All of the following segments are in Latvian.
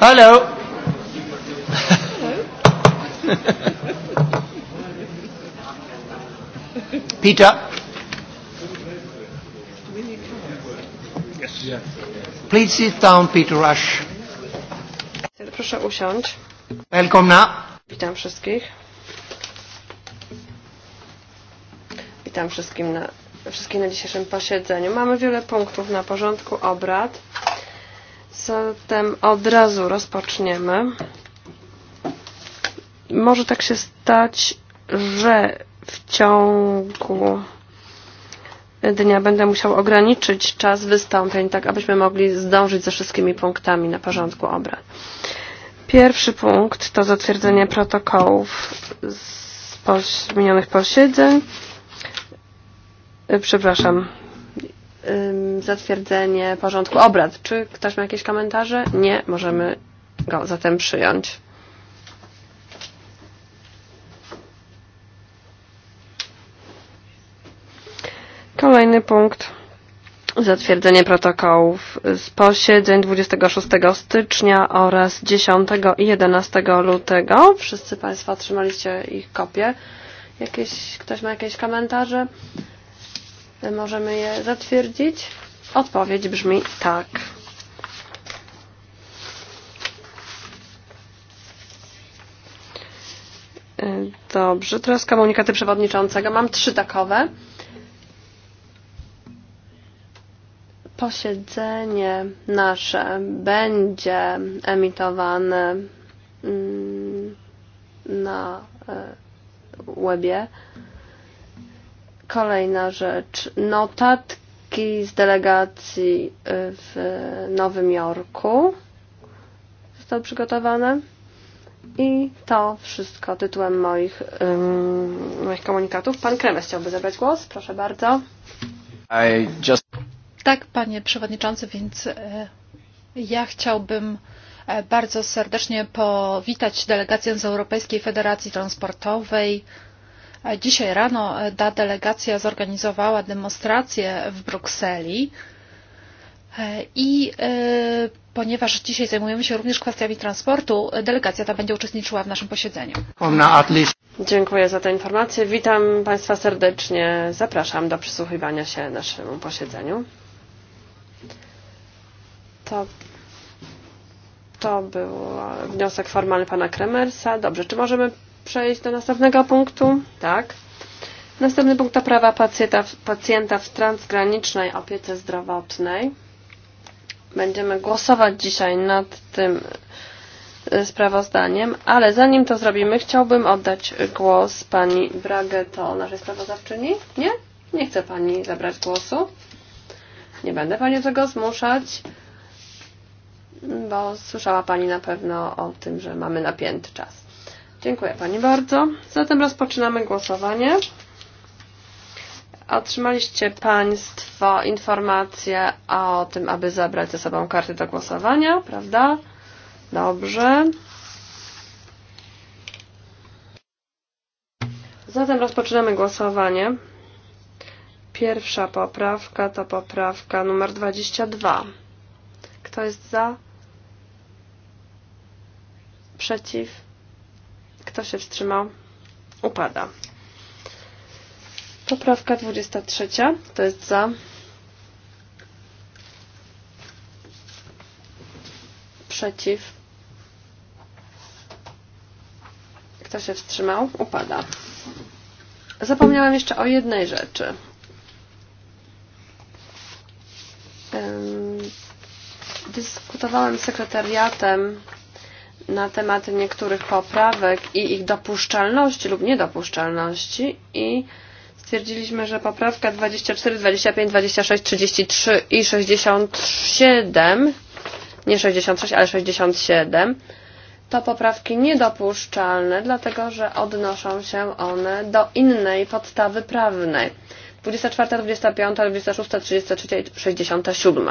Hello. Peter. Yes. Please sit down, Peter Rush. Proszę usiąść. Welkomna. Witam wszystkich. Witam wszystkim na, wszystkich na dzisiejszym posiedzeniu. Mamy wiele punktów na porządku obrad. Zatem od razu rozpoczniemy. Może tak się stać, że w ciągu dnia będę musiał ograniczyć czas wystąpień, tak abyśmy mogli zdążyć ze wszystkimi punktami na porządku obrad. Pierwszy punkt to zatwierdzenie protokołów z minionych posiedzeń. E, przepraszam, zatwierdzenie porządku obrad. Czy ktoś ma jakieś komentarze? Nie, możemy go zatem przyjąć. Kolejny punkt. Zatwierdzenie protokołów z posiedzeń 26 stycznia oraz 10 i 11 lutego. Wszyscy Państwo otrzymaliście ich kopie. Jakieś, ktoś ma jakieś komentarze? Możemy je zatwierdzić? Odpowiedź brzmi tak. E, dobrze, teraz komunikaty przewodniczącego. Mam trzy takowe. Posiedzenie nasze będzie emitowane mm, na e, webie. Kolejna rzecz. Notatki z delegacji w Nowym Jorku zostały przygotowane. I to wszystko tytułem moich, um, moich komunikatów. Pan Kremes chciałby zabrać głos. Proszę bardzo. I just... Tak, panie przewodniczący, więc e, ja chciałbym e, bardzo serdecznie powitać delegację z Europejskiej Federacji Transportowej. E, Dzisiaj rano e, ta delegacja zorganizowała demonstrację w Brukseli e, i e, ponieważ dzisiaj zajmujemy się również kwestiami transportu, delegacja ta będzie uczestniczyła w naszym posiedzeniu. Dziękuję za te informacje. Witam Państwa serdecznie. Zapraszam do przysłuchiwania się naszemu posiedzeniu. To, to był wniosek formalny pana Kremersa. Dobrze, czy możemy przejść do następnego punktu? Tak. Następny punkt to prawa pacjenta, pacjenta w transgranicznej opiece zdrowotnej. Będziemy głosować dzisiaj nad tym e, sprawozdaniem, ale zanim to zrobimy, chciałbym oddać głos pani Brage, to naszej sprawozdawczyni. Nie? Nie chce pani zabrać głosu. Nie będę pani tego zmuszać, bo słyszała pani na pewno o tym, że mamy napięty czas. Dziękuję Pani bardzo. Zatem rozpoczynamy głosowanie. Otrzymaliście Państwo informację o tym, aby zabrać ze sobą karty do głosowania, prawda? Dobrze. Zatem rozpoczynamy głosowanie. Pierwsza poprawka to poprawka numer 22. Kto jest za? Przeciw? Kto się wstrzymał? Upada. Poprawka 23. To jest za. Przeciw. Kto się wstrzymał? Upada. Zapomniałam jeszcze o jednej rzeczy. Dyskutowałem z sekretariatem na temat niektórych poprawek i ich dopuszczalności lub niedopuszczalności i stwierdziliśmy, że poprawka 24, 25, 26, 33 i 67, nie 66, ale 67, to poprawki niedopuszczalne, dlatego że odnoszą się one do innej podstawy prawnej. 24, 25, 26, 33 i 67.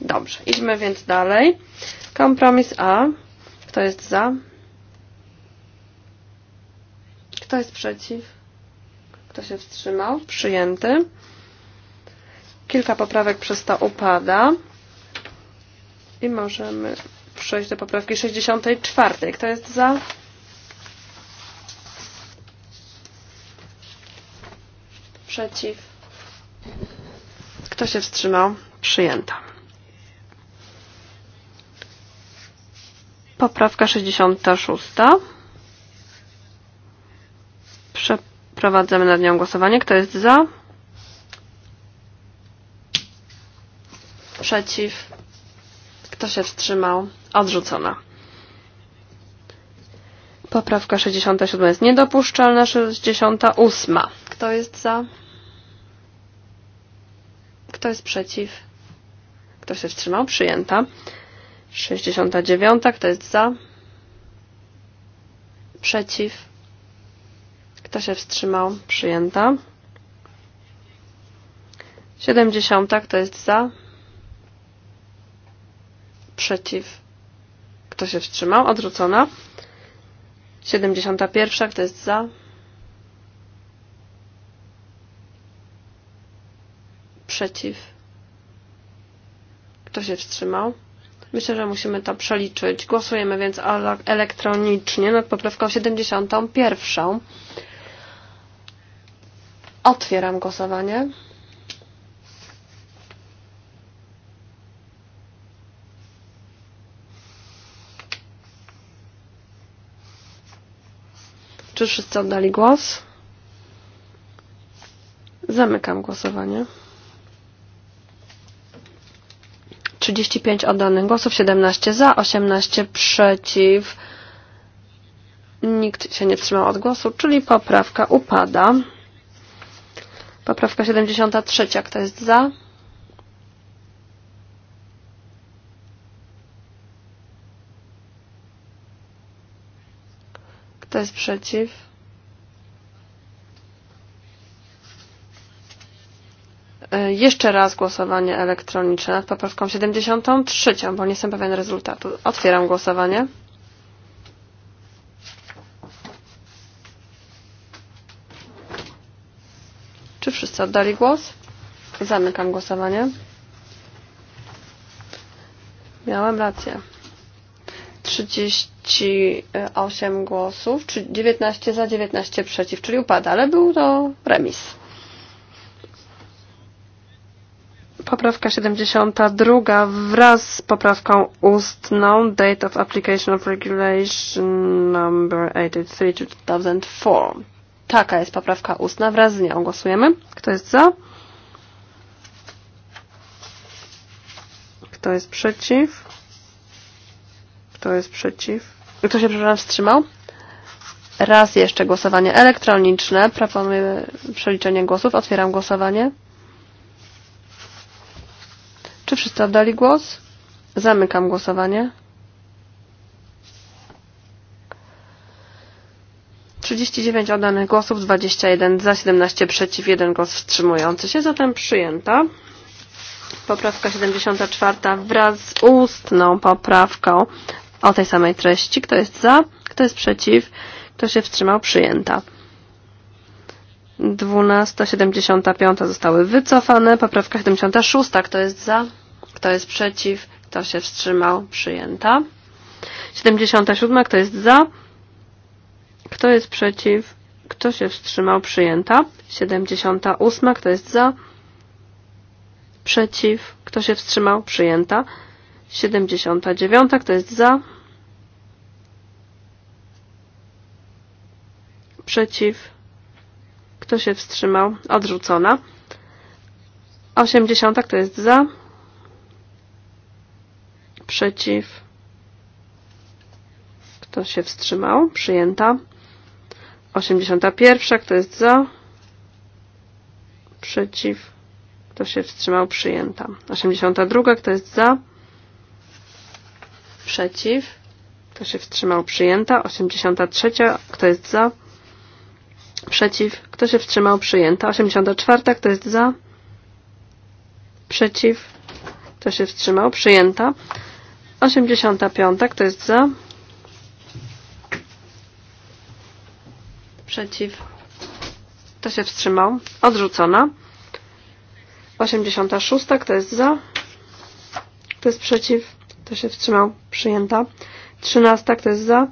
Dobrze, idźmy więc dalej. Kompromis A. Kto jest za? Kto jest przeciw? Kto się wstrzymał? Przyjęty. Kilka poprawek przez to upada. I możemy przejść do poprawki 64. Kto jest za? Przeciw. Kto się wstrzymał? Przyjęta. Poprawka 66. Przeprowadzamy nad nią głosowanie. Kto jest za? Przeciw? Kto się wstrzymał? Odrzucona. Poprawka 67 jest niedopuszczalna. 68. Kto jest za? Kto jest przeciw? Kto się wstrzymał? Przyjęta. 69. Kto jest za? Przeciw. Kto się wstrzymał? Przyjęta. 70. Kto jest za? Przeciw. Kto się wstrzymał? Odrzucona. 71. Kto jest za? Przeciw. Kto się wstrzymał? Myślę, że musimy to przeliczyć. Głosujemy więc elektronicznie nad poprawką 71. Otwieram głosowanie. Czy wszyscy oddali głos? Zamykam głosowanie. 35 oddanych głosów, 17 za, 18 przeciw. Nikt się nie wstrzymał od głosu, czyli poprawka upada. Poprawka 73. Kto jest za? Kto jest przeciw? E, jeszcze raz głosowanie elektroniczne nad poprawką 73, bo nie jestem pewien rezultatu. Otwieram głosowanie. Czy wszyscy oddali głos? Zamykam głosowanie. Miałem rację. 38 głosów, czy 19 za, 19 przeciw, czyli upada, ale był to remis. Poprawka 72 wraz z poprawką ustną Date of Application of Regulation Number 83 2004. Taka jest poprawka ustna. Wraz z nią głosujemy. Kto jest za? Kto jest przeciw? Kto jest przeciw? Kto się, przepraszam, wstrzymał? Raz jeszcze głosowanie elektroniczne. Proponuję przeliczenie głosów. Otwieram głosowanie wszyscy oddali głos? Zamykam głosowanie. 39 oddanych głosów, 21 za, 17 przeciw, 1 głos wstrzymujący się, zatem przyjęta. Poprawka 74 wraz z ustną poprawką o tej samej treści. Kto jest za, kto jest przeciw, kto się wstrzymał, przyjęta. 12, 75 zostały wycofane. Poprawka 76, kto jest za, Kto jest przeciw? Kto się wstrzymał? Przyjęta. 77. Kto jest za? Kto jest przeciw? Kto się wstrzymał? Przyjęta. 78. Kto jest za? Przeciw. Kto się wstrzymał? Przyjęta. 79. Kto jest za? Przeciw. Kto się wstrzymał? Odrzucona. 80. Kto jest za? przeciw, kto się wstrzymał, przyjęta. 81, kto jest za, przeciw, kto się wstrzymał, przyjęta. 82, kto jest za, przeciw, kto się wstrzymał, przyjęta. 83, kto jest za, przeciw, kto się wstrzymał, przyjęta. 84, kto jest za, przeciw, kto się wstrzymał, przyjęta. 85. Kto jest za? Przeciw. Kto się wstrzymał? Odrzucona. 86. Kto jest za? Kto jest przeciw? Kto się wstrzymał? Przyjęta. 13. Kto jest za?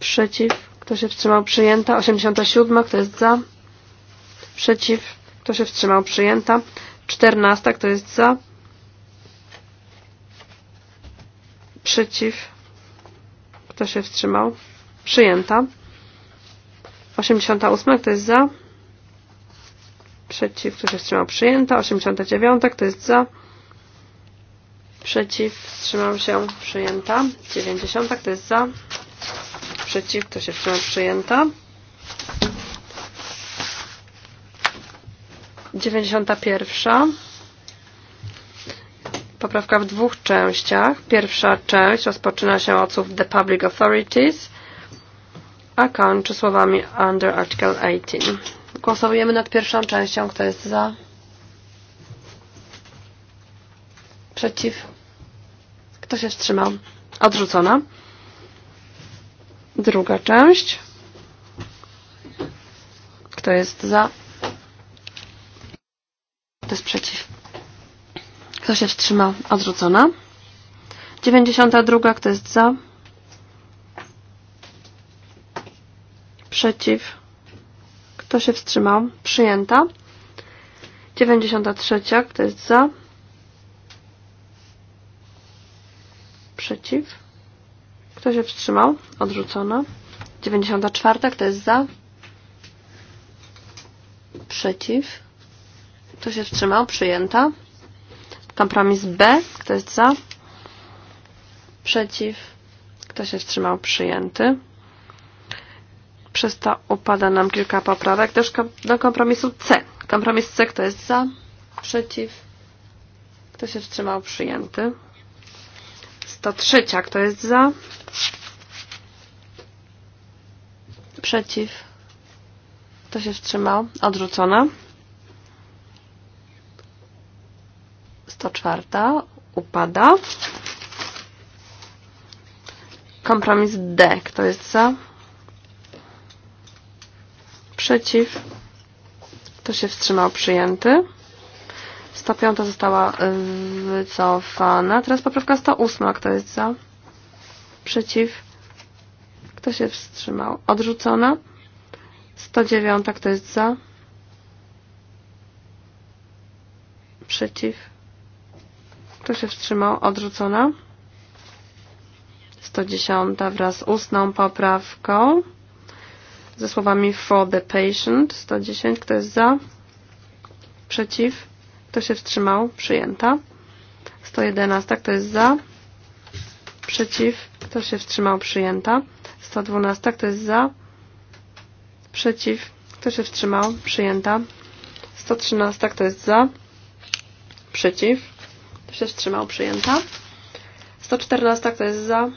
Przeciw. Kto się wstrzymał? Przyjęta. 87. Kto jest za? Przeciw. Kto się wstrzymał? Przyjęta. 14. Kto jest za? Przeciw. Kto się wstrzymał? Przyjęta. 88. Kto jest za? Przeciw. Kto się wstrzymał? Przyjęta. 89. Kto jest za? Przeciw. Wstrzymał się. Przyjęta. 90. Kto jest za? Przeciw. Kto się wstrzymał? Przyjęta. 91 poprawka w dwóch częściach. Pierwsza część rozpoczyna się od słów The Public Authorities, a kończy słowami Under Article 18. Głosujemy nad pierwszą częścią. Kto jest za? Przeciw? Kto się wstrzymał? Odrzucona. Druga część. Kto jest za? Kto jest przeciw? Kto się wstrzymał? Odrzucona. 92. Kto jest za? Przeciw. Kto się wstrzymał? Przyjęta. 93. Kto jest za? Przeciw. Kto się wstrzymał? Odrzucona. 94. Kto jest za? Przeciw. Kto się wstrzymał? Przyjęta. Kompromis B. Kto jest za? Przeciw. Kto się wstrzymał? Przyjęty. Przez to upada nam kilka poprawek też do kompromisu C. Kompromis C. Kto jest za? Przeciw. Kto się wstrzymał? Przyjęty. 103. Kto jest za? Przeciw. Kto się wstrzymał? Odrzucona. 104 upada. Kompromis D. Kto jest za? Przeciw. Kto się wstrzymał? Przyjęty. 105 została wycofana. Teraz poprawka 108. Kto jest za? Przeciw. Kto się wstrzymał? Odrzucona. 109. Kto jest za? Przeciw Kto się wstrzymał? Odrzucona. 110 wraz z ustną poprawką ze słowami for the patient. 110. Kto jest za? Przeciw? Kto się wstrzymał? Przyjęta. 111. Kto jest za? Przeciw? Kto się wstrzymał? Przyjęta. 112. Kto jest za? Przeciw? Kto się wstrzymał? Przyjęta. 113. Kto jest za? Przeciw? się wstrzymał, przyjęta. 114, kto jest za?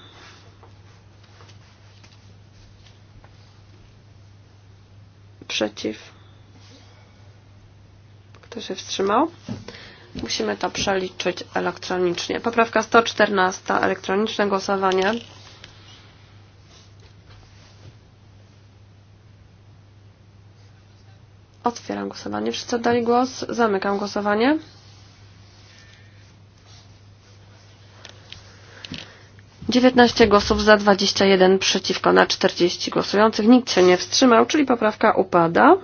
Przeciw. Kto się wstrzymał? Musimy to przeliczyć elektronicznie. Poprawka 114, elektroniczne głosowanie. Otwieram głosowanie. Wszyscy oddali głos. Zamykam głosowanie. 19 głosów za, 21 przeciwko na 40 głosujących. Nikt się nie wstrzymał, czyli poprawka upada.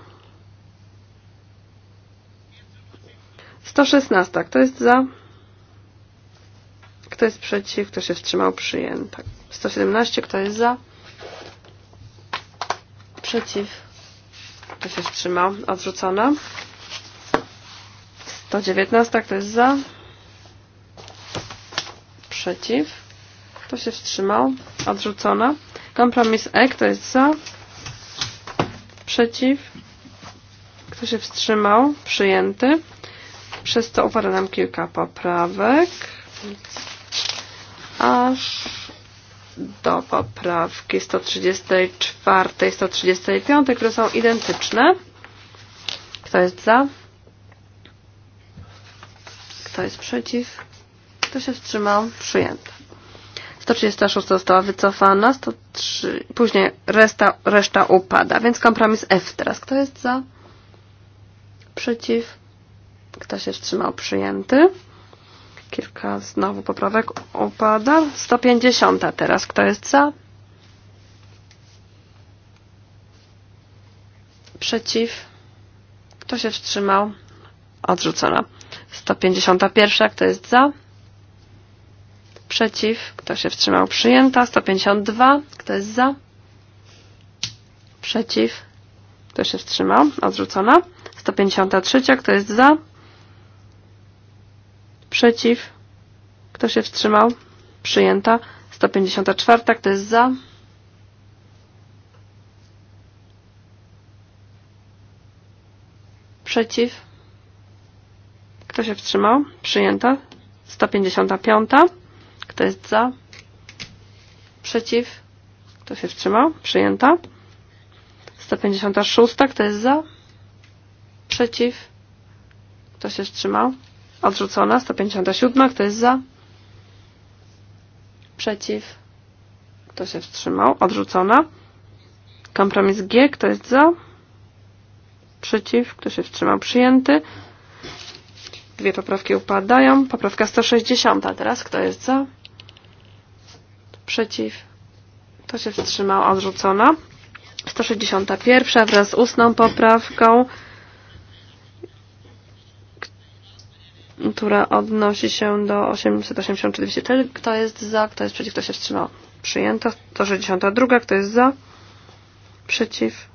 116. Kto jest za? Kto jest przeciw? Kto się wstrzymał? Przyjęta. 117. Kto jest za? Przeciw. Kto się wstrzymał? Odrzucona. 119. Kto jest za? Przeciw. Kto się wstrzymał? Odrzucona. Kompromis E. Kto jest za? Przeciw. Kto się wstrzymał? Przyjęty. Przez to upada nam kilka poprawek. Aż do poprawki 134 i 135, które są identyczne. Kto jest za? Kto jest przeciw? Kto się wstrzymał? Przyjęte. 136 wycofana, 103, później reszta, reszta upada, więc kompromis F teraz. Kto jest za? Przeciw? Kto się wstrzymał? Przyjęty. Kilka znowu poprawek upada. 150 teraz. Kto jest za? Przeciw? Kto się wstrzymał? Odrzucona. 151. Kto jest za? Przeciw. Kto się wstrzymał? Przyjęta. 152. Kto jest za? Przeciw. Kto się wstrzymał? Odrzucona. 153. Kto jest za? Przeciw. Kto się wstrzymał? Przyjęta. 154. Kto jest za? Przeciw. Kto się wstrzymał? Przyjęta. 155. Kto jest za? Przeciw? Kto się wstrzymał? Przyjęta. 156. Kto jest za? Przeciw? Kto się wstrzymał? Odrzucona. 157. Kto jest za? Przeciw? Kto się wstrzymał? Odrzucona. Kompromis G. Kto jest za? Przeciw? Kto się wstrzymał? Przyjęty. Dwie poprawki upadają. Poprawka 160 teraz. Kto jest za? Przeciw. Kto się wstrzymał? Odrzucona. 161 wraz z ustną poprawką, która odnosi się do 884. Kto jest za? Kto jest przeciw? Kto się wstrzymał? Przyjęto. 162. Kto jest za? Przeciw.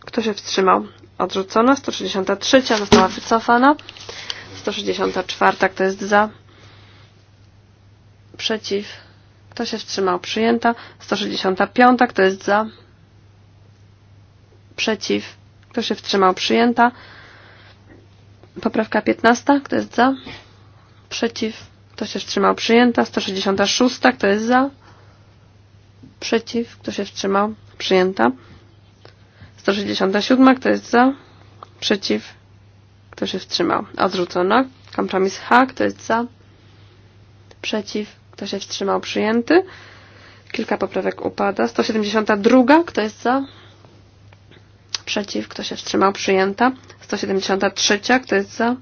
Kto się wstrzymał? Odrzucona. 163 została wycofana. 164, kto jest za? Przeciw. Kto się wstrzymał? Przyjęta. 165, kto jest za? Przeciw. Kto się wstrzymał? Przyjęta. Poprawka 15, kto jest za? Przeciw. Kto się wstrzymał? Przyjęta. 166, kto jest za? Przeciw. Kto się wstrzymał? Przyjęta. 167, kto jest za? Przeciw. Kto się wstrzymał? Odrzucono. Kompromis H. Kto jest za? Przeciw. Kto się wstrzymał? Przyjęty. Kilka poprawek upada. 172. Kto jest za? Przeciw. Kto się wstrzymał? Przyjęta. 173. Kto jest za?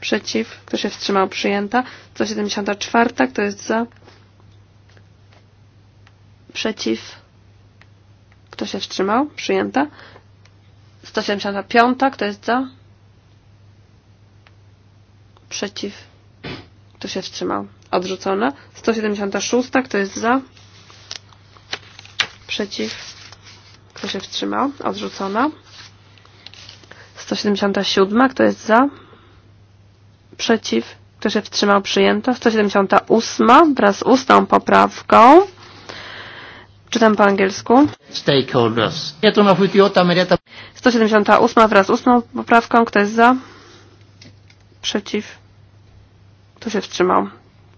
Przeciw. Kto się wstrzymał? Przyjęta. 174. Kto jest za? Przeciw. Kto się wstrzymał? Przyjęta. 175. Kto jest za? Przeciw. Kto się wstrzymał? Odrzucone. 176. Kto jest za? Przeciw. Kto się wstrzymał? Odrzucona. 177. Kto jest za? Przeciw. Kto się wstrzymał? Przyjęta. 178. Wraz z ustną poprawką. Czytam po angielsku. Stakeholders. 178 wraz z ustną poprawką. Kto jest za? Przeciw. Kto się wstrzymał?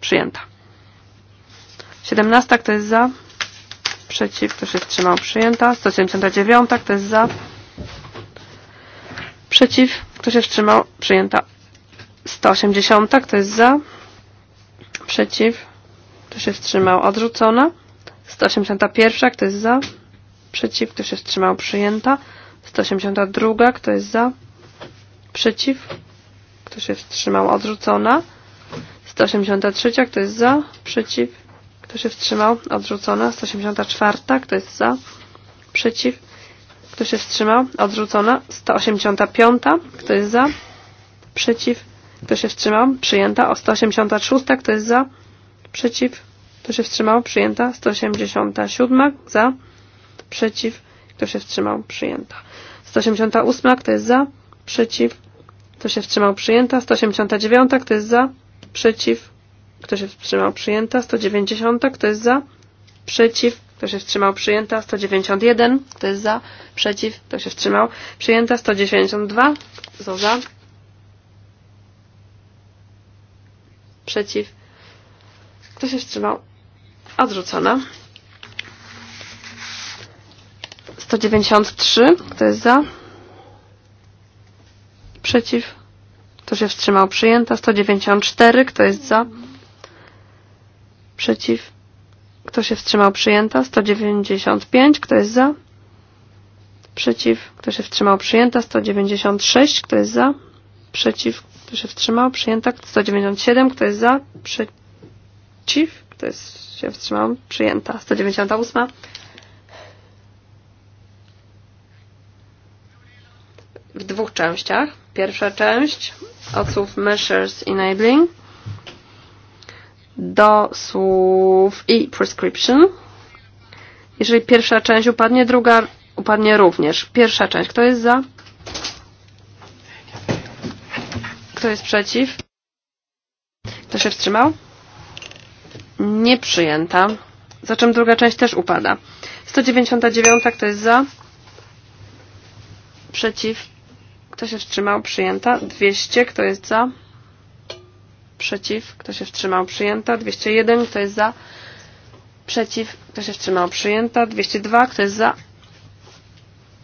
Przyjęta. 17. Kto jest za? Przeciw. Kto się wstrzymał? Przyjęta. 179. Kto jest za? Przeciw. Kto się wstrzymał? Przyjęta. 180. Kto jest za? Przeciw. Kto się wstrzymał? Odrzucona. 181. Kto jest za? Przeciw. Kto się wstrzymał? Przyjęta. 182. Kto jest za? Przeciw. Kto się wstrzymał? Odrzucona. 183. Kto jest za? Przeciw. Kto się wstrzymał? Odrzucona. 184. Kto jest za? Przeciw. Kto się wstrzymał? Odrzucona. 185. Kto jest za? Przeciw. Kto się wstrzymał? Przyjęta. O 186. Kto jest za? Przeciw. Kto się wstrzymał? Przyjęta. 187. Za. Przeciw. Kto się wstrzymał? Przyjęta. 188. Kto jest za? Przeciw. Kto się wstrzymał? Przyjęta. 189. Kto jest za? Przeciw. Kto się wstrzymał? Przyjęta. 190. Kto jest za? Przeciw. Kto się wstrzymał? Przyjęta. 191. Kto jest za? Przeciw. Kto się wstrzymał? Przyjęta. 192. Kto za? Przeciw. Kto się wstrzymał? Odrzucona. 193. Kto jest za? Przeciw? Kto się wstrzymał? Przyjęta. 194. Kto jest za? Przeciw? Kto się wstrzymał? Przyjęta. 195. Kto jest za? Przeciw? Kto się wstrzymał? Przyjęta. 196. Kto jest za? Przeciw? Kto się wstrzymał? Przyjęta. 197. Kto jest za? Przeciw? Kto jest, się wstrzymał? Przyjęta. 198. w dwóch częściach. Pierwsza część od słów measures enabling do słów i prescription. Jeżeli pierwsza część upadnie, druga upadnie również. Pierwsza część. Kto jest za? Kto jest przeciw? Kto się wstrzymał? Nie przyjęta. Za czym druga część też upada. 199. Kto jest za? Przeciw? Kto się wstrzymał? Przyjęta. 200. Kto jest za? Przeciw. Kto się wstrzymał? Przyjęta. 201. Kto jest za? Przeciw. Kto się wstrzymał? Przyjęta. 202. Kto jest za?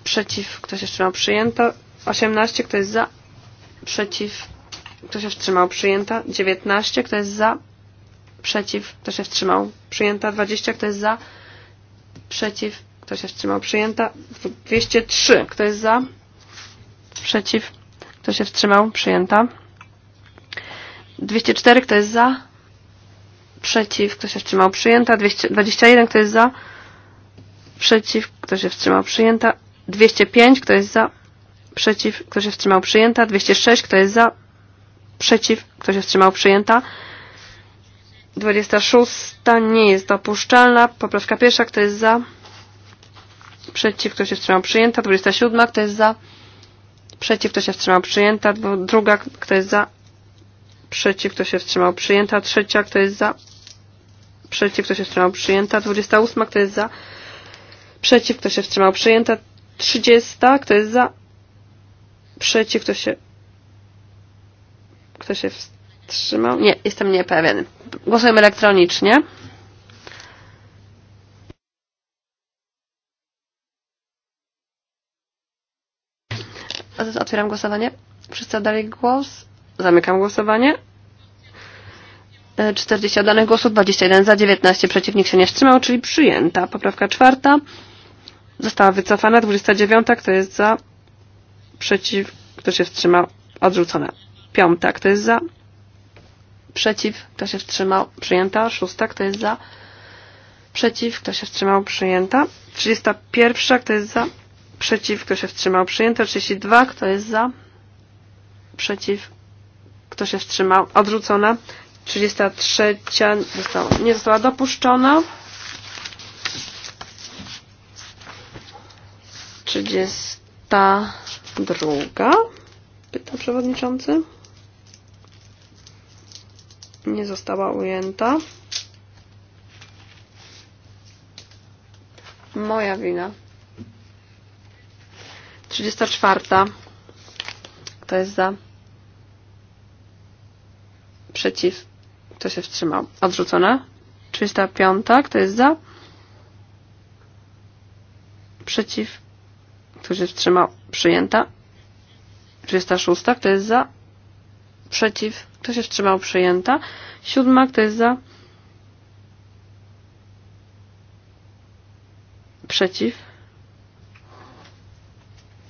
Przeciw. Kto się wstrzymał? Przyjęta. 18. Kto jest za? Przeciw. Kto się wstrzymał? Przyjęta. 19. Kto jest za? Przeciw. Kto się wstrzymał? Przyjęta. 20. Kto jest za? Przeciw. Kto się wstrzymał? Przyjęta. 203. Kto jest za? Przeciw? Kto się wstrzymał? Przyjęta. 204. Kto jest za? Przeciw? Kto się wstrzymał? Przyjęta. 221. Kto jest za? Przeciw? Kto się wstrzymał? Przyjęta. 205. Kto jest za? Przeciw? Kto się wstrzymał? Przyjęta. 206. Kto jest za? Przeciw? Kto się wstrzymał? Przyjęta. 26 nie jest dopuszczalna. Poprawka pierwsza, kto jest za? Przeciw, kto się wstrzymał? Przyjęta. 27, kto jest za? Przeciw, kto się wstrzymał, przyjęta. Druga, kto jest za? Przeciw, kto się wstrzymał, przyjęta. Trzecia, kto jest za? Przeciw, kto się wstrzymał, przyjęta. 28, kto jest za? Przeciw, kto się wstrzymał, przyjęta. 30, kto jest za? Przeciw, kto się... Kto się wstrzymał? Nie, jestem niepewien. Głosujemy elektronicznie. Otwieram głosowanie. Wszyscy oddali głos. Zamykam głosowanie. 40 e, oddanych głosów, 21 za, 19 przeciwnik się nie wstrzymał, czyli przyjęta. Poprawka czwarta została wycofana, 29 kto jest za, przeciw, kto się wstrzymał, odrzucona. Piąta kto jest za, przeciw, kto się wstrzymał, przyjęta. Szósta kto jest za, przeciw, kto się wstrzymał, przyjęta. 31 kto jest za, Przeciw. Kto się wstrzymał? Przyjęte. 32. Kto jest za? Przeciw. Kto się wstrzymał? Odrzucona. 33. Została, nie została dopuszczona. 32. Pyta przewodniczący. Nie została ujęta. Moja wina. 34. Kto jest za? Przeciw. Kto się wstrzymał? Odrzucone. 35. Kto jest za? Przeciw. Kto się wstrzymał? Przyjęta. 36. Kto jest za? Przeciw. Kto się wstrzymał? Przyjęta. 7. Kto jest za? Przeciw.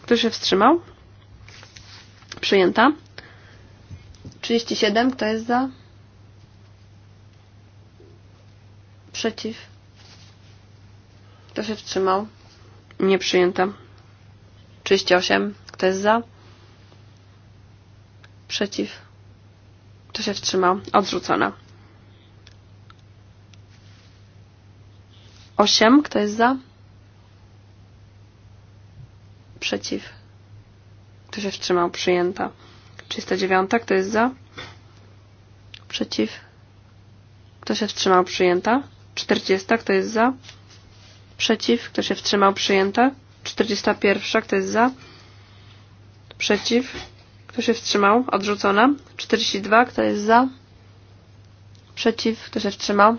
Kto się wstrzymał? Przyjęta. 37. Kto jest za? Przeciw. Kto się wstrzymał? Nie przyjęta. 38. Kto jest za? Przeciw. Kto się wstrzymał? Odrzucona. 8. Kto jest za? Przeciw. Kto się wstrzymał? Przyjęta. 309. Kto jest za? Przeciw. Kto się wstrzymał? Przyjęta. 40. Kto jest za? Przeciw. Kto się wstrzymał? Przyjęta. 41. Kto jest za? Przeciw. Kto się wstrzymał? Odrzucona. 42. Kto jest za? Przeciw. Kto się wstrzymał?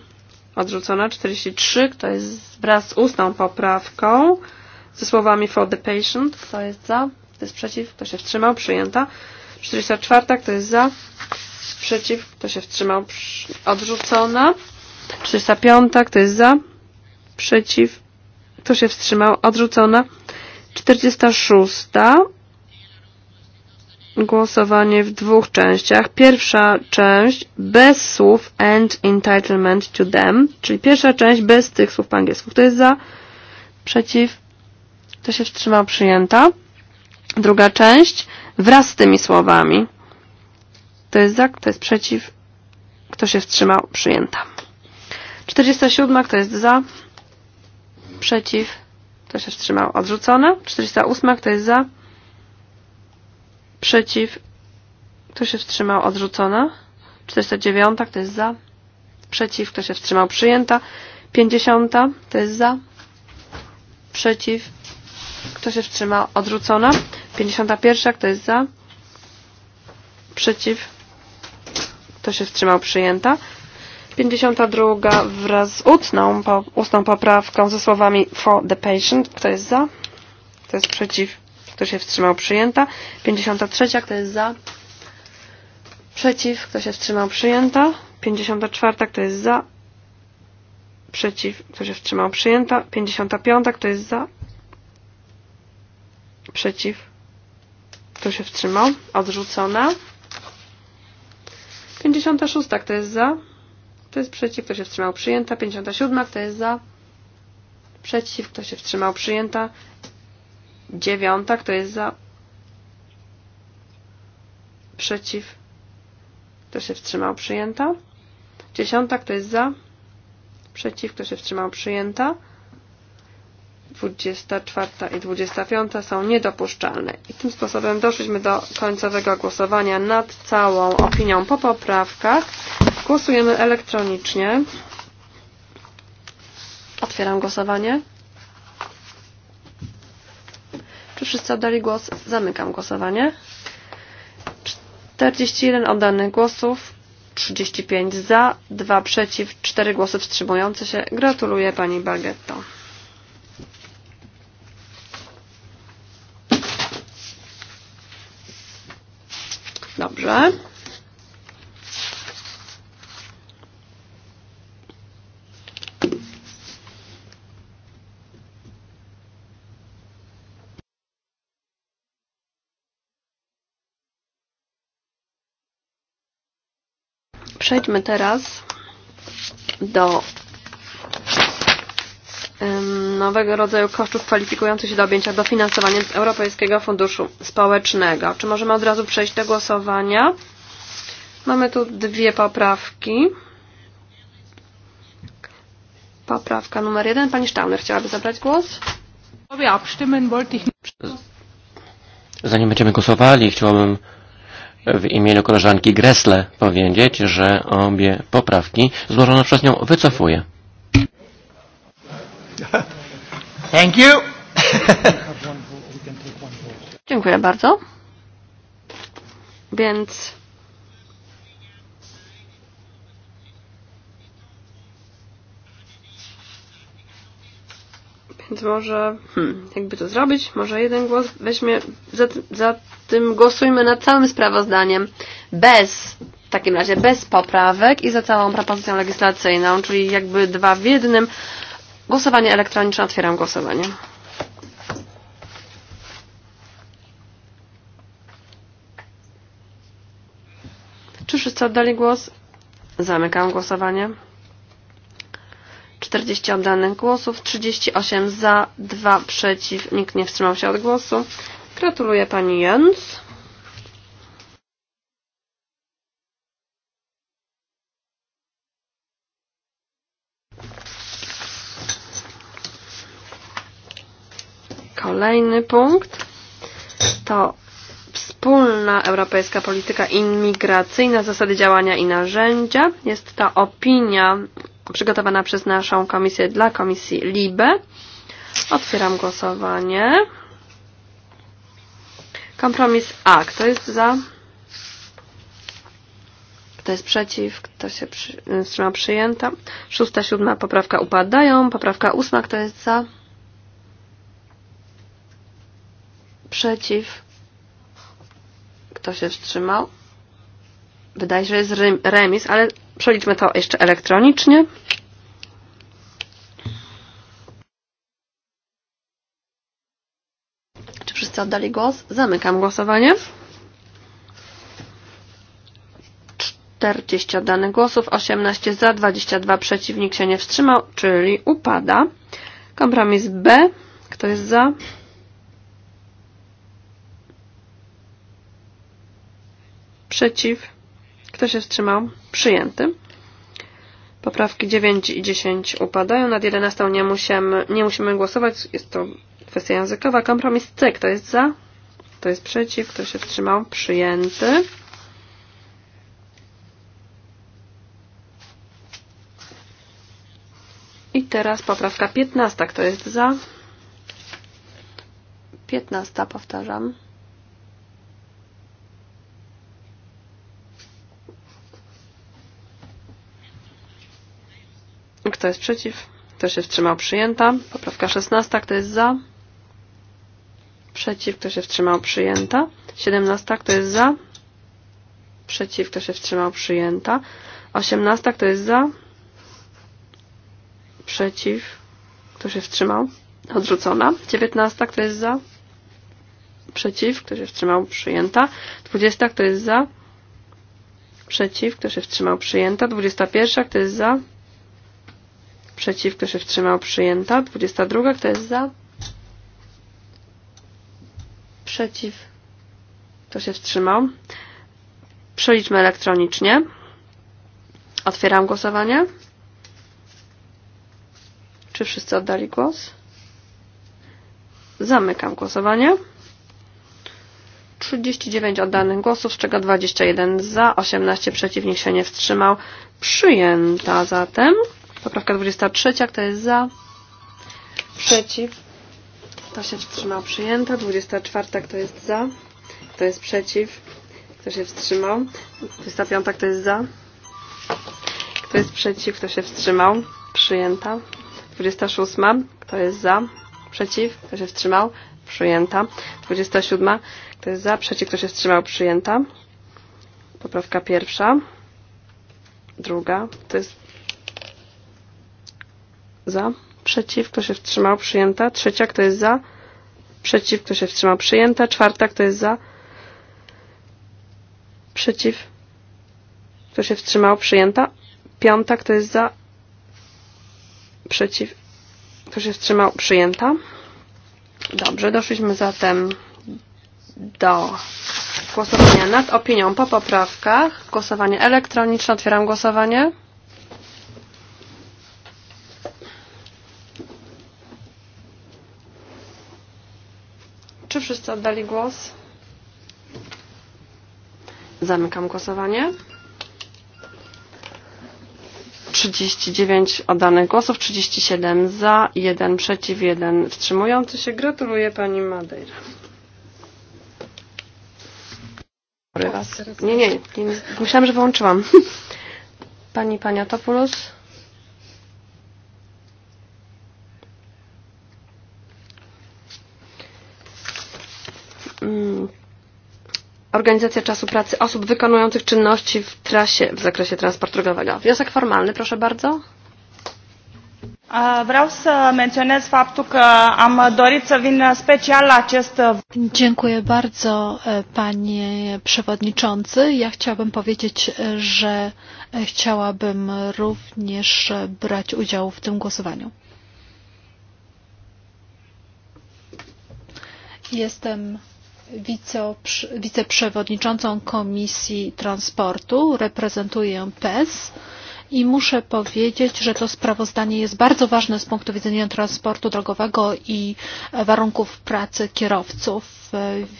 Odrzucona. 43. Kto jest wraz z ustną poprawką? ze słowami for the patient. Kto jest za? Kto jest przeciw? Kto się wstrzymał? Przyjęta. 44. Kto jest za? Przeciw? Kto się wstrzymał? Odrzucona. 45. Kto jest za? Przeciw? Kto się wstrzymał? Odrzucona. 46. Głosowanie w dwóch częściach. Pierwsza część bez słów and entitlement to them, czyli pierwsza część bez tych słów po angielsku. Kto jest za? Przeciw? Kto się wstrzymał? Przyjęta. Druga część wraz z tymi słowami. Kto jest za? Kto jest przeciw? Kto się wstrzymał? Przyjęta. 47. Kto jest za? Przeciw? Kto się wstrzymał? Odrzucone. 408. Kto jest za? Przeciw? Kto się wstrzymał? Odrzucone. 409. Kto jest za? Przeciw? Kto się wstrzymał? Przyjęta. 50. Kto jest za? Przeciw? Kto się wstrzymał? Odrzucona. 51. Kto jest za? Przeciw. Kto się wstrzymał? Przyjęta. 52 wraz z ustną, po, ustną poprawką ze słowami for the patient. Kto jest za? Kto jest przeciw? Kto się wstrzymał? Przyjęta. 53. Kto jest za? Przeciw. Kto się wstrzymał? Przyjęta. 54. Kto jest za? Przeciw. Kto się wstrzymał? Przyjęta. 55. Kto jest za? Przeciw. Kto się wstrzymał? Odrzucona. 56. Kto jest za? Kto jest przeciw? Kto się wstrzymał? Przyjęta. 57. Kto jest za? Przeciw. Kto się wstrzymał? Przyjęta. 9. Kto jest za? Przeciw. Kto się wstrzymał? Przyjęta. 10. Kto jest za? Przeciw. Kto się wstrzymał? Przyjęta. 24 i 25 są niedopuszczalne. I tym sposobem doszliśmy do końcowego głosowania nad całą opinią po poprawkach. Głosujemy elektronicznie. Otwieram głosowanie. Czy wszyscy oddali głos? Zamykam głosowanie. 41 oddanych głosów, 35 za, 2 przeciw, 4 głosy wstrzymujące się. Gratuluję Pani Bargetto. împotrivă. Przejdźmy teraz do nowego rodzaju kosztów kwalifikujących się do objęcia dofinansowaniem z Europejskiego Funduszu Społecznego. Czy możemy od razu przejść do głosowania? Mamy tu dwie poprawki. Poprawka numer jeden. Pani Stauner chciałaby zabrać głos? Zanim będziemy głosowali, chciałabym w imieniu koleżanki Gressle powiedzieć, że obie poprawki złożone przez nią wycofuję. Thank you. Dziękuję bardzo. Więc Więc może, hmm, jakby to zrobić, może jeden głos weźmie, za, za tym głosujmy nad całym sprawozdaniem, bez, w takim razie bez poprawek i za całą propozycją legislacyjną, czyli jakby dwa w jednym. Głosowanie elektroniczne. Otwieram głosowanie. Czy wszyscy oddali głos? Zamykam głosowanie. 40 oddanych głosów, 38 za, 2 przeciw, nikt nie wstrzymał się od głosu. Gratuluję pani Jens. Kolejny punkt to wspólna europejska polityka imigracyjna, zasady działania i narzędzia. Jest to opinia przygotowana przez naszą komisję dla komisji LIBE. Otwieram głosowanie. Kompromis A. Kto jest za? Kto jest przeciw? Kto się wstrzymał? Przy, przyjęta. Szósta, siódma poprawka upadają. Poprawka ósma. Kto jest za? Przeciw. Kto się wstrzymał? Wydaje się, że jest remis, ale przeliczmy to jeszcze elektronicznie. Czy wszyscy oddali głos? Zamykam głosowanie. 40 oddanych głosów, 18 za, 22 przeciwnik się nie wstrzymał, czyli upada. Kompromis B. Kto jest za? Przeciw. Kto się wstrzymał? Przyjęty. Poprawki 9 i 10 upadają. Nad 11 nie musimy, nie musimy głosować. Jest to kwestia językowa. Kompromis C. Kto jest za? Kto jest przeciw? Kto się wstrzymał? Przyjęty. I teraz poprawka 15. Kto jest za? 15, powtarzam. Kto jest przeciw? Kto się wstrzymał? Przyjęta. Poprawka 16. Kto jest za? Przeciw. Kto się wstrzymał? Przyjęta. 17. Kto jest za? Przeciw. Kto się wstrzymał? Przyjęta. 18. Kto jest za? Przeciw. Kto się wstrzymał? Odrzucona. 19. Kto jest za? Przeciw. Kto się wstrzymał? Przyjęta. 20. Kto jest za? Przeciw. Kto się wstrzymał? Przyjęta. 21. Kto jest za? Przeciw, kto się wstrzymał? Przyjęta. 22. Kto jest za? Przeciw. Kto się wstrzymał? Przeliczmy elektronicznie. Otwieram głosowanie. Czy wszyscy oddali głos? Zamykam głosowanie. 39 oddanych głosów, z czego 21 za, 18 przeciw, nikt się nie wstrzymał. Przyjęta zatem. Poprawka 23, kto jest za? Przeciw. Kto się wstrzymał? Przyjęta. 24, kto jest za? Kto jest przeciw? Kto się wstrzymał? 25, kto jest za? Kto jest przeciw? Kto się wstrzymał? Przyjęta. 26, kto jest za? Przeciw? Kto się wstrzymał? Przyjęta. 27, kto jest za? Przeciw? Kto się wstrzymał? Przyjęta. Poprawka pierwsza. Druga. To jest za, przeciw, kto się wstrzymał, przyjęta. Trzecia, kto jest za, przeciw, kto się wstrzymał, przyjęta. Czwarta, kto jest za, przeciw, kto się wstrzymał, przyjęta. Piąta, kto jest za, przeciw, kto się wstrzymał, przyjęta. Dobrze, doszliśmy zatem do głosowania nad opinią po poprawkach. Głosowanie elektroniczne, otwieram głosowanie. Czy wszyscy oddali głos? Zamykam głosowanie. 39 oddanych głosów, 37 za, 1 przeciw, 1 wstrzymujący się. Gratuluję pani Madeira. Was. Nie, nie, nie, myślałam, że wyłączyłam. Pani Pania Topulus. organizacja czasu pracy osób wykonujących czynności w trasie w zakresie transportu drogowego. Wniosek formalny, proszę bardzo. Vreau să menționez faptul că am dorit să vin special la acest... Dziękuję bardzo, e, panie przewodniczący. Ja chciałabym powiedzieć, że e, chciałabym również brać udział w tym głosowaniu. Jestem wiceprzewodniczącą Komisji Transportu, reprezentuję PES i muszę powiedzieć, że to sprawozdanie jest bardzo ważne z punktu widzenia transportu drogowego i warunków pracy kierowców,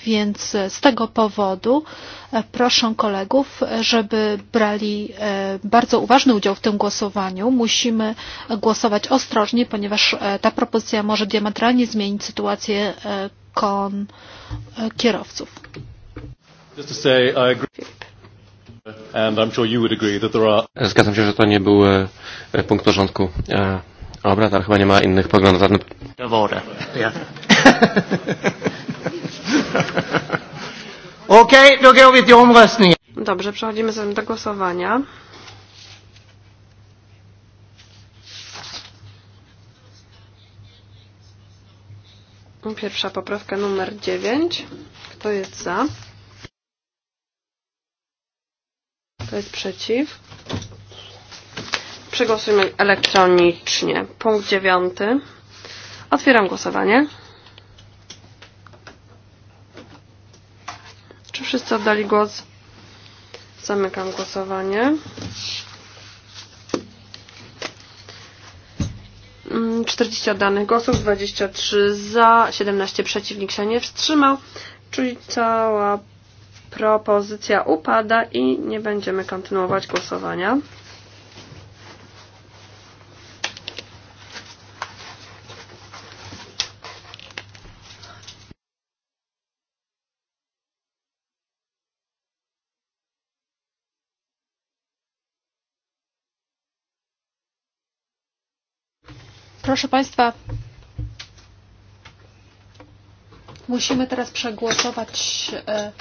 więc z tego powodu e, proszę kolegów, żeby brali e, bardzo uważny udział w tym głosowaniu. Musimy głosować ostrożnie, ponieważ e, ta propozycja może diametralnie zmienić sytuację kon uh, kierowców. Zgadzam się, że to nie był e, e, punkt porządku e, obrad, ale chyba nie ma innych poglądów. Dowodę. Okej, okay, do omröstningen. Dobrze, przechodzimy zatem do głosowania. Nu, pierwsza poprawka numer 9. Kto jest za? Kto jest przeciw? Przegłosujmy elektronicznie. Punkt 9. Otwieram głosowanie. Czy wszyscy oddali głos? Zamykam głosowanie. 40 mm, oddanych głosów, 23 za, 17 przeciw, nikt się nie wstrzymał, czyli cała propozycja upada i nie będziemy kontynuować głosowania. Proszę Państwa, musimy teraz przegłosować e,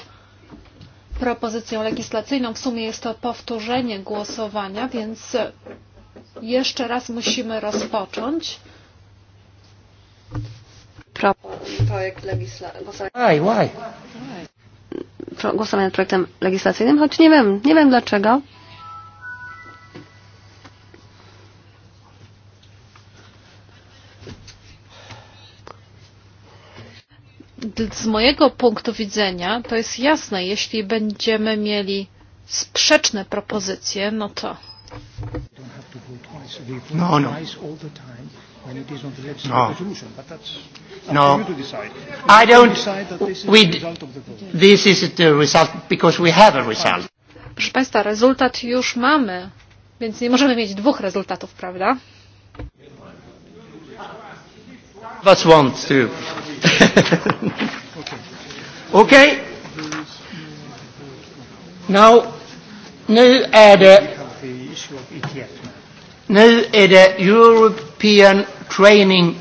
propozycję legislacyjną. W sumie jest to powtórzenie głosowania, więc jeszcze raz musimy rozpocząć. Pro... Projekt legislacyjny. Why, why? Pro... Głosowanie nad projektem legislacyjnym, choć nie wiem, nie wiem dlaczego. z mojego punktu widzenia to jest jasne, jeśli będziemy mieli sprzeczne propozycje, no to. No, no. No. No. I don't. We, this is the result because we have a result. Proszę Państwa, rezultat już mamy, więc nie możemy mieć dwóch rezultatów, prawda? of us wants to. okay. Now, nu är er det nu är er det European Training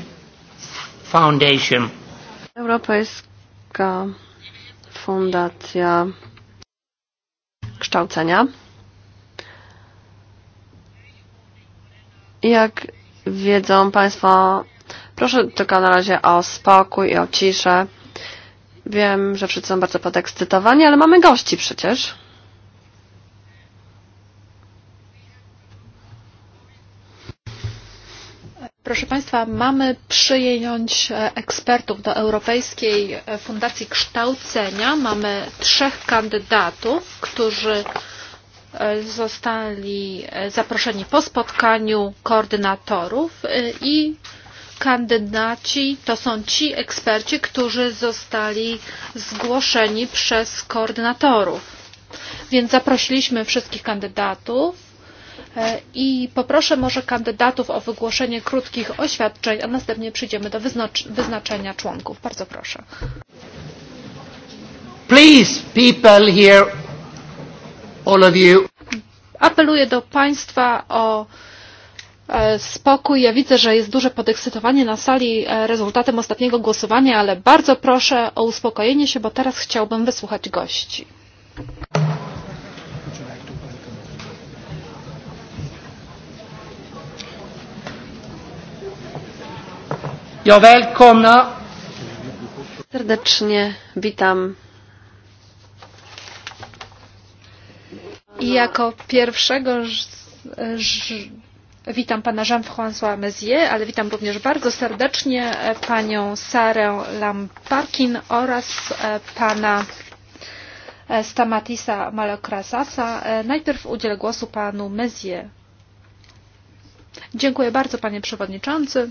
Foundation. Europejska Fundacja Kształcenia. Jak wiedzą Państwo, Proszę tylko na razie o spokój i o ciszę. Wiem, że wszyscy są bardzo podekscytowani, ale mamy gości przecież. Proszę Państwa, mamy przyjąć e, ekspertów do Europejskiej e, Fundacji Kształcenia. Mamy trzech kandydatów, którzy e, zostali zaproszeni po spotkaniu koordynatorów i kandydaci to są ci eksperci, którzy zostali zgłoszeni przez koordynatorów. Więc zaprosiliśmy wszystkich kandydatów e, i poproszę może kandydatów o wygłoszenie krótkich oświadczeń, a następnie przyjdziemy do wyznaczenia członków. Bardzo proszę. Please, people here, all of you. Apeluję do Państwa o E, spokój. Ja widzę, że jest duże podekscytowanie na sali e, rezultatem ostatniego głosowania, ale bardzo proszę o uspokojenie się, bo teraz chciałbym wysłuchać gości. Ja välkomna. Serdecznie witam. I jako pierwszego ż, ż, Witam pana Jean-François Mezier, ale witam również bardzo serdecznie panią Sarę Lamparkin oraz e, pana e, Stamatisa Malokrasasa. E, najpierw udzielę głosu panu Mezier. Dziękuję bardzo panie przewodniczący.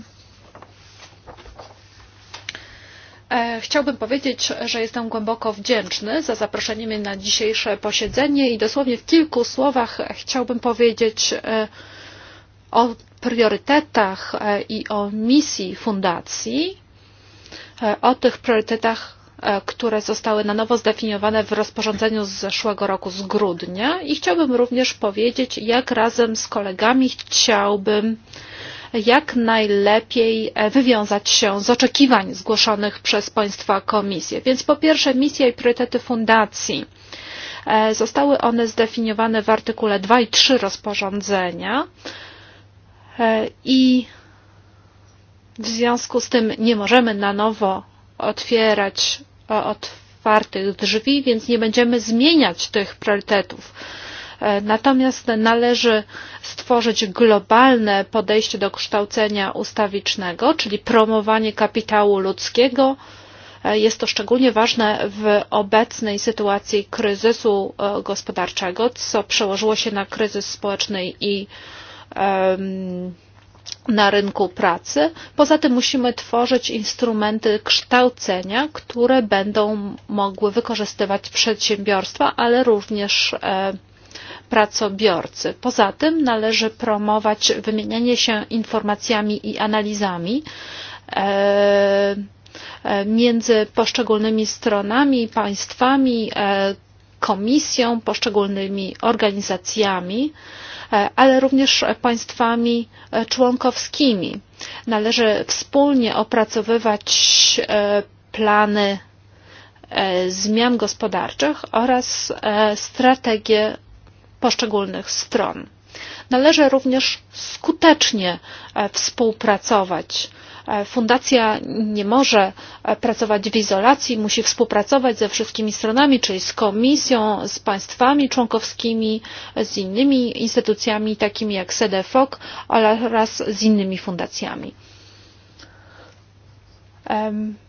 Chciałbym powiedzieć, że jestem głęboko wdzięczny za zaproszenie mnie na dzisiejsze posiedzenie i dosłownie w kilku słowach chciałbym powiedzieć, o priorytetach e, i o misji fundacji, e, o tych priorytetach, e, które zostały na nowo zdefiniowane w rozporządzeniu z zeszłego roku z grudnia i chciałbym również powiedzieć, jak razem z kolegami chciałbym jak najlepiej wywiązać się z oczekiwań zgłoszonych przez Państwa komisję. Więc po pierwsze misja i priorytety fundacji. Zostały one zdefiniowane w artykule 2 i 3 rozporządzenia. E, i w związku z tym nie możemy na nowo otwierać e, otwartych drzwi, więc nie będziemy zmieniać tych priorytetów. E, natomiast należy stworzyć globalne podejście do kształcenia ustawicznego, czyli promowanie kapitału ludzkiego. Jest to szczególnie ważne w obecnej sytuacji kryzysu gospodarczego, co przełożyło się na kryzys społeczny i na rynku pracy. Poza tym musimy tworzyć instrumenty kształcenia, które będą mogły wykorzystywać przedsiębiorstwa, ale również e, pracobiorcy. Poza tym należy promować wymienianie się informacjami i analizami e, e, między poszczególnymi stronami, państwami, Komisją, poszczególnymi organizacjami, e, ale również państwami e, członkowskimi. Należy wspólnie opracowywać e, plany zmian gospodarczych oraz strategie poszczególnych stron. Należy również skutecznie współpracować E, fundacja nie może e, pracować w izolacji, musi współpracować ze wszystkimi stronami, czyli z komisją, z państwami członkowskimi, z innymi instytucjami takimi jak SEDEFOC oraz z innymi fundacjami.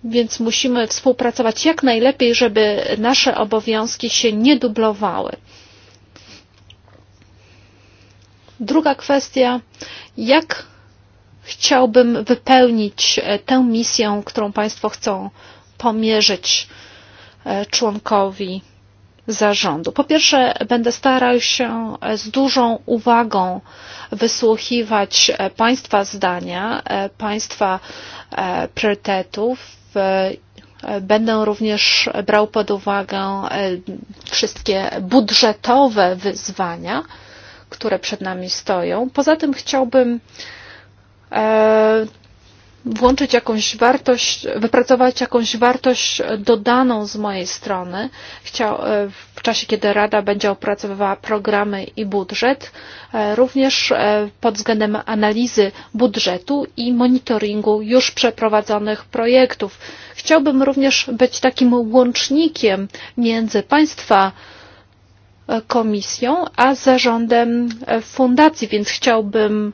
Więc musimy współpracować jak najlepiej, żeby nasze obowiązki się nie dublowały. Druga kwestia, jak chciałbym wypełnić e, tę misję, którą Państwo chcą pomierzyć e, członkowi zarządu. Po pierwsze, będę starał się e, z dużą uwagą wysłuchiwać Państwa zdania, Państwa priorytetów. Będę również brał pod uwagę wszystkie budżetowe wyzwania, które przed nami stoją. Poza tym chciałbym E, włączyć jakąś wartość, wypracować jakąś wartość dodaną z mojej strony Chciał, e, w czasie, kiedy Rada będzie opracowywała programy i budżet, e, również pod względem analizy budżetu i monitoringu już przeprowadzonych projektów. Chciałbym również być takim łącznikiem między państwa, komisją, a zarządem fundacji, więc chciałbym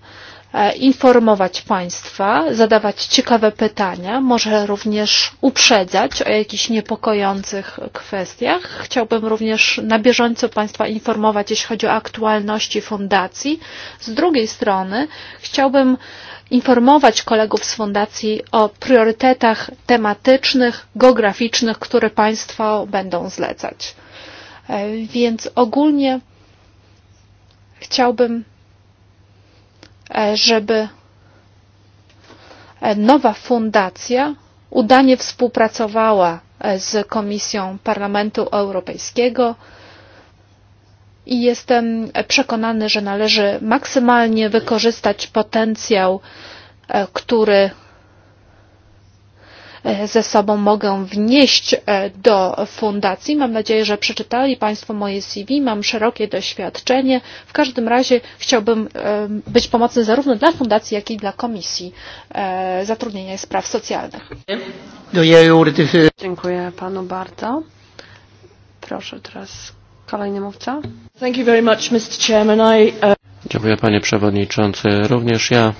E, informować Państwa, zadawać ciekawe pytania, może również uprzedzać o jakichś niepokojących kwestiach. Chciałbym również na bieżąco Państwa informować, jeśli chodzi o aktualności fundacji. Z drugiej strony chciałbym informować kolegów z fundacji o priorytetach tematycznych, geograficznych, które Państwo będą zlecać. E, więc ogólnie chciałbym żeby e, nowa fundacja udanie współpracowała e, z Komisją Parlamentu Europejskiego i jestem e, przekonany, że należy maksymalnie wykorzystać potencjał, który E, ze sobą mogę wnieść e, do fundacji. Mam nadzieję, że przeczytali Państwo moje CV. Mam szerokie doświadczenie. W każdym razie chciałbym e, być pomocny zarówno dla fundacji, jak i dla Komisji Zatrudnienia i Spraw Socjalnych. Dziękuję Panu bardzo. Proszę teraz kolejny mówca. Thank you very much, Mr. Chairman. I, uh... Dziękuję Panie Przewodniczący. Również ja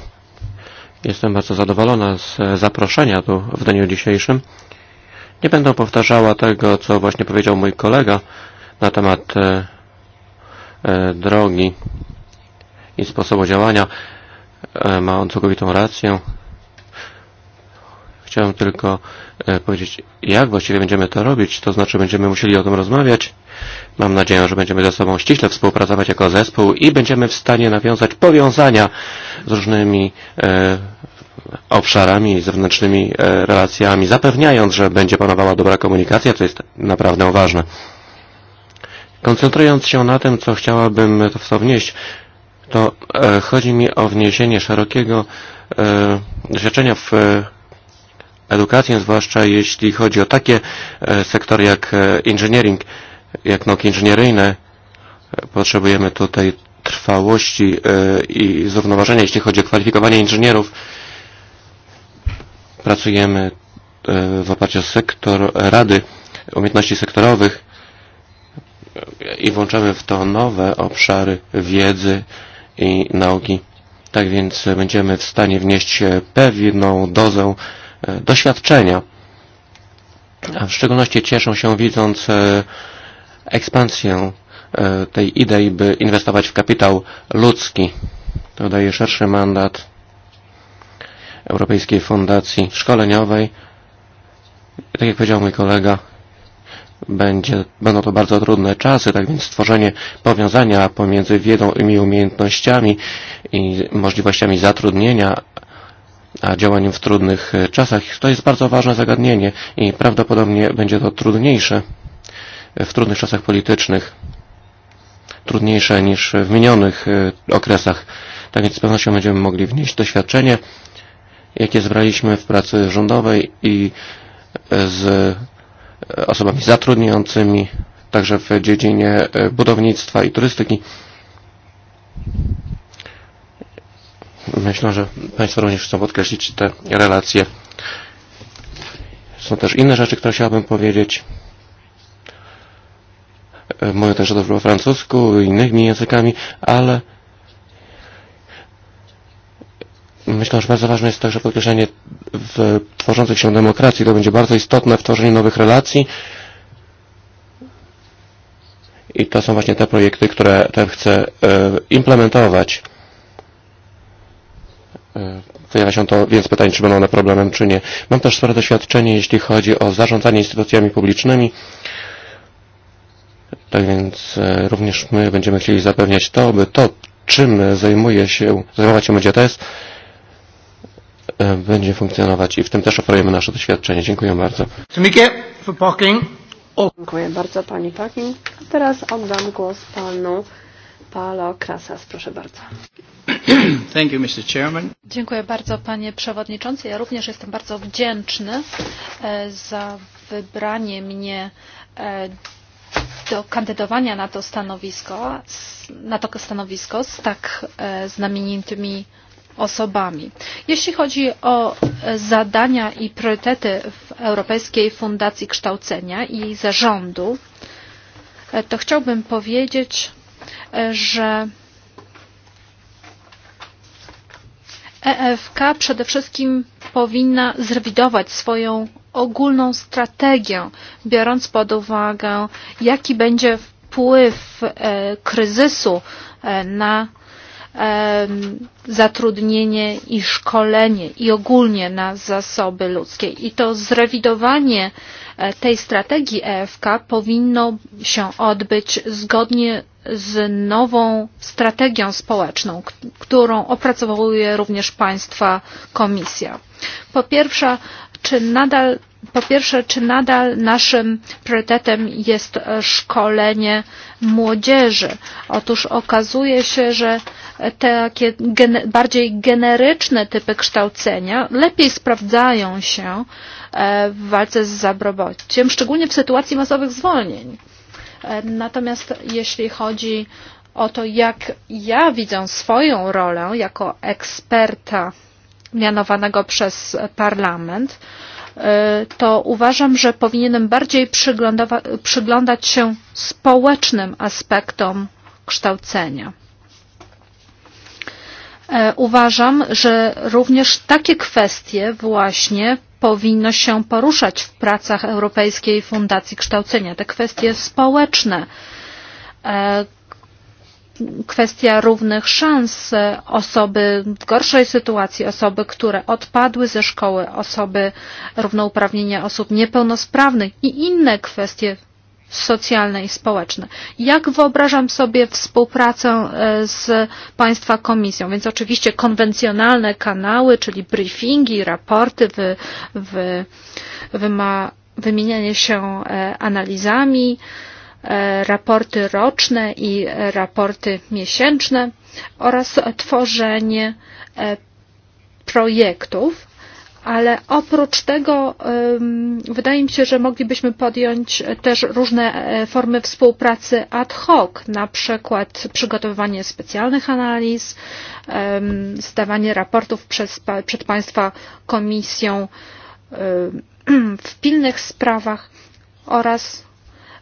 Jestem bardzo zadowolona z e, zaproszenia tu w dniu dzisiejszym. Nie będę powtarzała tego, co właśnie powiedział mój kolega na temat e, e, drogi i sposobu działania. E, ma on całkowitą rację. Chciałem tylko e, powiedzieć, jak właściwie będziemy to robić, to znaczy będziemy musieli o tym rozmawiać. Mam nadzieję, że będziemy ze sobą ściśle współpracować jako zespół i będziemy w stanie nawiązać powiązania z różnymi e, obszarami, zewnętrznymi e, relacjami, zapewniając, że będzie panowała dobra komunikacja, co jest naprawdę ważne. Koncentrując się na tym, co chciałabym w to wnieść, to chodzi mi o wniesienie szerokiego doświadczenia w edukację, zwłaszcza jeśli chodzi o takie e, sektory jak e, engineering, jak nauki inżynieryjne. Potrzebujemy tutaj trwałości e, i zrównoważenia, jeśli chodzi o kwalifikowanie inżynierów. Pracujemy w oparciu o sektor Rady Umiejętności Sektorowych i włączamy w to nowe obszary wiedzy i nauki. Tak więc będziemy w stanie wnieść pewną dozę E, doświadczenia. A w szczególności cieszą się widząc e, ekspansję e, tej idei, by inwestować w kapitał ludzki. To daje szerszy mandat Europejskiej Fundacji Szkoleniowej. Tak jak powiedział mój kolega, będzie, będą to bardzo trudne czasy, tak więc stworzenie powiązania pomiędzy wiedzą i umiejętnościami i możliwościami zatrudnienia, działaniem w trudnych e, czasach. To jest bardzo ważne zagadnienie i prawdopodobnie będzie to trudniejsze w trudnych czasach politycznych, trudniejsze niż w minionych e, okresach. Tak więc z pewnością będziemy mogli wnieść doświadczenie, jakie zbraliśmy w pracy rządowej i e, z osobami zatrudniającymi, także w dziedzinie budownictwa i turystyki. Myślę, że Państwo również chcą podkreślić te relacje. Są też inne rzeczy, które chciałbym powiedzieć. E, mówię też dobrze o francusku i innymi językami, ale myślę, że bardzo ważne jest także podkreślenie w tworzących się demokracji. To będzie bardzo istotne w tworzeniu nowych relacji. I to są właśnie te projekty, które ten chce e, implementować E, Pojawia się to więc pytanie, czy będą one problemem, czy nie. Mam też spore doświadczenie, jeśli chodzi o zarządzanie instytucjami publicznymi. Tak więc e, również my będziemy chcieli zapewniać to, by to, czym zajmuje się, zajmować się będzie test, e, będzie funkcjonować i w tym też oferujemy nasze doświadczenie. Dziękuję bardzo. Dziękuję bardzo Pani Pakin. Teraz oddam głos Panu Paolo Krasas, proszę bardzo. Thank you, Mr. Chairman. Dziękuję bardzo, panie przewodniczący. Ja również jestem bardzo wdzięczny e, za wybranie mnie e, do kandydowania na to stanowisko, na to stanowisko z tak e, znamienitymi osobami. Jeśli chodzi o zadania i priorytety w Europejskiej Fundacji Kształcenia i jej zarządu, to chciałbym powiedzieć, że EFK przede wszystkim powinna zrewidować swoją ogólną strategię, biorąc pod uwagę, jaki będzie wpływ e, kryzysu e, na e, zatrudnienie i szkolenie i ogólnie na zasoby ludzkie. I to zrewidowanie e, E, tej strategii EFK powinno się odbyć zgodnie z nową strategią społeczną, którą opracowuje również Państwa Komisja. Po pierwsze, czy nadal po pierwsze, czy nadal naszym priorytetem jest e, szkolenie młodzieży? Otóż okazuje się, że takie gen bardziej generyczne typy kształcenia lepiej sprawdzają się e, w walce z zabrobociem, szczególnie w sytuacji masowych zwolnień. E, natomiast jeśli chodzi o to, jak ja widzę swoją rolę jako eksperta mianowanego przez parlament, E, to uważam, że powinienem bardziej przyglądać się społecznym aspektom kształcenia. E, uważam, że również takie kwestie właśnie powinno się poruszać w pracach Europejskiej Fundacji Kształcenia. Te kwestie społeczne, e, kwestia równych szans, e, osoby w gorszej sytuacji, osoby, które odpadły ze szkoły, osoby równouprawnienia osób niepełnosprawnych i inne kwestie socjalne i społeczne. Jak wyobrażam sobie współpracę e, z Państwa Komisją? Więc oczywiście konwencjonalne kanały, czyli briefingi, raporty, wy, wy, wyma, wymienianie się e, analizami, yy, E, raporty roczne i raporty miesięczne oraz tworzenie e, projektów, ale oprócz tego wydaje mi się, że moglibyśmy podjąć też różne e, formy współpracy ad hoc, na przykład przygotowywanie specjalnych analiz, zdawanie raportów przez, przed Państwa komisją w pilnych sprawach oraz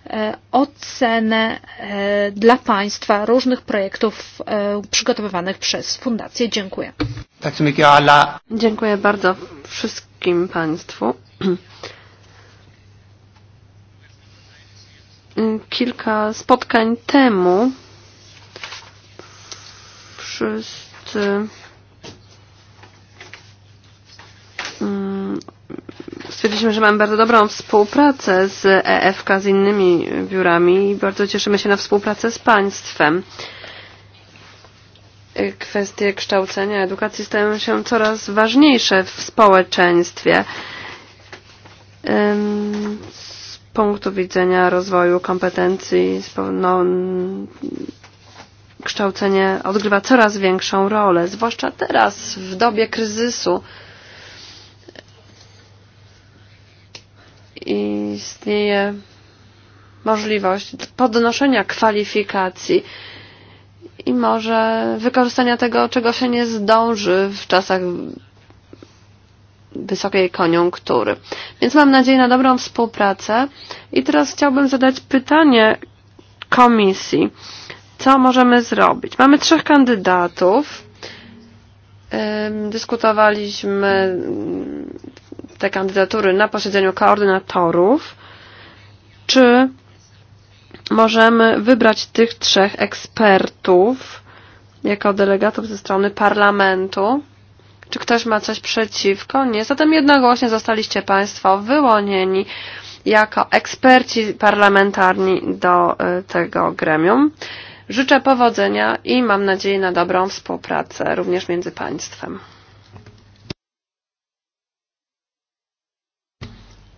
E, ocenę e, dla Państwa różnych projektów e, przygotowywanych przez Fundację. Dziękuję. Dziękuję bardzo wszystkim Państwu. Kilka spotkań temu wszyscy stwierdziliśmy, że mamy bardzo dobrą współpracę z EFK, z innymi biurami i bardzo cieszymy się na współpracę z państwem. Kwestie kształcenia, edukacji stają się coraz ważniejsze w społeczeństwie z punktu widzenia rozwoju kompetencji, no, kształcenie odgrywa coraz większą rolę, zwłaszcza teraz w dobie kryzysu istnieje możliwość podnoszenia kwalifikacji i może wykorzystania tego, czego się nie zdąży w czasach wysokiej koniunktury. Więc mam nadzieję na dobrą współpracę. I teraz chciałbym zadać pytanie komisji. Co możemy zrobić? Mamy trzech kandydatów. Dyskutowaliśmy te kandydatury na posiedzeniu koordynatorów, czy możemy wybrać tych trzech ekspertów jako delegatów ze strony parlamentu. Czy ktoś ma coś przeciwko? Nie. Zatem jednogłośnie zostaliście Państwo wyłonieni jako eksperci parlamentarni do e, tego gremium. Życzę powodzenia i mam nadzieję na dobrą współpracę również między państwem.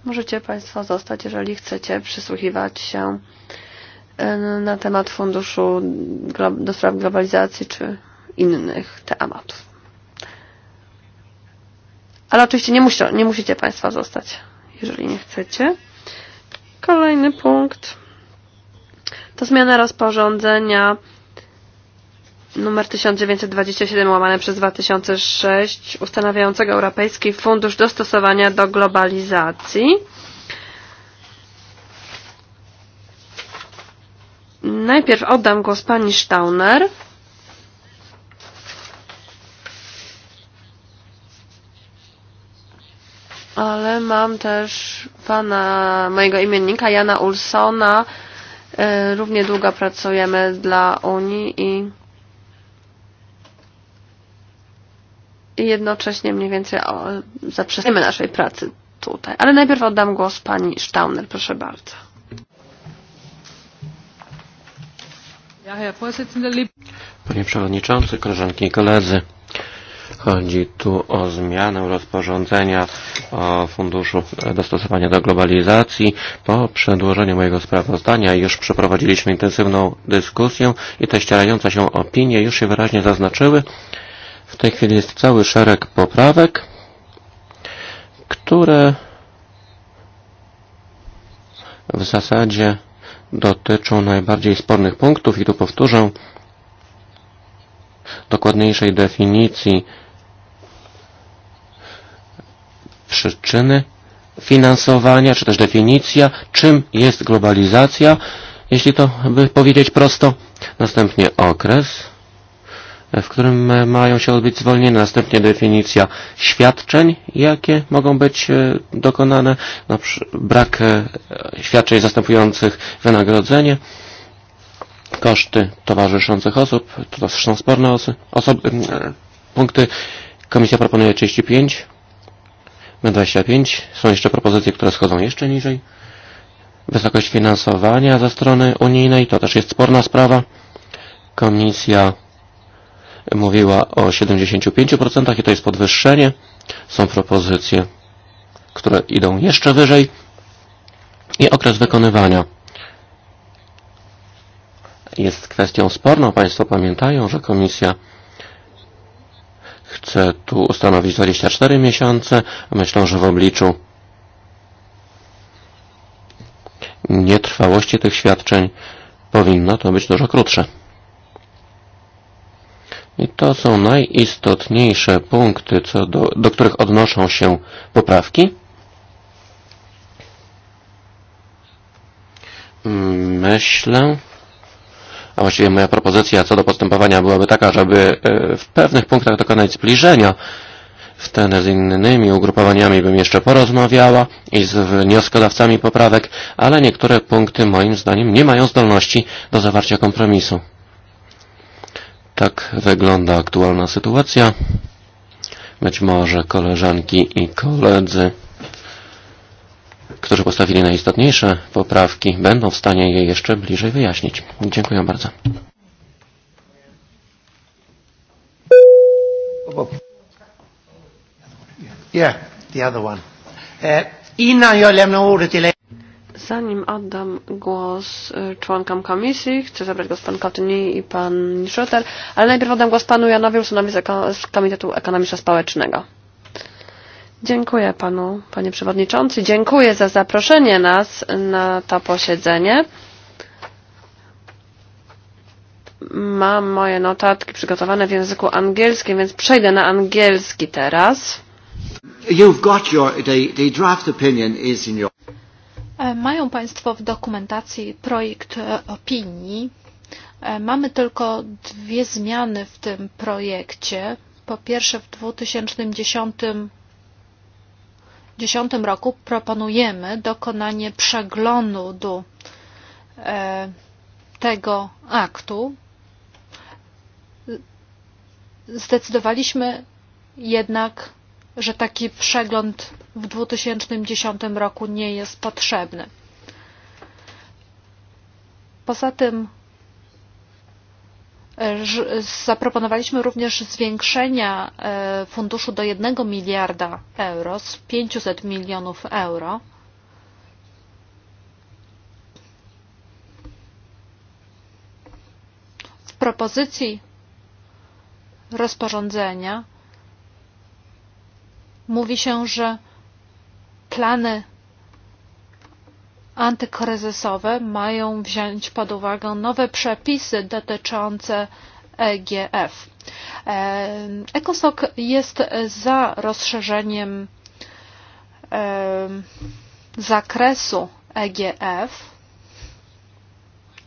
Możecie Państwo zostać, jeżeli chcecie przysłuchiwać się e, na temat funduszu do spraw globalizacji czy innych tematów. Ale oczywiście nie, musi, nie musicie Państwo zostać, jeżeli nie chcecie. Kolejny punkt to zmiana rozporządzenia numer 1927 łamane przez 2006 ustanawiającego Europejski Fundusz Dostosowania do Globalizacji. Najpierw oddam głos pani Stauner. Ale mam też pana mojego imiennika Jana Ulsona. E, równie długo pracujemy dla Unii i jednocześnie mniej więcej o, zaprzestaniemy naszej pracy tutaj. Ale najpierw oddam głos pani Stauner, proszę bardzo. Panie Przewodniczący, koleżanki i koledzy, chodzi tu o zmianę rozporządzenia o Funduszu Dostosowania do Globalizacji. Po przedłożeniu mojego sprawozdania już przeprowadziliśmy intensywną dyskusję i te ścierające się opinie już się wyraźnie zaznaczyły. W tej chwili jest cały szereg poprawek, które w zasadzie dotyczą najbardziej spornych punktów i tu powtórzę dokładniejszej definicji przyczyny finansowania, czy też definicja, czym jest globalizacja, jeśli to by powiedzieć prosto. Następnie okres, w którym e, mają się odbyć zwolnienia. Następnie definicja świadczeń, jakie mogą być e, dokonane, no, brak e, świadczeń zastępujących wynagrodzenie, koszty towarzyszących osób, to też są sporne osy, osoby, punkty. Komisja proponuje 35, na 25. Są jeszcze propozycje, które schodzą jeszcze niżej. Wysokość finansowania ze strony unijnej, to też jest sporna sprawa. Komisja mówiła o 75% i to jest podwyższenie. Są propozycje, które idą jeszcze wyżej i okres wykonywania jest kwestią sporną. Państwo pamiętają, że komisja chce tu ustanowić 24 miesiące. Myślą, że w obliczu nietrwałości tych świadczeń powinno to być dużo krótsze. I to są najistotniejsze punkty, co do, do których odnoszą się poprawki. Myślę, a właściwie moja propozycja co do postępowania byłaby taka, żeby e, w pewnych punktach dokonać zbliżenia. Wtedy z innymi ugrupowaniami bym jeszcze porozmawiała i z wnioskodawcami poprawek, ale niektóre punkty moim zdaniem nie mają zdolności do zawarcia kompromisu. Tak wygląda aktualna sytuacja. Być może koleżanki i koledzy, którzy postawili najistotniejsze poprawki, będą w stanie je jeszcze bliżej wyjaśnić. Dziękuję bardzo. Yeah, the other one. Eh, uh, innan jag lämnar ordet till Zanim oddam głos e, członkom komisji, chcę zabrać głos pan Katyni i pan Schroeter, ale najpierw oddam głos panu Janowi Usunowi z, z Komitetu Ekonomiczno Społecznego. Dziękuję panu, panie przewodniczący. Dziękuję za zaproszenie nas na to posiedzenie. Mam moje notatki przygotowane w języku angielskim, więc przejdę na angielski teraz. You've got your, the, the draft opinion is in your... E, mają Państwo w dokumentacji projekt e, opinii. E, mamy tylko dwie zmiany w tym projekcie. Po pierwsze w 2010 2010 roku proponujemy dokonanie przeglądu tego aktu. Zdecydowaliśmy jednak, że taki przegląd w 2010 roku nie jest potrzebny. Poza tym e, zaproponowaliśmy również zwiększenia e, funduszu do 1 miliarda euro z 500 milionów euro. W propozycji rozporządzenia mówi się, że plany antykryzysowe mają wziąć pod uwagę nowe przepisy dotyczące EGF. E, ECOSOC jest za rozszerzeniem e, zakresu EGF.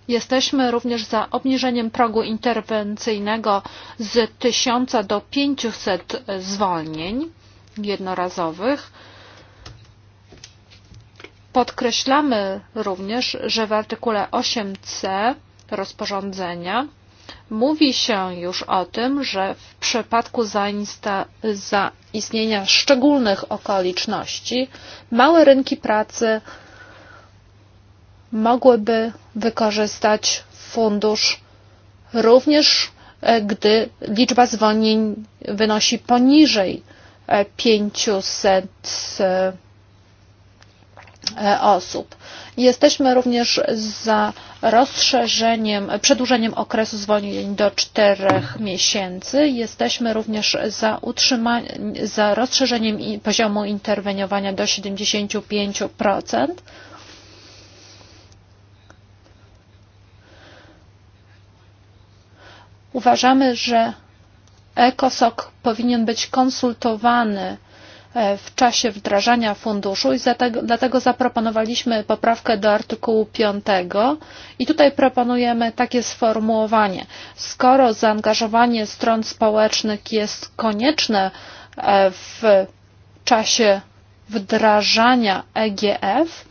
Jesteśmy również za obniżeniem progu interwencyjnego z 1000 do 500 zwolnień jednorazowych Podkreślamy również, że w artykule 8c rozporządzenia mówi się już o tym, że w przypadku zaistnienia szczególnych okoliczności małe rynki pracy mogłyby wykorzystać fundusz również e, gdy liczba zwolnień wynosi poniżej 500 e, E, osób. Jesteśmy również za rozszerzeniem, przedłużeniem okresu zwolnień do czterech miesięcy. Jesteśmy również za, za rozszerzeniem poziomu interweniowania do 75%. Uważamy, że ECOSOC powinien być konsultowany E, w czasie wdrażania funduszu i dlatego, dlatego zaproponowaliśmy poprawkę do artykułu 5 i tutaj proponujemy takie sformułowanie. Skoro zaangażowanie stron społecznych jest konieczne e, w czasie wdrażania EGF,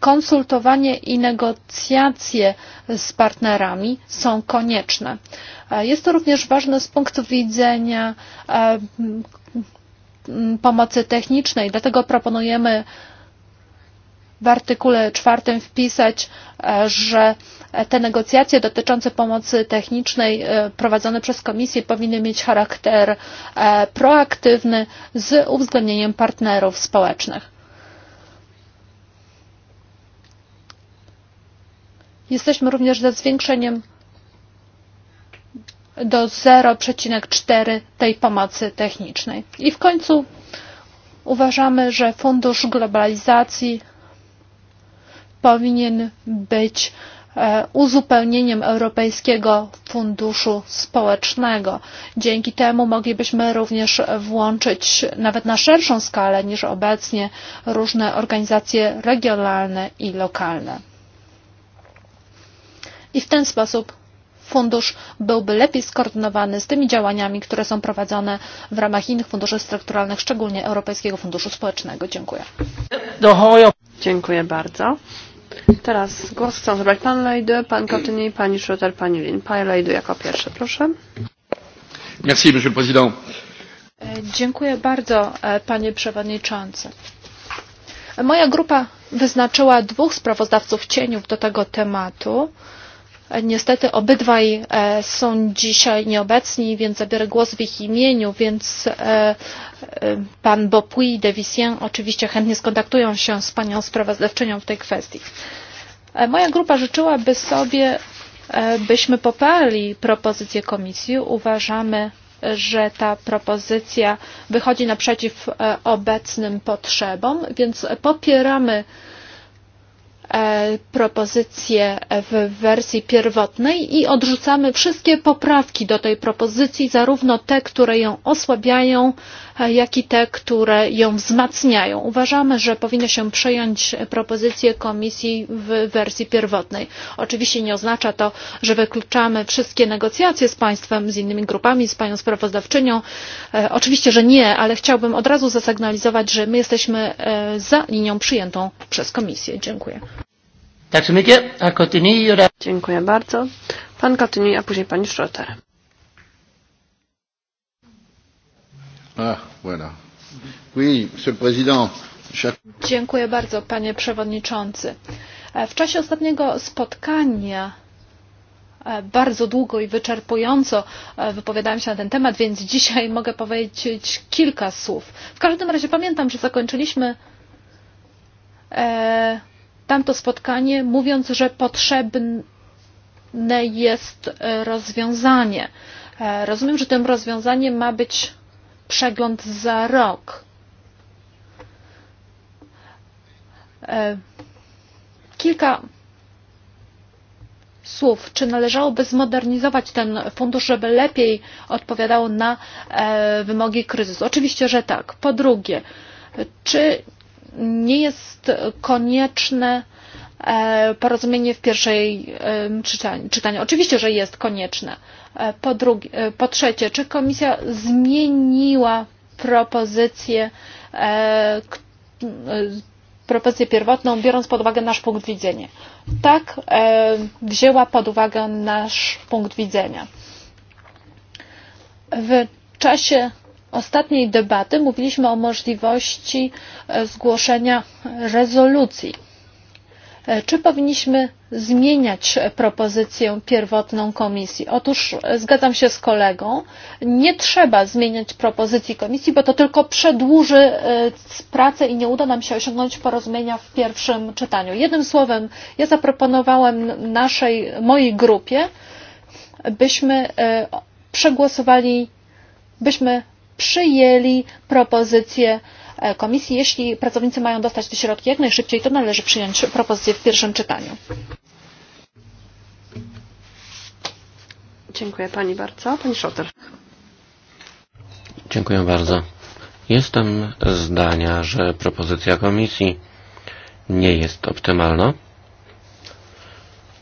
konsultowanie i negocjacje z partnerami są konieczne. E, jest to również ważne z punktu widzenia pomocy technicznej. Dlatego proponujemy w artykule czwartym wpisać, e, że te negocjacje dotyczące pomocy technicznej e, prowadzone przez Komisję powinny mieć charakter e, proaktywny z uwzględnieniem partnerów społecznych. Jesteśmy również za zwiększeniem do 0,4 tej pomocy technicznej. I w końcu uważamy, że Fundusz Globalizacji powinien być e, uzupełnieniem Europejskiego Funduszu Społecznego. Dzięki temu moglibyśmy również włączyć nawet na szerszą skalę niż obecnie różne organizacje regionalne i lokalne. I w ten sposób fundusz byłby lepiej skoordynowany z tymi działaniami, które są prowadzone w ramach innych funduszy strukturalnych, szczególnie Europejskiego Funduszu Społecznego. Dziękuję. Dziękuję bardzo. Teraz głos chcą zabrać pan Lejdy, pan Kotyni, pani Schroeder, pani Lin. Pan Lejdy jako pierwszy, proszę. Merci, monsieur le président. Dziękuję bardzo, e, panie przewodniczący. Moja grupa wyznaczyła dwóch sprawozdawców cieniów do tego tematu. Niestety obydwaj e, są dzisiaj nieobecni, więc zabiorę głos w ich imieniu, więc e, e, pan Bopui i Devisien oczywiście chętnie skontaktują się z panią sprawozdawczynią w tej kwestii. Moja grupa życzyłaby sobie, byśmy poparli propozycję komisji. Uważamy, że ta propozycja wychodzi naprzeciw obecnym potrzebom, więc popieramy E, propozycję w wersji pierwotnej i odrzucamy wszystkie poprawki do tej propozycji, zarówno te, które ją osłabiają, e, jak i te, które ją wzmacniają. Uważamy, że powinno się przejąć propozycję komisji w wersji pierwotnej. Oczywiście nie oznacza to, że wykluczamy wszystkie negocjacje z państwem, z innymi grupami, z panią sprawozdawczynią. E, oczywiście, że nie, ale chciałbym od razu zasygnalizować, że my jesteśmy za linią przyjętą przez komisję. Dziękuję. Tak så mycket. A Cotigny och där... Dziękuję bardzo. Pan Cotigny, a później pani Schroeter. Ah, voilà. Oui, monsieur le président. Dziękuję bardzo, panie przewodniczący. E, w czasie ostatniego spotkania e, bardzo długo i wyczerpująco e, wypowiadałam się na ten temat, więc dzisiaj mogę powiedzieć kilka słów. W każdym razie pamiętam, że zakończyliśmy e, tamto spotkanie, mówiąc, że potrzebne jest e, rozwiązanie. E, rozumiem, że tym rozwiązaniem ma być przegląd za rok. E, kilka słów. Czy należałoby zmodernizować ten fundusz, żeby lepiej odpowiadał na wymogi kryzysu? Oczywiście, że tak. Po drugie, czy nie jest konieczne e, porozumienie w pierwszej e, czytaniu. Oczywiście, że jest konieczne. E, po, drugi, po trzecie, czy komisja zmieniła propozycję, propozycję pierwotną, biorąc pod uwagę nasz punkt widzenia? Tak, wzięła pod uwagę nasz punkt widzenia. W czasie ostatniej debaty mówiliśmy o możliwości e, zgłoszenia rezolucji. E, czy powinniśmy zmieniać propozycję pierwotną komisji? Otóż e, zgadzam się z kolegą, nie trzeba zmieniać propozycji komisji, bo to tylko przedłuży pracę i nie uda nam się osiągnąć porozumienia w pierwszym czytaniu. Jednym słowem, ja zaproponowałem naszej, mojej grupie, byśmy przegłosowali, byśmy przyjęli propozycję e, komisji. Jeśli pracownicy mają dostać te środki jak najszybciej, to należy przyjąć propozycję w pierwszym czytaniu. Dziękuję Pani bardzo. Pani Szoter. Dziękuję bardzo. Jestem zdania, że propozycja komisji nie jest optymalna.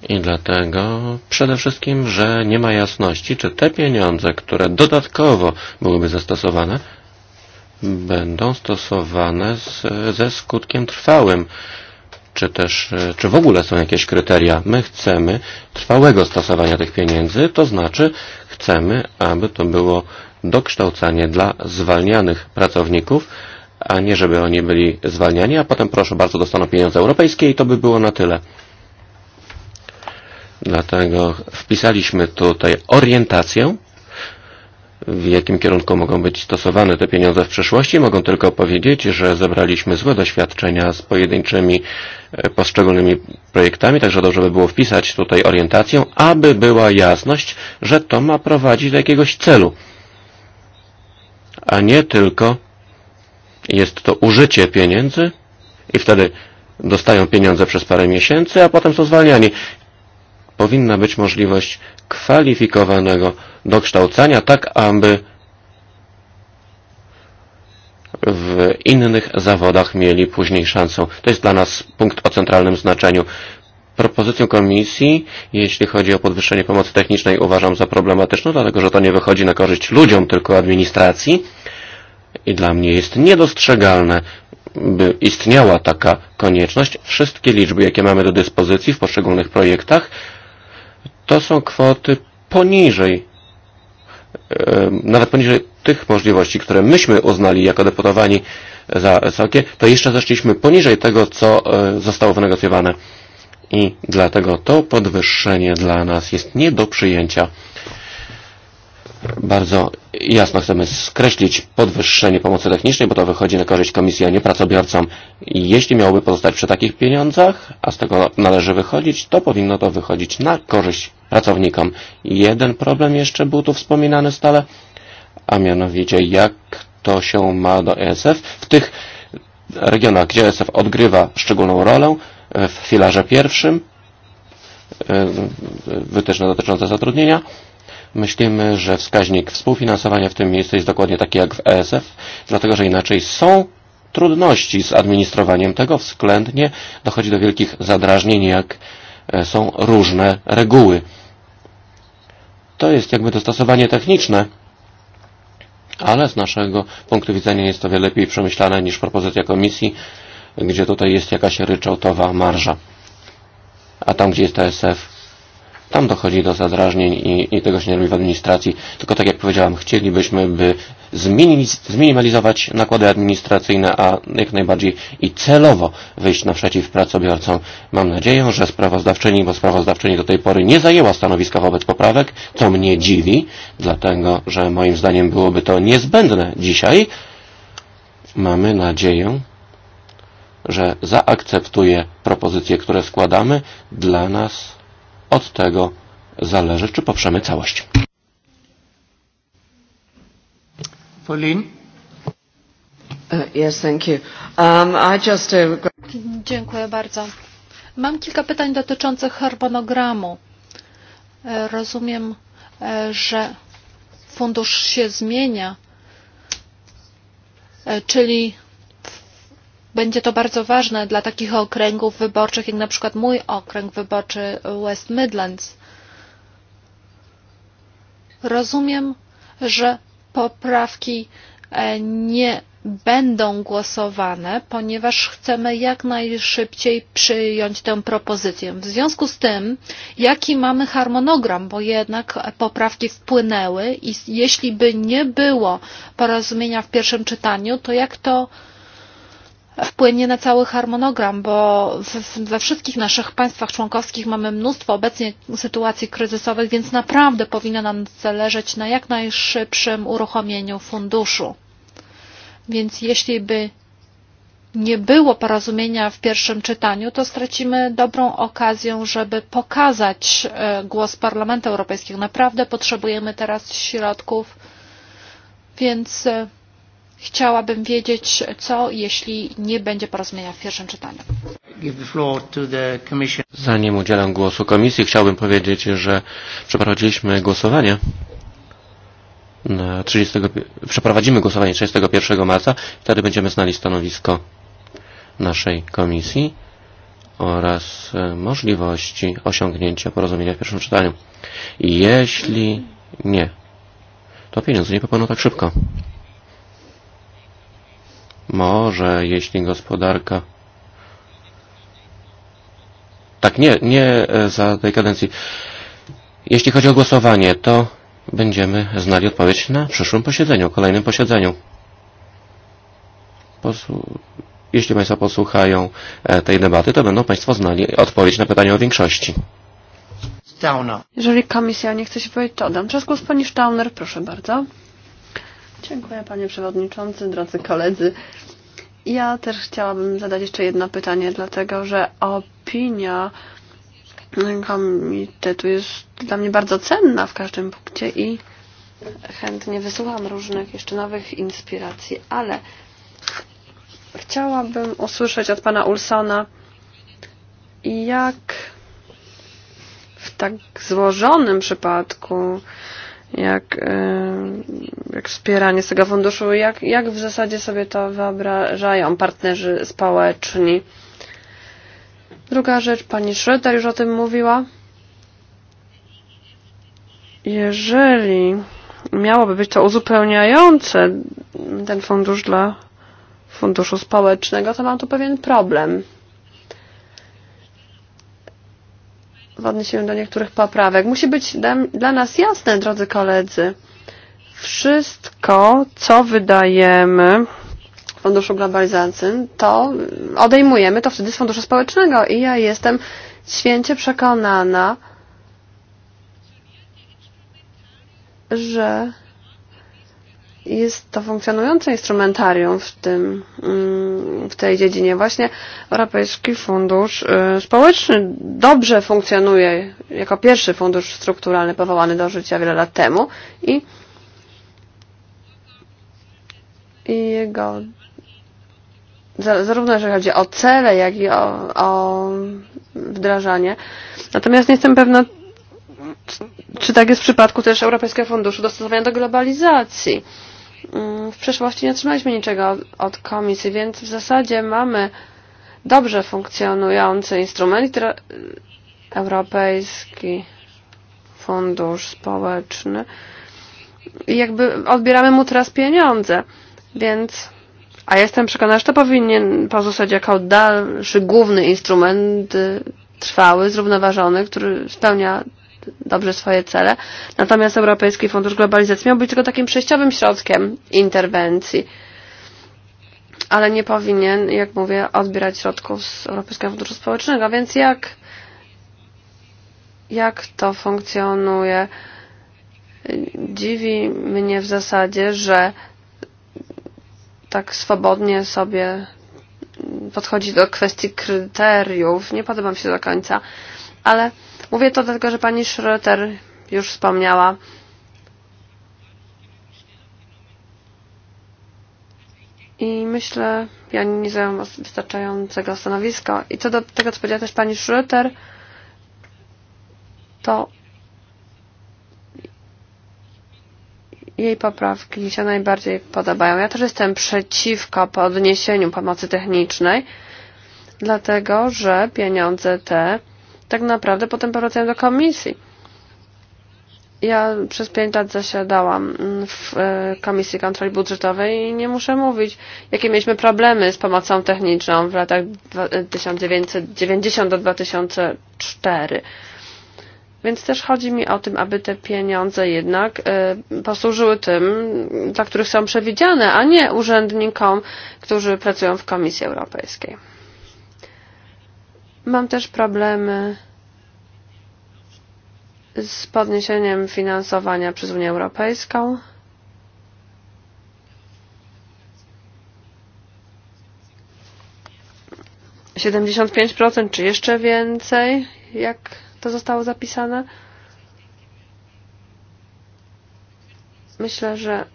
I dlatego przede wszystkim, że nie ma jasności, czy te pieniądze, które dodatkowo byłyby zastosowane, będą stosowane z, ze skutkiem trwałym, czy też, czy w ogóle są jakieś kryteria. My chcemy trwałego stosowania tych pieniędzy, to znaczy chcemy, aby to było dokształcanie dla zwalnianych pracowników, a nie żeby oni byli zwalniani, a potem proszę bardzo dostaną pieniądze europejskie i to by było na tyle. Dlatego wpisaliśmy tutaj orientację, w jakim kierunku mogą być stosowane te pieniądze w przyszłości. Mogą tylko powiedzieć, że zebraliśmy złe doświadczenia z pojedynczymi, e, poszczególnymi projektami, także dobrze by było wpisać tutaj orientację, aby była jasność, że to ma prowadzić do jakiegoś celu, a nie tylko jest to użycie pieniędzy i wtedy dostają pieniądze przez parę miesięcy, a potem są zwalniani powinna być możliwość kwalifikowanego dokształcania, tak aby w innych zawodach mieli później szansę. To jest dla nas punkt o centralnym znaczeniu. Propozycję komisji, jeśli chodzi o podwyższenie pomocy technicznej, uważam za problematyczną, dlatego że to nie wychodzi na korzyść ludziom, tylko administracji. I dla mnie jest niedostrzegalne, by istniała taka konieczność. Wszystkie liczby, jakie mamy do dyspozycji w poszczególnych projektach, to są kwoty poniżej, nawet poniżej tych możliwości, które myśmy uznali jako deputowani za wysokie, to jeszcze zeszliśmy poniżej tego, co e, zostało wynegocjowane. I dlatego to podwyższenie dla nas jest nie do przyjęcia bardzo jasno chcemy skreślić podwyższenie pomocy technicznej, bo to wychodzi na korzyść komisji, a nie pracobiorcom. I jeśli miałoby pozostać przy takich pieniądzach, a z tego należy wychodzić, to powinno to wychodzić na korzyść pracownikom. Jeden problem jeszcze był tu wspominany stale, a mianowicie jak to się ma do ESF. W tych regionach, gdzie ESF odgrywa szczególną rolę, w filarze pierwszym, wytyczne dotyczące zatrudnienia, Myślimy, że wskaźnik współfinansowania w tym miejscu jest dokładnie taki jak w ESF, dlatego że inaczej są trudności z administrowaniem tego, względnie dochodzi do wielkich zadrażnień, jak e, są różne reguły. To jest jakby dostosowanie techniczne, ale z naszego punktu widzenia jest to wiele lepiej przemyślane niż propozycja komisji, gdzie tutaj jest jakaś ryczałtowa marża. A tam, gdzie jest TSF, e Tam dochodzi do zadrażnień i, i tego się nie robi w administracji. Tylko tak jak powiedziałam, chcielibyśmy, by zminimalizować nakłady administracyjne, a jak najbardziej i celowo wyjść naprzeciw pracobiorcom. Mam nadzieję, że sprawozdawczyni, bo sprawozdawczyni do tej pory nie zajęła stanowiska wobec poprawek, co mnie dziwi, dlatego że moim zdaniem byłoby to niezbędne dzisiaj. Mamy nadzieję, że zaakceptuje propozycje, które składamy dla nas Od tego zależy, czy poprzemy całość. Pauline? Uh, yes, thank you. Um, I just, uh... Dziękuję bardzo. Mam kilka pytań dotyczących harmonogramu. E, rozumiem, e, że fundusz się zmienia, e, czyli Będzie to bardzo ważne dla takich okręgów wyborczych, jak na przykład mój okręg wyborczy West Midlands. Rozumiem, że poprawki e, nie będą głosowane, ponieważ chcemy jak najszybciej przyjąć tę propozycję. W związku z tym, jaki mamy harmonogram, bo jednak poprawki wpłynęły i jeśli by nie było porozumienia w pierwszym czytaniu, to jak to wpłynie na cały harmonogram, bo we wszystkich naszych państwach członkowskich mamy mnóstwo obecnie sytuacji kryzysowych, więc naprawdę powinno nam zależeć na jak najszybszym uruchomieniu funduszu. Więc jeśli by nie było porozumienia w pierwszym czytaniu, to stracimy dobrą okazję, żeby pokazać e, głos Parlamentu Europejskiego. Naprawdę potrzebujemy teraz środków, więc e, Chciałabym wiedzieć, co jeśli nie będzie porozumienia w pierwszym czytaniu. Zanim udzielę głosu komisji, chciałbym powiedzieć, że przeprowadziliśmy głosowanie. 30, przeprowadzimy głosowanie 31 marca i wtedy będziemy znali stanowisko naszej komisji oraz e, możliwości osiągnięcia porozumienia w pierwszym czytaniu. Jeśli nie, to pieniądze nie popłyną tak szybko. Może, jeśli gospodarka. Tak, nie, nie e, za tej kadencji. Jeśli chodzi o głosowanie, to będziemy znali odpowiedź na przyszłym posiedzeniu, kolejnym posiedzeniu. Posłu... Jeśli Państwo posłuchają e, tej debaty, to będą Państwo znali odpowiedź na pytanie o większości. Stauner. Jeżeli komisja nie chce się powiedzieć, to oddam czas głos Pani Stauner, proszę bardzo. Dziękuję panie przewodniczący, drodzy koledzy. Ja też chciałabym zadać jeszcze jedno pytanie, dlatego że opinia komitetu jest dla mnie bardzo cenna w każdym punkcie i chętnie wysłucham różnych jeszcze nowych inspiracji, ale chciałabym usłyszeć od pana Ulsona, jak w tak złożonym przypadku jak, e, jak wspieranie z tego funduszu, jak, jak w zasadzie sobie to wyobrażają partnerzy społeczni. Druga rzecz, pani Schroeder już o tym mówiła. Jeżeli miałoby być to uzupełniające ten fundusz dla funduszu społecznego, to mam tu pewien problem. w odniesieniu do niektórych poprawek. Musi być dla nas jasne, drodzy koledzy. Wszystko, co wydajemy w Funduszu Globalizacji, to odejmujemy to wtedy z Funduszu Społecznego i ja jestem święcie przekonana, że jest to funkcjonujące instrumentarium w, tym, mm, w tej dziedzinie. Właśnie Europejski Fundusz Społeczny dobrze funkcjonuje jako pierwszy fundusz strukturalny powołany do życia wiele lat temu i, i jego zarówno jeżeli chodzi o cele, jak i o, o wdrażanie. Natomiast nie jestem pewna, czy tak jest w przypadku też Europejskiego Funduszu Dostosowania do Globalizacji. Mm, w przeszłości nie otrzymaliśmy niczego od, od komisji, więc w zasadzie mamy dobrze funkcjonujący instrument Europejski Fundusz Społeczny i jakby odbieramy mu teraz pieniądze, więc a jestem przekonana, że to powinien pozostać jako dalszy główny instrument trwały, zrównoważony, który spełnia dobrze swoje cele. Natomiast Europejski Fundusz Globalizacji miał być tylko takim przejściowym środkiem interwencji, ale nie powinien, jak mówię, odbierać środków z Europejskiego Funduszu Społecznego. Więc jak, jak to funkcjonuje? Dziwi mnie w zasadzie, że tak swobodnie sobie podchodzi do kwestii kryteriów. Nie podoba mi się do końca, ale Mówię to dlatego, że pani Schröter już wspomniała, I myślę, ja nie zajmę wystarczającego stanowiska. I co do tego, co powiedziała też pani Schröter, to jej poprawki mi się najbardziej podobają. Ja też jestem przeciwko podniesieniu pomocy technicznej, dlatego że pieniądze te tak naprawdę potem powracają do komisji. Ja przez pięć lat zasiadałam w e, Komisji Kontroli Budżetowej i nie muszę mówić, jakie mieliśmy problemy z pomocą techniczną w latach 1990 e, do 2004. Więc też chodzi mi o tym, aby te pieniądze jednak y, e, posłużyły tym, dla których są przewidziane, a nie urzędnikom, którzy pracują w Komisji Europejskiej. Mam też problemy z podniesieniem finansowania przez Unię Europejską. Siedemdziesiąt pięć procent, czy jeszcze więcej, jak to zostało zapisane? Myślę, że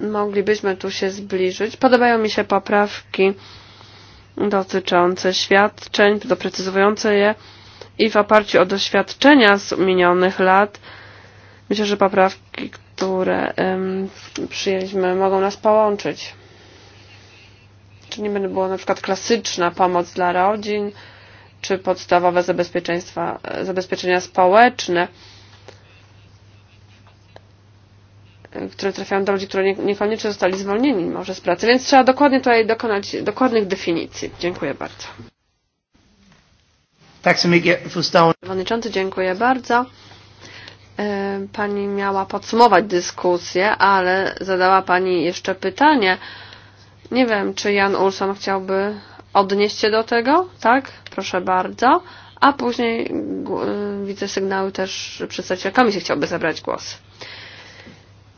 moglibyśmy tu się zbliżyć. Podobają mi się poprawki dotyczące świadczeń, doprecyzowujące je i w oparciu o doświadczenia z minionych lat myślę, że poprawki, które ym, przyjęliśmy, mogą nas połączyć. Czy nie będę było na przykład klasyczna pomoc dla rodzin, czy podstawowe zabezpieczeństwa, e, zabezpieczenia społeczne, które trafiają do ludzi, które nie, niekoniecznie zostali zwolnieni może z pracy. Więc trzeba dokładnie tutaj dokonać dokładnych definicji. Dziękuję bardzo. Tak Przewodniczący, dziękuję bardzo. E, pani miała podsumować dyskusję, ale zadała Pani jeszcze pytanie. Nie wiem, czy Jan Ulson chciałby odnieść się do tego, tak? Proszę bardzo. A później e, widzę sygnały też, że przedstawiciel komisji chciałby zabrać głos.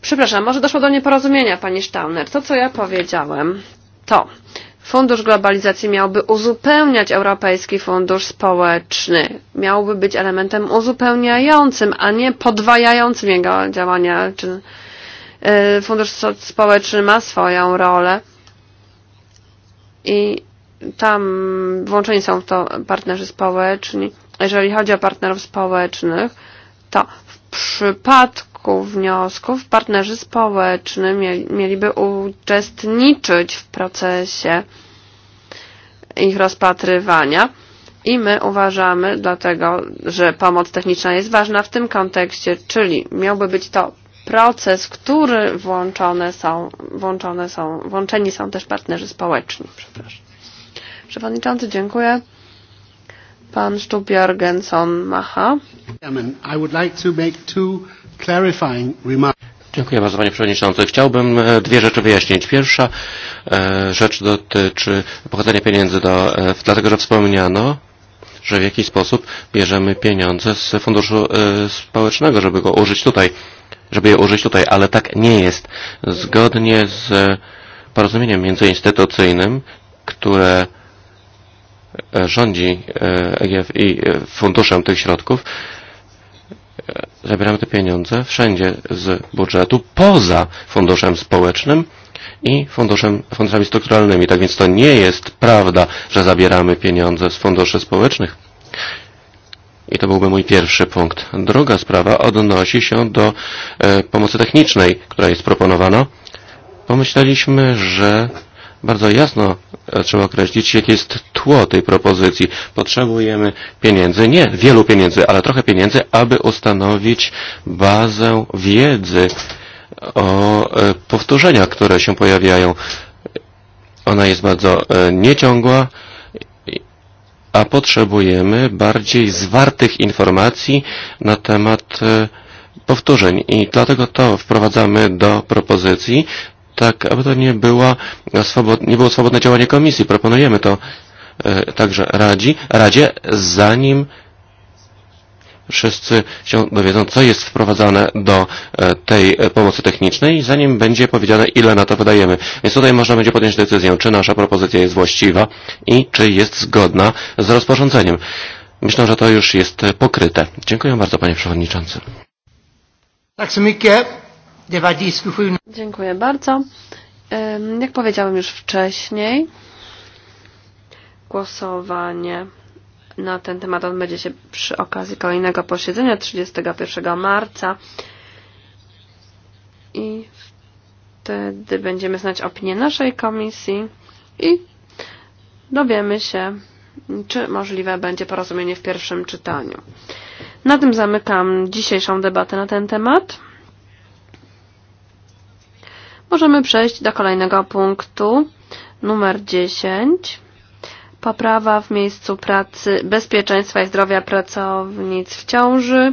Przepraszam, może doszło do nieporozumienia, pani Stauner. To, co ja powiedziałem, to Fundusz Globalizacji miałby uzupełniać Europejski Fundusz Społeczny. Miałby być elementem uzupełniającym, a nie podwajającym jego działania. Czy Fundusz Społeczny ma swoją rolę i tam włączeni są w to partnerzy społeczni. Jeżeli chodzi o partnerów społecznych, to w przypadku kilku wniosków. Partnerzy społeczni mieliby uczestniczyć w procesie ich rozpatrywania. I my uważamy dlatego, że pomoc techniczna jest ważna w tym kontekście, czyli miałby być to proces, w który włączone są, włączone są, włączeni są też partnerzy społeczni. Przepraszam. Przewodniczący, dziękuję. Pan Sztub Jorgenson Macha. Dziękuję bardzo Panie Przewodniczący. Chciałbym e, dwie rzeczy wyjaśnić. Pierwsza e, rzecz dotyczy pochodzenia pieniędzy, do, e, dlatego że wspomniano, że w jakiś sposób bierzemy pieniądze z funduszu społecznego, żeby go użyć tutaj, żeby je użyć tutaj, ale tak nie jest. Zgodnie z porozumieniem międzyinstytucyjnym, które rządzi EGF i funduszem tych środków, zabieramy te pieniądze wszędzie z budżetu, poza funduszem społecznym i funduszem, funduszami strukturalnymi. Tak więc to nie jest prawda, że zabieramy pieniądze z funduszy społecznych. I to byłby mój pierwszy punkt. Druga sprawa odnosi się do e, pomocy technicznej, która jest proponowana. Pomyśleliśmy, że bardzo jasno e, trzeba określić, jakie jest tło tej propozycji. Potrzebujemy pieniędzy, nie wielu pieniędzy, ale trochę pieniędzy, aby ustanowić bazę wiedzy o e, powtórzeniach, które się pojawiają. Ona jest bardzo e, nieciągła, a potrzebujemy bardziej zwartych informacji na temat powtórzeń i dlatego to wprowadzamy do propozycji tak aby to nie, była swobod, nie było swobodne działanie komisji. Proponujemy to e, także Radzi, Radzie, zanim wszyscy się dowiedzą, co jest wprowadzane do e, tej e, pomocy technicznej, zanim będzie powiedziane, ile na to wydajemy. Więc tutaj można będzie podjąć decyzję, czy nasza propozycja jest właściwa i czy jest zgodna z rozporządzeniem. Myślę, że to już jest pokryte. Dziękuję bardzo, panie przewodniczący. Tak so mycket. Dziękuję bardzo. Jak powiedziałem już wcześniej, głosowanie na ten temat odbędzie się przy okazji kolejnego posiedzenia 31 marca i wtedy będziemy znać opinię naszej komisji i dowiemy się, czy możliwe będzie porozumienie w pierwszym czytaniu. Na tym zamykam dzisiejszą debatę na ten temat. Możemy przejść do kolejnego punktu, numer 10. Poprawa w miejscu pracy bezpieczeństwa i zdrowia pracownic w ciąży,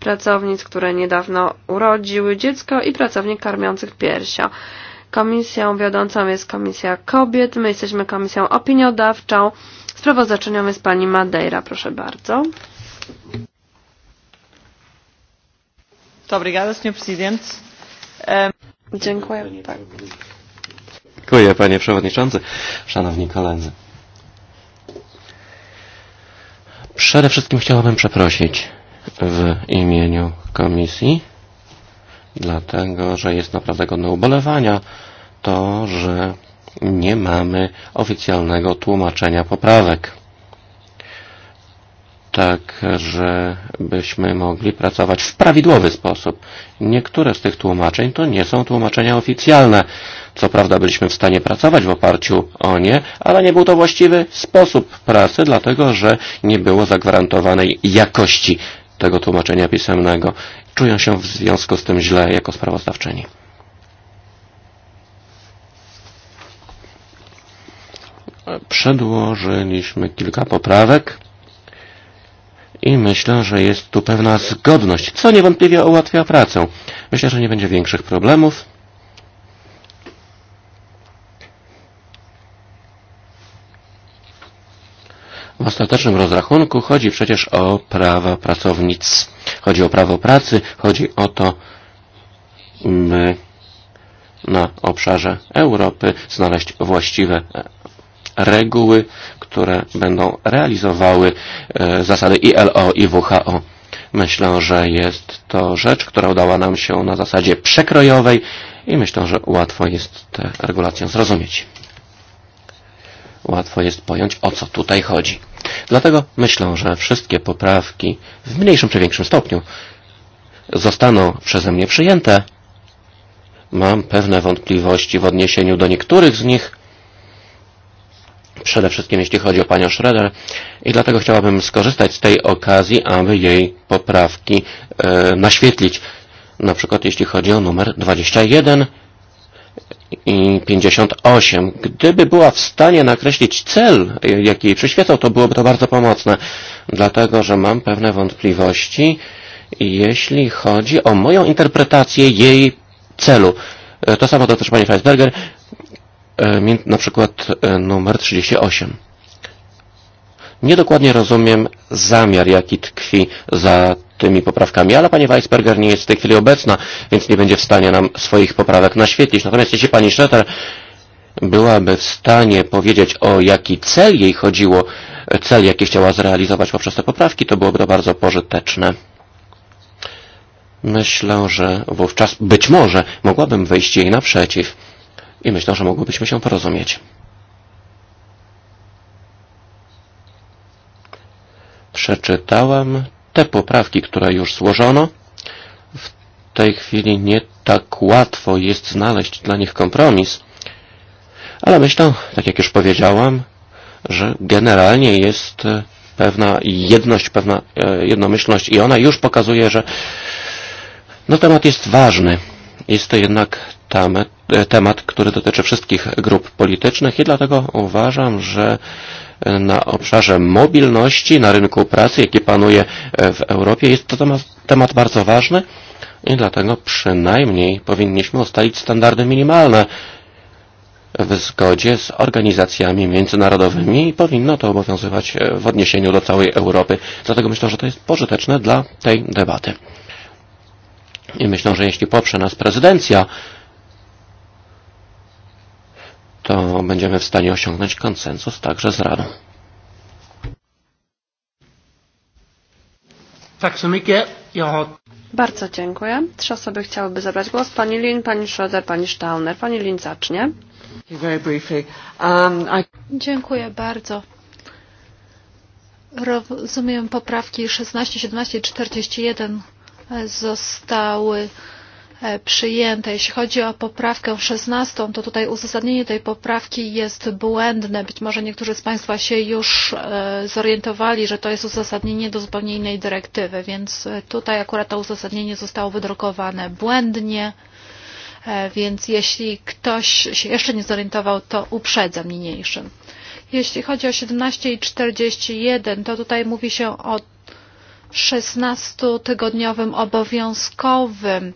pracownic, które niedawno urodziły dziecko i pracownic karmiących piersią. Komisją wiodącą jest Komisja Kobiet, my jesteśmy Komisją Opiniodawczą. Sprawozdaczynią jest pani Madeira, proszę bardzo. Obrigada, senhor presidente. Ehm, Dziękuję. Panie. Dziękuję panie przewodniczący, szanowni koledzy. Przede wszystkim chciałabym przeprosić w imieniu komisji, dlatego że jest naprawdę godne ubolewania to, że nie mamy oficjalnego tłumaczenia poprawek tak żebyśmy mogli pracować w prawidłowy sposób. Niektóre z tych tłumaczeń to nie są tłumaczenia oficjalne. Co prawda byliśmy w stanie pracować w oparciu o nie, ale nie był to właściwy sposób pracy, dlatego że nie było zagwarantowanej jakości tego tłumaczenia pisemnego. Czują się w związku z tym źle jako sprawozdawczyni. Przedłożyliśmy kilka poprawek i myślę, że jest tu pewna zgodność, co niewątpliwie ułatwia pracę. Myślę, że nie będzie większych problemów. W ostatecznym rozrachunku chodzi przecież o prawa pracownic. Chodzi o prawo pracy, chodzi o to, my na obszarze Europy znaleźć właściwe reguły, które będą realizowały e, zasady ILO i WHO. Myślę, że jest to rzecz, która udała nam się na zasadzie przekrojowej i myślę, że łatwo jest tę regulację zrozumieć. Łatwo jest pojąć, o co tutaj chodzi. Dlatego myślę, że wszystkie poprawki w mniejszym czy większym stopniu zostaną przeze mnie przyjęte. Mam pewne wątpliwości w odniesieniu do niektórych z nich, przede wszystkim jeśli chodzi o panią Schroeder i dlatego chciałabym skorzystać z tej okazji, aby jej poprawki e, naświetlić. Na przykład jeśli chodzi o numer 21 i 58. Gdyby była w stanie nakreślić cel, e, jaki jej przyświecał, to byłoby to bardzo pomocne, dlatego że mam pewne wątpliwości, jeśli chodzi o moją interpretację jej celu. E, to samo dotyczy pani Feisberger. E, na przykład e, numer 38. Niedokładnie rozumiem zamiar, jaki tkwi za tymi poprawkami, ale pani Weisberger nie jest w tej chwili obecna, więc nie będzie w stanie nam swoich poprawek naświetlić. Natomiast jeśli pani Schroeder byłaby w stanie powiedzieć, o jaki cel jej chodziło, cel, jaki chciała zrealizować poprzez te poprawki, to byłoby to bardzo pożyteczne. Myślę, że wówczas być może mogłabym wyjść jej naprzeciw i myślę, że mogłybyśmy się porozumieć. Przeczytałem te poprawki, które już złożono. W tej chwili nie tak łatwo jest znaleźć dla nich kompromis, ale myślę, tak jak już powiedziałam, że generalnie jest e, pewna jedność, pewna e, jednomyślność i ona już pokazuje, że no temat jest ważny. Jest to jednak temat, E, temat, który dotyczy wszystkich grup politycznych i dlatego uważam, że na obszarze mobilności, na rynku pracy, jaki panuje e, w Europie, jest to temat, temat bardzo ważny i dlatego przynajmniej powinniśmy ustalić standardy minimalne w zgodzie z organizacjami międzynarodowymi i powinno to obowiązywać e, w odniesieniu do całej Europy. Dlatego myślę, że to jest pożyteczne dla tej debaty. I myślę, że jeśli poprze nas prezydencja, to będziemy w stanie osiągnąć konsensus także z Radą. Bardzo dziękuję. Trzy osoby chciałyby zabrać głos. Pani Lin, pani Schroeder, pani Stauner. Pani Lin zacznie. Um, dziękuję bardzo. Rozumiem poprawki 16, 17 i 41 zostały E, przyjęte. Jeśli chodzi o poprawkę 16, to tutaj uzasadnienie tej poprawki jest błędne. Być może niektórzy z Państwa się już e, zorientowali, że to jest uzasadnienie do zupełnie innej dyrektywy, więc e, tutaj akurat to uzasadnienie zostało wydrukowane błędnie. Więc jeśli ktoś się jeszcze nie zorientował, to uprzedzam niniejszym. Jeśli chodzi o 17 i 41, to tutaj mówi się o 16-tygodniowym obowiązkowym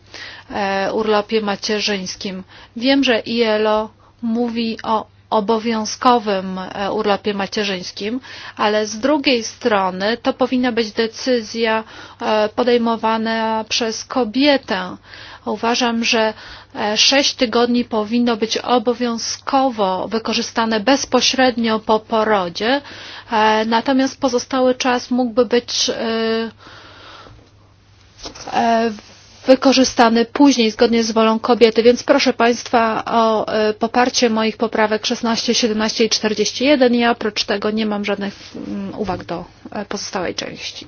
e, urlopie macierzyńskim. Wiem, że ILO mówi o obowiązkowym e, urlopie macierzyńskim, ale z drugiej strony to powinna być decyzja e, podejmowana przez kobietę. Uważam, że e, sześć tygodni powinno być obowiązkowo wykorzystane bezpośrednio po porodzie, e, natomiast pozostały czas mógłby być e, wykorzystany później zgodnie z wolą kobiety. Więc proszę Państwa o poparcie moich poprawek 16, 17 i 41. Ja oprócz tego nie mam żadnych mm, uwag do pozostałej części.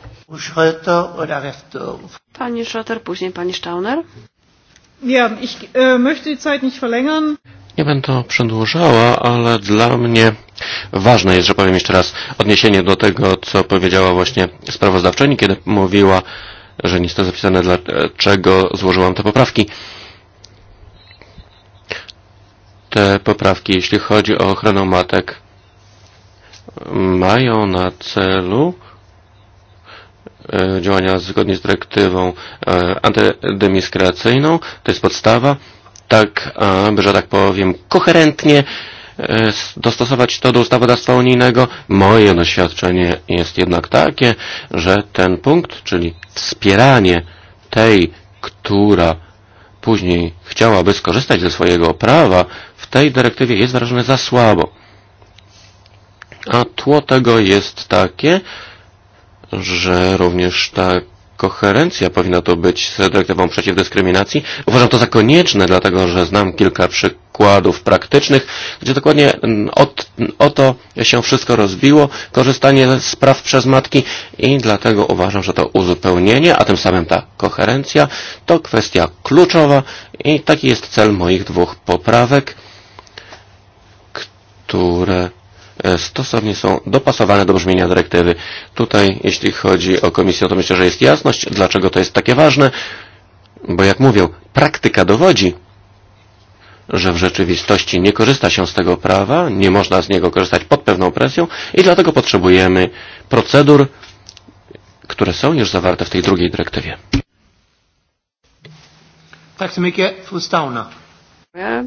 Pani Schotter, później Pani Stauner. Ja, ich äh, möchte die Zeit nicht verlängern. Nie będę przedłużała, ale dla mnie ważne jest, że powiem jeszcze raz, odniesienie do tego, co powiedziała właśnie sprawozdawczyni, kiedy mówiła, że nie jest to zapisane, dlaczego złożyłam te poprawki. Te poprawki, jeśli chodzi o ochronę matek, mają na celu E, działania zgodnie z dyrektywą e, antydemiskreacyjną. To jest podstawa, tak aby, że tak powiem, koherentnie e, dostosować to do ustawodawstwa unijnego. Moje doświadczenie jest jednak takie, że ten punkt, czyli wspieranie tej, która później chciałaby skorzystać ze swojego prawa, w tej dyrektywie jest wyrażone za słabo. A tło tego jest takie, że również ta koherencja powinna to być z dyrektywą przeciw dyskryminacji. Uważam to za konieczne, dlatego że znam kilka przykładów praktycznych, gdzie dokładnie mm, od, mm, o to się wszystko rozbiło, korzystanie z praw przez matki i dlatego uważam, że to uzupełnienie, a tym samym ta koherencja to kwestia kluczowa i taki jest cel moich dwóch poprawek, które E, stosownie są dopasowane do brzmienia dyrektywy. Tutaj, jeśli chodzi o komisję, to myślę, że jest jasność, dlaczego to jest takie ważne, bo jak mówią, praktyka dowodzi, że w rzeczywistości nie korzysta się z tego prawa, nie można z niego korzystać pod pewną presją i dlatego potrzebujemy procedur, które są już zawarte w tej drugiej dyrektywie. Tak,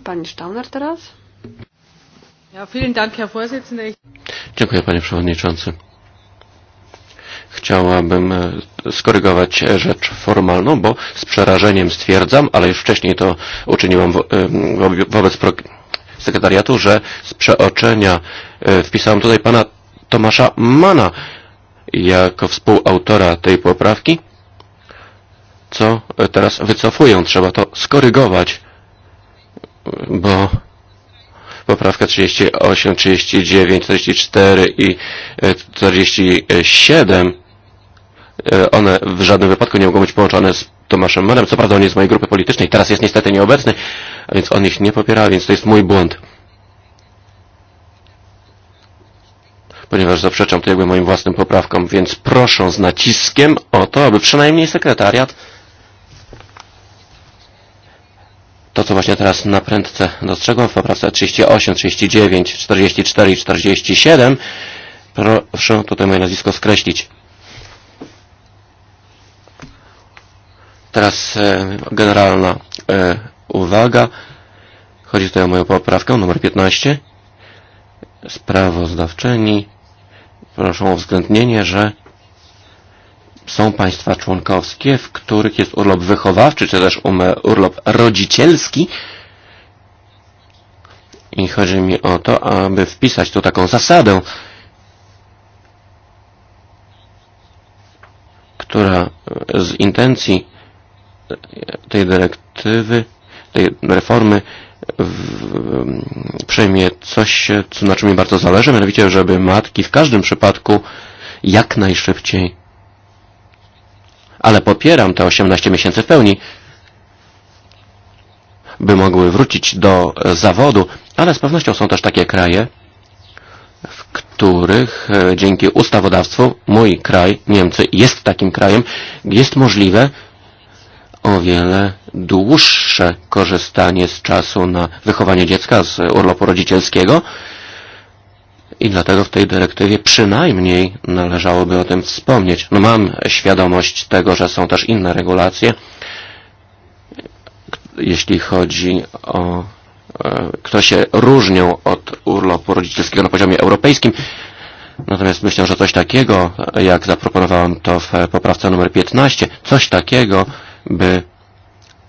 Pani Stauner teraz? Ja, Dank, Herr Dziękuję panie przewodniczący. Chciałabym e, skorygować rzecz formalną, bo z przerażeniem stwierdzam, ale już wcześniej to uczyniłam wo e, wo wobec sekretariatu, że z przeoczenia e, wpisałem tutaj pana Tomasza Mana jako współautora tej poprawki, co teraz wycofuję. Trzeba to skorygować, bo poprawka 38, 39, 44 i 47, e, e, one w żadnym wypadku nie mogą być połączone z Tomaszem Manem. Co prawda on jest z mojej grupy politycznej, teraz jest niestety nieobecny, a więc on ich nie popiera, więc to jest mój błąd. ponieważ zaprzeczam to jakby moim własnym poprawkom, więc proszę z naciskiem o to, aby przynajmniej sekretariat To, co właśnie teraz na prędce dostrzegłem w poprawce 38, 39, 44 i 47, proszę tutaj moje nazwisko skreślić. Teraz e, generalna e, uwaga. Chodzi tutaj o moją poprawkę numer 15. Sprawozdawczyni proszą o uwzględnienie, że Są państwa członkowskie, w których jest urlop wychowawczy, czy też um, urlop rodzicielski. I chodzi mi o to, aby wpisać tu taką zasadę, która z intencji tej dyrektywy, tej reformy przyjmie coś, co, na czym mi bardzo zależy, mianowicie, żeby matki w każdym przypadku jak najszybciej ale popieram te 18 miesięcy w pełni, by mogły wrócić do e, zawodu, ale z pewnością są też takie kraje, w których e, dzięki ustawodawstwu mój kraj, Niemcy, jest takim krajem, jest możliwe o wiele dłuższe korzystanie z czasu na wychowanie dziecka z urlopu rodzicielskiego, I dlatego w tej dyrektywie przynajmniej należałoby o tym wspomnieć. No mam świadomość tego, że są też inne regulacje, jeśli chodzi o e, które się różnią od urlopu rodzicielskiego na poziomie europejskim. Natomiast myślę, że coś takiego, jak zaproponowałem to w poprawce numer 15, coś takiego by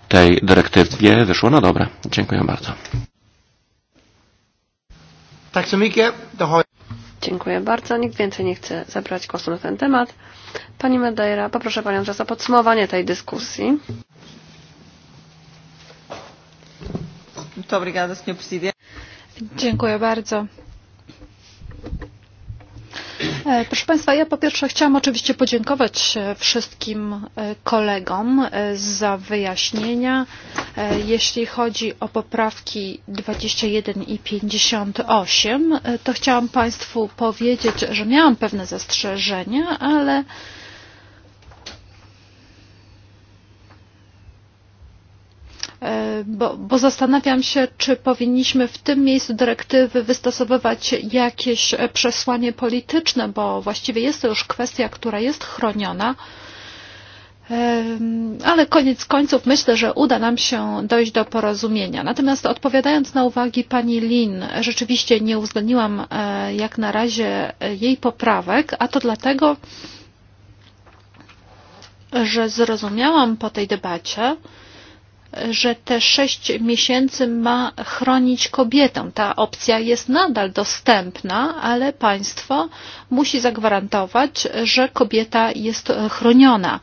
tej dyrektywie wyszło na dobre. Dziękuję bardzo. Tak så mycket. Dziękuję bardzo. Nikt więcej nie chce zabrać głosu na ten temat. Pani Medeira, poproszę Panią teraz o podsumowanie tej dyskusji. Dziękuję bardzo. E, proszę Państwa, ja po pierwsze chciałam oczywiście podziękować e, wszystkim e, kolegom za wyjaśnienia. Jeśli chodzi o poprawki 21 i 58, to chciałam Państwu powiedzieć, że miałam pewne zastrzeżenia, ale E, bo, bo zastanawiam się, czy powinniśmy w tym miejscu dyrektywy wystosowywać jakieś przesłanie polityczne, bo właściwie jest to już kwestia, która jest chroniona. Ale koniec końców myślę, że uda nam się dojść do porozumienia. Natomiast odpowiadając na uwagi pani Lin, rzeczywiście nie uwzględniłam e, jak na razie jej poprawek, a to dlatego, że zrozumiałam po tej debacie, że te sześć miesięcy ma chronić kobietom. Ta opcja jest nadal dostępna, ale państwo musi zagwarantować, że kobieta jest chroniona.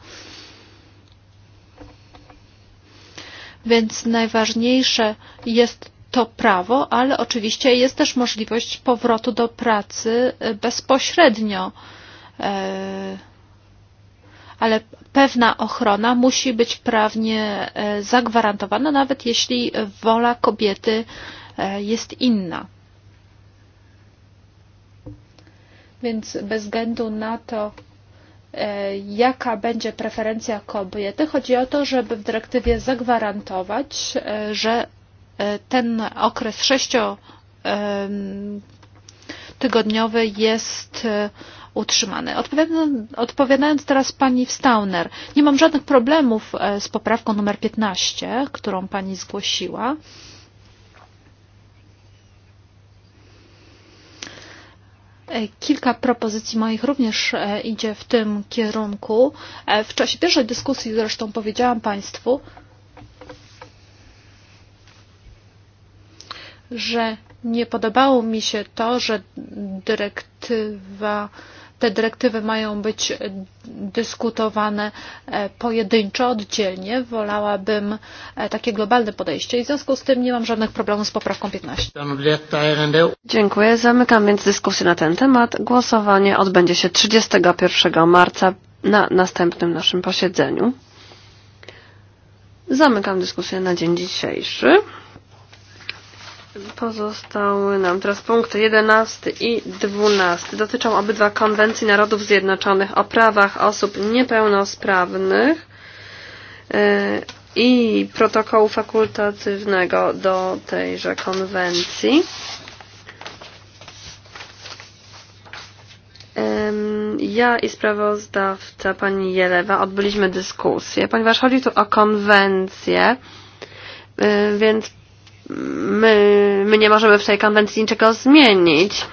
Więc najważniejsze jest to prawo, ale oczywiście jest też możliwość powrotu do pracy bezpośrednio. Yy e, ale pewna ochrona musi być prawnie e, zagwarantowana, nawet jeśli wola kobiety e, jest inna. Więc bez względu na to, e, jaka będzie preferencja kobiety, chodzi o to, żeby w dyrektywie zagwarantować, że ten okres sześcio tygodniowy jest utrzymane. Odpowiadając teraz pani Stauner, nie mam żadnych problemów e, z poprawką numer 15, którą pani zgłosiła. E, kilka propozycji moich również e, idzie w tym kierunku. W czasie pierwszej dyskusji zresztą powiedziałam Państwu, że nie podobało mi się to, że dyrektywa te dyrektywy mają być dyskutowane e, pojedynczo, oddzielnie. Wolałabym e, takie globalne podejście i w związku z tym nie mam żadnych problemów z poprawką 15. Dziękuję. Zamykam więc dyskusję na ten temat. Głosowanie odbędzie się 31 marca na następnym naszym posiedzeniu. Zamykam dyskusję na dzień dzisiejszy. Pozostały nam teraz punkty 11 i 12. Dotyczą obydwa konwencji Narodów Zjednoczonych o prawach osób niepełnosprawnych e, i protokołu fakultatywnego do tejże konwencji. Ja i sprawozdawca pani Jelewa odbyliśmy dyskusję, ponieważ chodzi tu o konwencję, e, więc my, my nie możemy w tej konwencji niczego zmienić.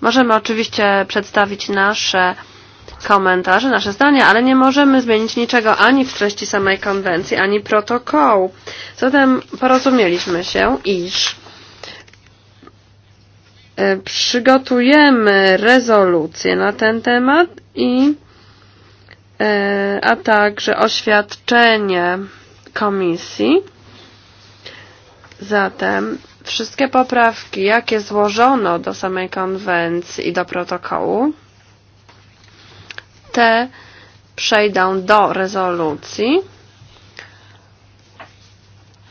Możemy oczywiście przedstawić nasze komentarze, nasze zdania, ale nie możemy zmienić niczego ani w treści samej konwencji, ani protokołu. Zatem porozumieliśmy się, iż e, przygotujemy rezolucję na ten temat i e, a także oświadczenie komisji Zatem wszystkie poprawki, jakie złożono do samej konwencji i do protokołu, te przejdą do rezolucji,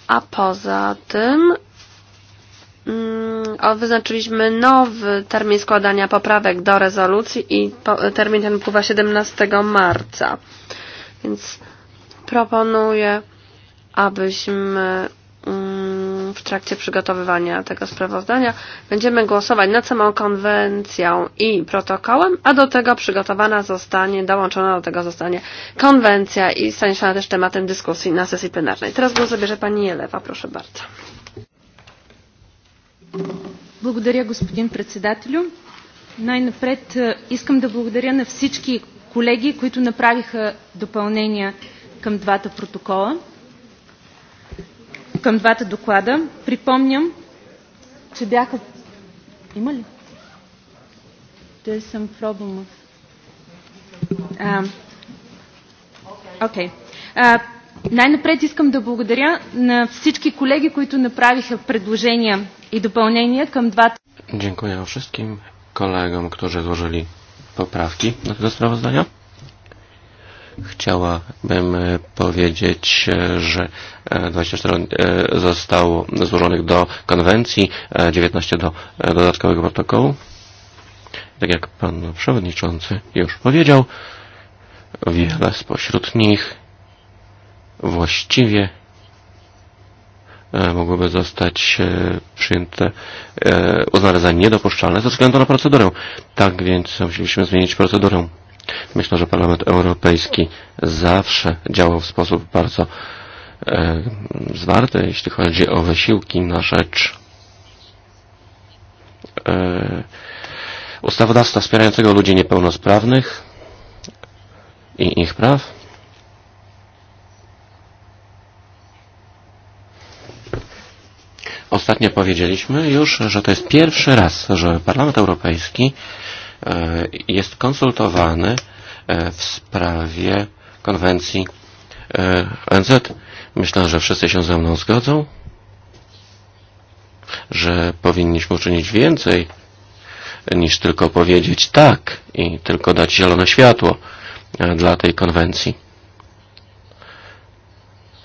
a poza tym mm, wyznaczyliśmy nowy termin składania poprawek do rezolucji i po, termin ten wpływa 17 marca. Więc proponuję, abyśmy mm, w trakcie przygotowywania tego sprawozdania będziemy głosować nad samą konwencją i protokołem, a do tego przygotowana zostanie, dołączona do tego zostanie konwencja i stanie się ona też tematem dyskusji na sesji plenarnej. Teraz głos zabierze pani Jelewa, proszę bardzo. Благодаря, господин председателю. Най-напред искам да благодаря на всички колеги, които направиха допълнения към двата протокола към двата доклада. Припомням, че бяха... Има ли? There's some problem with... Um, okay. Uh, най-напред искам да благодаря на всички колеги, които направиха предложения i dopełnienie към двата. Dziękuję wszystkim kolegom, którzy złożyli poprawki do tego sprawozdania. Chciałabym e, powiedzieć, e, że 24 e, zostało złożonych do konwencji, 19 do dodatkowego protokołu. Tak jak pan przewodniczący już powiedział, wiele spośród nich właściwie mogłyby zostać przyjęte, uznane za niedopuszczalne ze względu na procedurę. Tak więc musieliśmy zmienić procedurę. Myślę, że Parlament Europejski zawsze działał w sposób bardzo e, zwarty, jeśli chodzi o wysiłki na rzecz e, ustawodawstwa wspierającego ludzi niepełnosprawnych i ich praw. Ostatnio powiedzieliśmy już, że to jest pierwszy raz, że Parlament Europejski e, E, jest konsultowany e, w sprawie konwencji e, ONZ. Myślę, że wszyscy się ze mną zgodzą, że powinniśmy uczynić więcej niż tylko powiedzieć tak i tylko dać zielone światło dla tej konwencji.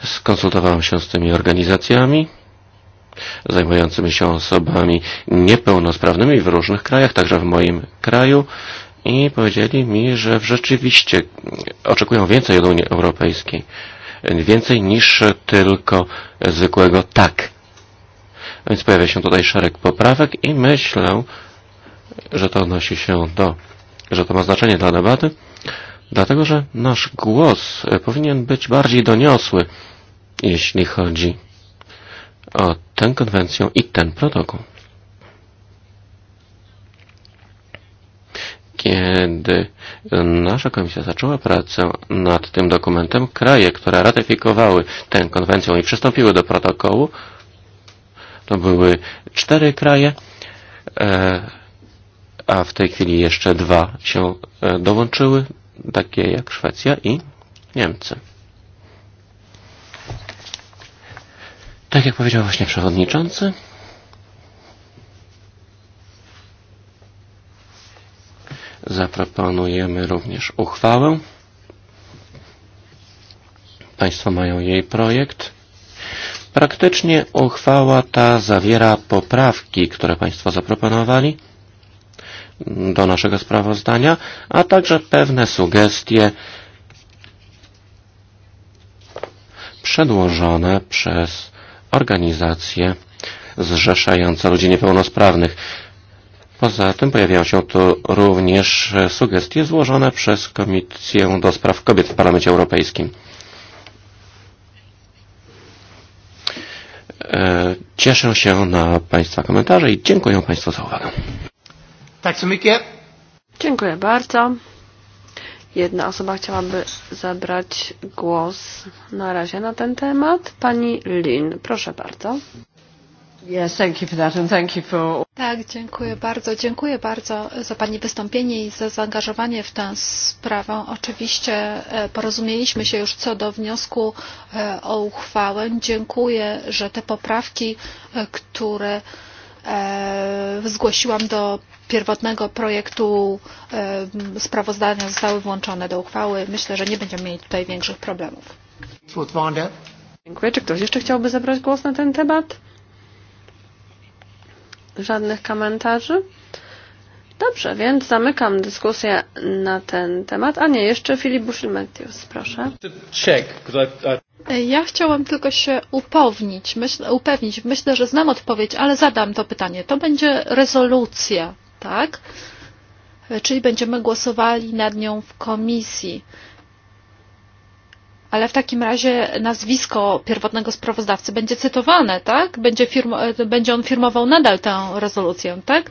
Skonsultowałem się z tymi organizacjami zajmującymi się osobami niepełnosprawnymi w różnych krajach, także w moim kraju i powiedzieli mi, że rzeczywiście oczekują więcej od Unii Europejskiej. Więcej niż tylko zwykłego tak. Więc pojawia się tutaj szereg poprawek i myślę, że to odnosi się do, że to ma znaczenie dla debaty, dlatego że nasz głos powinien być bardziej doniosły, jeśli chodzi o tę konwencję i ten protokół. Kiedy nasza komisja zaczęła pracę nad tym dokumentem, kraje, które ratyfikowały tę konwencję i przystąpiły do protokołu, to były cztery kraje, e, a w tej chwili jeszcze dwa się e, dołączyły, takie jak Szwecja i Niemcy. Tak jak powiedział właśnie przewodniczący, zaproponujemy również uchwałę. Państwo mają jej projekt. Praktycznie uchwała ta zawiera poprawki, które Państwo zaproponowali do naszego sprawozdania, a także pewne sugestie przedłożone przez organizacje zrzeszające ludzi niepełnosprawnych. Poza tym pojawiają się tu również sugestie złożone przez Komisję do Spraw Kobiet w Parlamencie Europejskim. E, cieszę się na Państwa komentarze i dziękuję Państwu za uwagę. Tak, Dziękuję bardzo. Jedna osoba chciałaby zabrać głos na razie na ten temat. Pani Lin, proszę bardzo. Yes, thank you for that and thank you for... Tak, dziękuję bardzo. Dziękuję bardzo za Pani wystąpienie i za zaangażowanie w tę sprawę. Oczywiście e, porozumieliśmy się już co do wniosku e, o uchwałę. Dziękuję, że te poprawki, e, które E, zgłosiłam do pierwotnego projektu e, sprawozdania, zostały włączone do uchwały. Myślę, że nie będziemy mieli tutaj większych problemów. Dziękuję. Czy ktoś jeszcze chciałby zabrać głos na ten temat? Żadnych komentarzy? Dobrze, więc zamykam dyskusję na ten temat. A nie, jeszcze Filip Buszylmetius, proszę. Check, ja chciałam tylko się upewnić. Myśl, upewnić. Myślę, że znam odpowiedź, ale zadam to pytanie. To będzie rezolucja, tak? Czyli będziemy głosowali nad nią w komisji. Ale w takim razie nazwisko pierwotnego sprawozdawcy będzie cytowane, tak? Będzie, firmo, będzie on firmował nadal tę rezolucję, tak?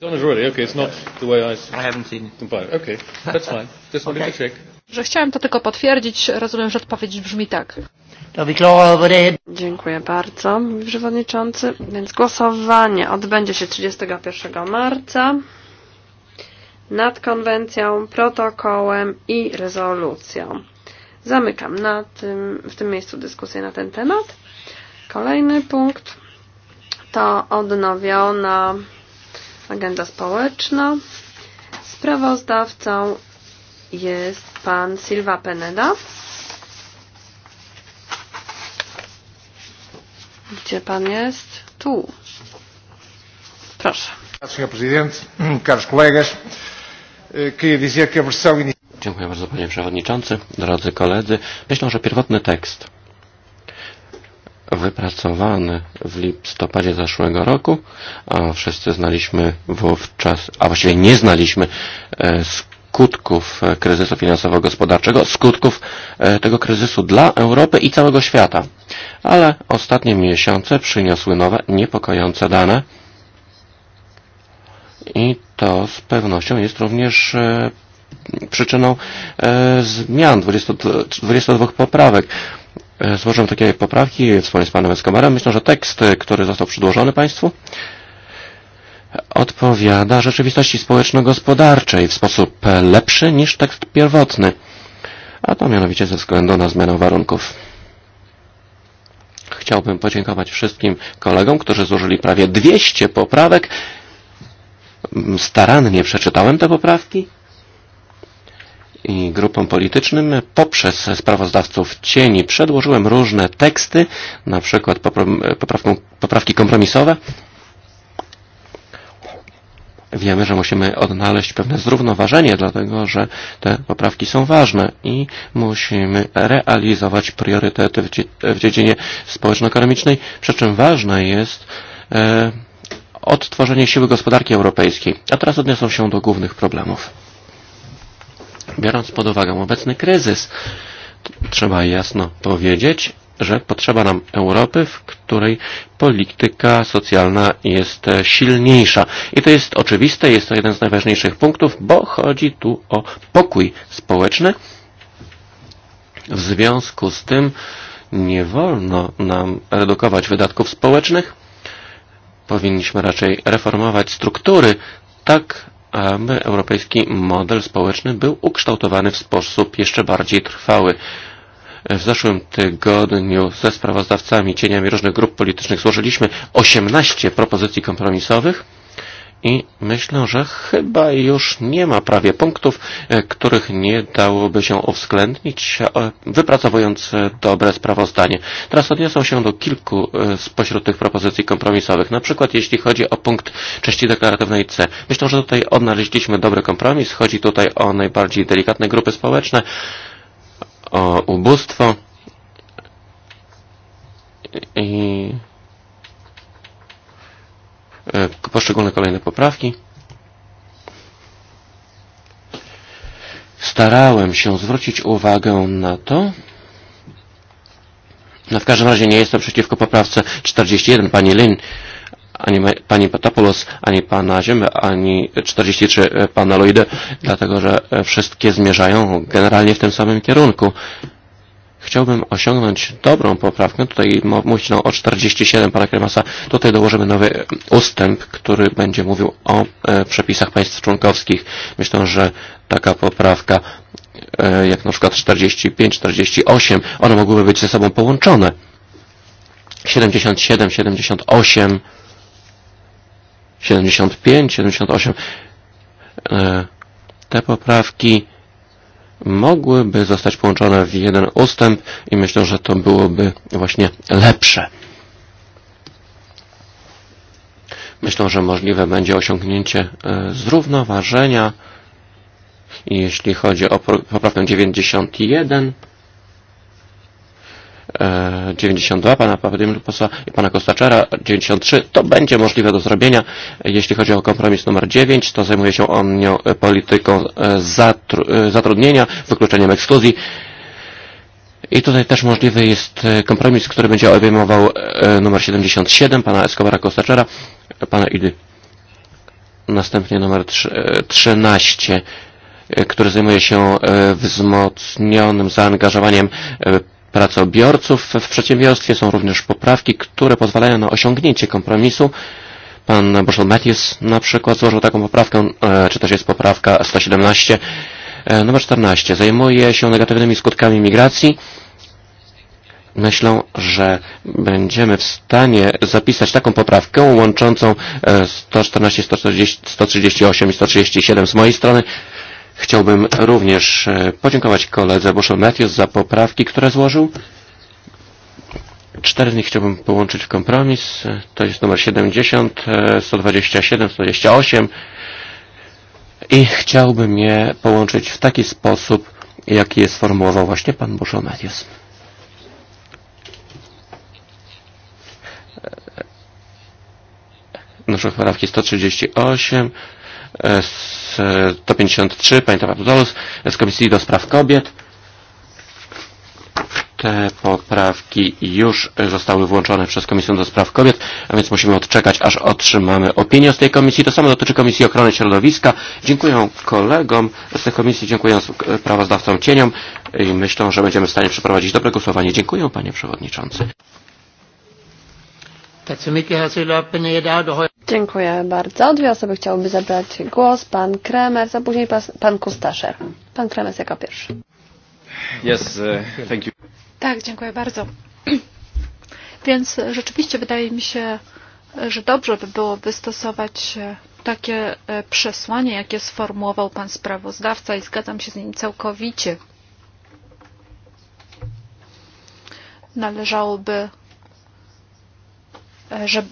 Że chciałem to tylko potwierdzić, rozumiem, że odpowiedź brzmi tak. Dziękuję bardzo, przewodniczący. Więc głosowanie odbędzie się 31 marca nad konwencją, protokołem i rezolucją. Zamykam na tym, w tym miejscu dyskusję na ten temat. Kolejny punkt to odnowiona agenda społeczna. Sprawozdawcą jest pan Silva Peneda. Gdzie pan jest? Tu. Proszę. Eh, Dziękuję bardzo panie przewodniczący, drodzy koledzy. Myślę, że pierwotny tekst wypracowany w listopadzie zeszłego roku, a wszyscy znaliśmy wówczas, a właściwie nie znaliśmy e, skutków e, kryzysu finansowo-gospodarczego, skutków e, tego kryzysu dla Europy i całego świata. Ale ostatnie miesiące przyniosły nowe, niepokojące dane i to z pewnością jest również przyczyną zmian 20, 22 poprawek. E, złożył takie poprawki wspólnie z panem Escobarem. Myślę, że tekst, e, który został przedłożony państwu, odpowiada rzeczywistości społeczno-gospodarczej w sposób e, lepszy niż tekst pierwotny, a to mianowicie ze względu na zmianę warunków. Chciałbym podziękować wszystkim kolegom, którzy złożyli prawie 200 poprawek. Starannie przeczytałem te poprawki i grupom politycznym poprzez sprawozdawców cieni przedłożyłem różne teksty, na przykład poprawką, poprawki kompromisowe. Wiemy, że musimy odnaleźć pewne zrównoważenie, dlatego że te poprawki są ważne i musimy realizować priorytety w, dzie w dziedzinie społeczno-ekonomicznej, przy czym ważne jest e, odtworzenie siły gospodarki europejskiej. A teraz odniosą się do głównych problemów biorąc pod uwagę obecny kryzys, trzeba jasno powiedzieć, że potrzeba nam Europy, w której polityka socjalna jest silniejsza. I to jest oczywiste, jest to jeden z najważniejszych punktów, bo chodzi tu o pokój społeczny. W związku z tym nie wolno nam redukować wydatków społecznych. Powinniśmy raczej reformować struktury tak, aby europejski model społeczny był ukształtowany w sposób jeszcze bardziej trwały. W zeszłym tygodniu ze sprawozdawcami cieniami różnych grup politycznych złożyliśmy 18 propozycji kompromisowych I myślę, że chyba już nie ma prawie punktów, e, których nie dałoby się uwzględnić, e, wypracowując e, dobre sprawozdanie. Teraz odniosą się do kilku spośród tych propozycji kompromisowych. Na przykład jeśli chodzi o punkt części deklaratywnej C. Myślę, że tutaj odnaleźliśmy dobry kompromis. Chodzi tutaj o najbardziej delikatne grupy społeczne, o ubóstwo i E, poszczególne kolejne poprawki. Starałem się zwrócić uwagę na to, no w każdym razie nie jestem przeciwko poprawce 41 pani Lin, ani pani Patopoulos, ani pana Ziemy, ani 43 e, pana Lloyde, dlatego że e, wszystkie zmierzają generalnie w tym samym kierunku chciałbym osiągnąć dobrą poprawkę. Tutaj mówić no, o 47 pana Kremasa. Tutaj dołożymy nowy ustęp, który będzie mówił o e, przepisach państw członkowskich. Myślę, że taka poprawka e, jak na przykład 45, 48, one mogłyby być ze sobą połączone. 77, 78, 75, 78. E, te poprawki mogłyby zostać połączone w jeden ustęp i myślę, że to byłoby właśnie lepsze. Myślę, że możliwe będzie osiągnięcie e, zrównoważenia. I jeśli chodzi o poprawkę 91, 92, e, pana Papadimluposa i pana Kostaczera 93. To będzie możliwe do zrobienia. Jeśli chodzi o kompromis numer 9, to zajmuje się on nią e, polityką e, zatru zatrudnienia, wykluczeniem ekskluzji. I tutaj też możliwy jest kompromis, który będzie obejmował numer 77, pana Escobara Kostaczera, pana Idy. Następnie numer 13, który zajmuje się wzmocnionym zaangażowaniem pracobiorców w przedsiębiorstwie. Są również poprawki, które pozwalają na osiągnięcie kompromisu. Pan Boszol Matthews na przykład złożył taką poprawkę, e, czy też jest poprawka 117, e, numer 14. Zajmuje się negatywnymi skutkami migracji. Myślę, że będziemy w stanie zapisać taką poprawkę łączącą 114, 140, 138 i 137 z mojej strony Chciałbym również podziękować koledze Bushu Matthews za poprawki, które złożył. Cztery z nich chciałbym połączyć w kompromis. To jest numer 70, 127, 128 i chciałbym je połączyć w taki sposób, jaki je sformułował właśnie pan Bushu Matthews. Nasze poprawki 138, 153 pani Papadopoulos z Komisji do Spraw Kobiet. Te poprawki już zostały włączone przez Komisję do Spraw Kobiet, a więc musimy odczekać, aż otrzymamy opinię z tej komisji. To samo dotyczy Komisji Ochrony Środowiska. Dziękuję kolegom z tej komisji, dziękuję prawozdawcom cieniom i myślę, że będziemy w stanie przeprowadzić dobre głosowanie. Dziękuję panie przewodniczący. Dziękuję bardzo. Dwie osoby chciałyby zabrać głos. Pan Kremers, a później pas, pan Kustaszer. Pan Kremers jako pierwszy. Yes, uh, thank you. Tak, dziękuję bardzo. Więc rzeczywiście wydaje mi się, że dobrze by było wystosować e, takie e, przesłanie, jakie sformułował pan sprawozdawca i zgadzam się z nim całkowicie. Należałoby E, że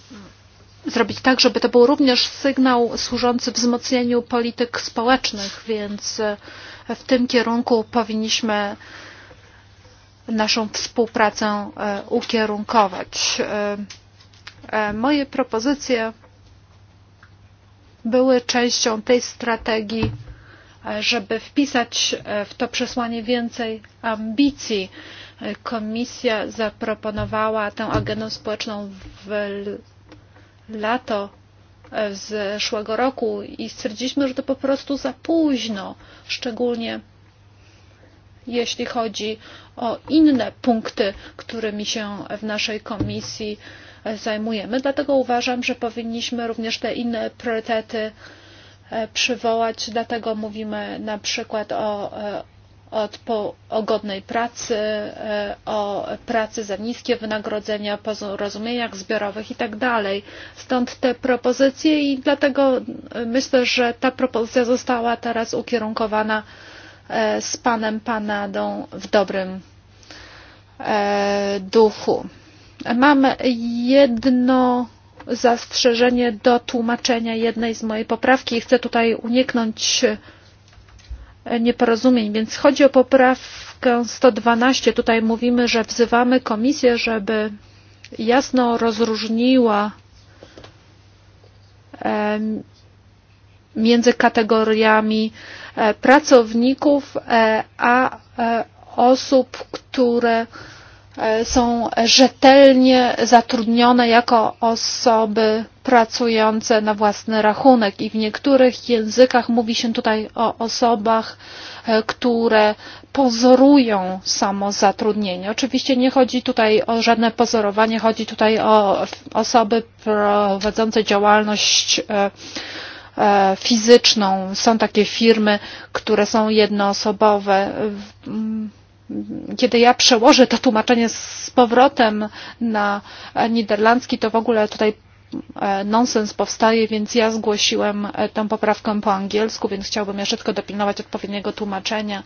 zrobić tak, żeby to był również sygnał służący wzmocnieniu polityk społecznych, więc e, w tym kierunku powinniśmy naszą współpracę e, ukierunkować. Moje propozycje były częścią tej strategii, żeby wpisać w to przesłanie więcej ambicji, Komisja zaproponowała tę agendę społeczną w lato zeszłego roku i stwierdziliśmy, że to po prostu za późno, szczególnie jeśli chodzi o inne punkty, którymi się w naszej komisji zajmujemy. Dlatego uważam, że powinniśmy również te inne priorytety e, przywołać. Dlatego mówimy na przykład o e, od po, o godnej pracy, e, o pracy za niskie wynagrodzenia, porozumieniach zbiorowych itd. Stąd te propozycje i dlatego e, myślę, że ta propozycja została teraz ukierunkowana e, z panem Panadą w dobrym duchu. Mam jedno zastrzeżenie do tłumaczenia jednej z mojej poprawki i chcę tutaj uniknąć nieporozumień. Więc chodzi o poprawkę 112. Tutaj mówimy, że wzywamy komisję, żeby jasno rozróżniła e, między kategoriami e, pracowników e, a osób, które są rzetelnie zatrudnione jako osoby pracujące na własny rachunek i w niektórych językach mówi się tutaj o osobach, e, które pozorują samozatrudnienie. Oczywiście nie chodzi tutaj o żadne pozorowanie, chodzi tutaj o osoby prowadzące działalność e, e, fizyczną. Są takie firmy, które są jednoosobowe kiedy ja przełożę to tłumaczenie z powrotem na niderlandzki, to w ogóle tutaj E, nonsens powstaje, więc ja zgłosiłem e, tę poprawkę po angielsku, więc chciałbym jeszcze tylko dopilnować odpowiedniego tłumaczenia.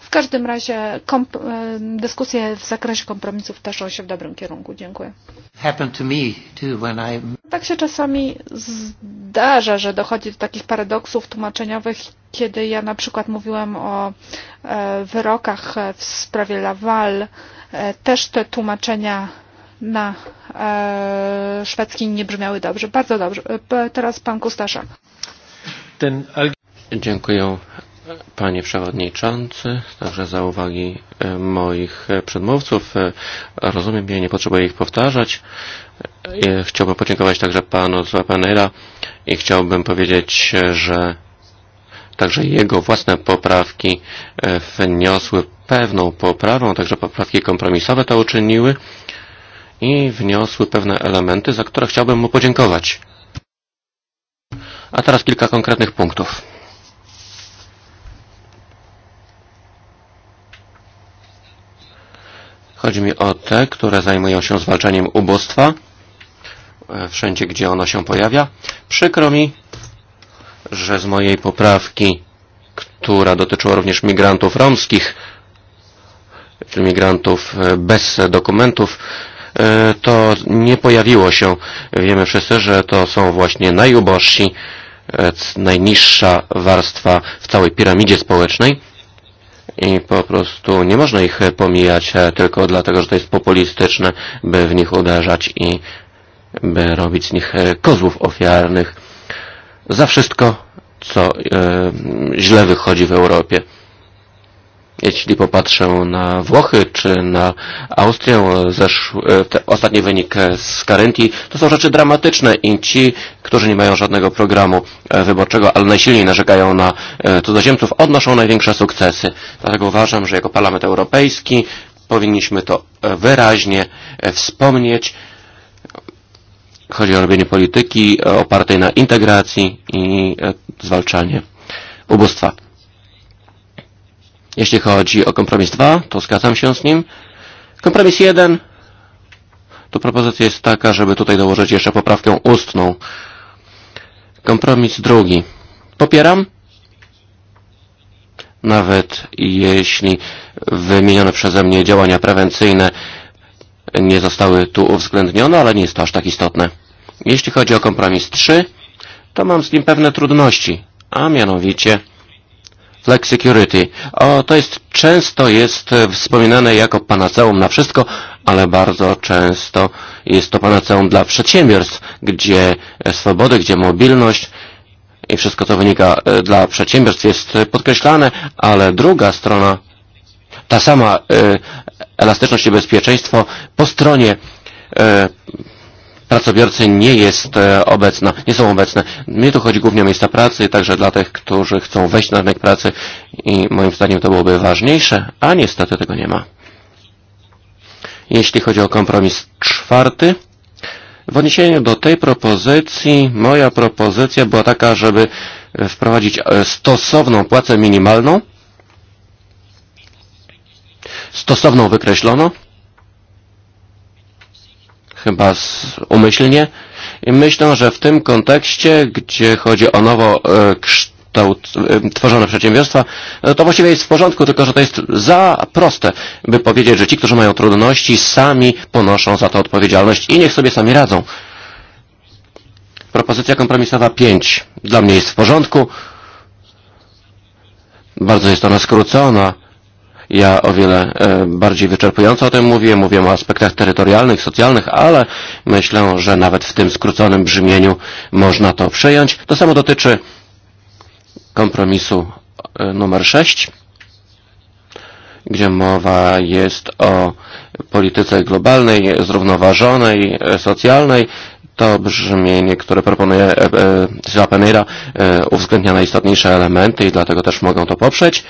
W każdym razie e, dyskusje w zakresie kompromisów też się w dobrym kierunku. Dziękuję. To me too, when I... Tak się czasami zdarza, że dochodzi do takich paradoksów tłumaczeniowych, kiedy ja na przykład mówiłem o wyrokach w sprawie Laval, też te tłumaczenia na e, szwedzki nie brzmiały dobrze. Bardzo dobrze. E, teraz pan Kustaszak. Ten... Dziękuję panie przewodniczący, także za uwagi e, moich e, przedmówców. E, rozumiem je, nie potrzebuję ich powtarzać. Chciałbym podziękować także panu z panela i chciałbym powiedzieć, że także jego własne poprawki wniosły pewną poprawą, także poprawki kompromisowe to uczyniły i wniosły pewne elementy, za które chciałbym mu podziękować. A teraz kilka konkretnych punktów. Chodzi mi o te, które zajmują się zwalczaniem ubóstwa, e, wszędzie gdzie ono się pojawia. Przykro mi, że z mojej poprawki, która dotyczyła również migrantów romskich, czyli migrantów e, bez dokumentów, E, to nie pojawiło się. Wiemy wszyscy, że to są właśnie najubożsi, e, najniższa warstwa w całej piramidzie społecznej i po prostu nie można ich e, pomijać tylko dlatego, że to jest populistyczne, by w nich uderzać i by robić z nich kozłów ofiarnych za wszystko, co źle wychodzi w Europie. Jeśli popatrzę na Włochy czy na Austrię, zeszł, e, te, ostatni wynik z Karentii, to są rzeczy dramatyczne i ci, którzy nie mają żadnego programu e, wyborczego, ale najsilniej narzekają na e, cudzoziemców, odnoszą największe sukcesy. Dlatego uważam, że jako Parlament Europejski powinniśmy to wyraźnie wspomnieć. Chodzi o robienie polityki opartej na integracji i zwalczanie ubóstwa. Jeśli chodzi o kompromis 2, to zgadzam się z nim. Kompromis 1, to propozycja jest taka, żeby tutaj dołożyć jeszcze poprawkę ustną. Kompromis drugi. Popieram, nawet jeśli wymienione przeze mnie działania prewencyjne nie zostały tu uwzględnione, ale nie jest to aż tak istotne. Jeśli chodzi o kompromis 3, to mam z nim pewne trudności, a mianowicie Flex Security. O, to jest często jest e, wspominane jako panaceum na wszystko, ale bardzo często jest to panaceum dla przedsiębiorstw, gdzie e, swobody, gdzie mobilność i wszystko co wynika e, dla przedsiębiorstw jest podkreślane, ale druga strona, ta sama elastyczność i bezpieczeństwo po stronie pracobiorcy nie jest e, obecna, nie są obecne. Mnie tu chodzi głównie o miejsca pracy, także dla tych, którzy chcą wejść na rynek pracy i moim zdaniem to byłoby ważniejsze, a niestety tego nie ma. Jeśli chodzi o kompromis czwarty, w odniesieniu do tej propozycji, moja propozycja była taka, żeby wprowadzić e, stosowną płacę minimalną, stosowną wykreślono, chyba z, umyślnie. I myślę, że w tym kontekście, gdzie chodzi o nowo e, kształt, e, tworzone przedsiębiorstwa, e, to właściwie jest w porządku, tylko że to jest za proste, by powiedzieć, że ci, którzy mają trudności, sami ponoszą za to odpowiedzialność i niech sobie sami radzą. Propozycja kompromisowa 5 dla mnie jest w porządku. Bardzo jest ona skrócona Ja o wiele e, bardziej wyczerpująco o tym mówiłem, mówiłem o aspektach terytorialnych, socjalnych, ale myślę, że nawet w tym skróconym brzmieniu można to przejąć. To samo dotyczy kompromisu e, numer 6, gdzie mowa jest o polityce globalnej, zrównoważonej, e, socjalnej. To brzmienie, które proponuje Silva Pereira, uwzględnia najistotniejsze elementy i dlatego też mogą to poprzeć.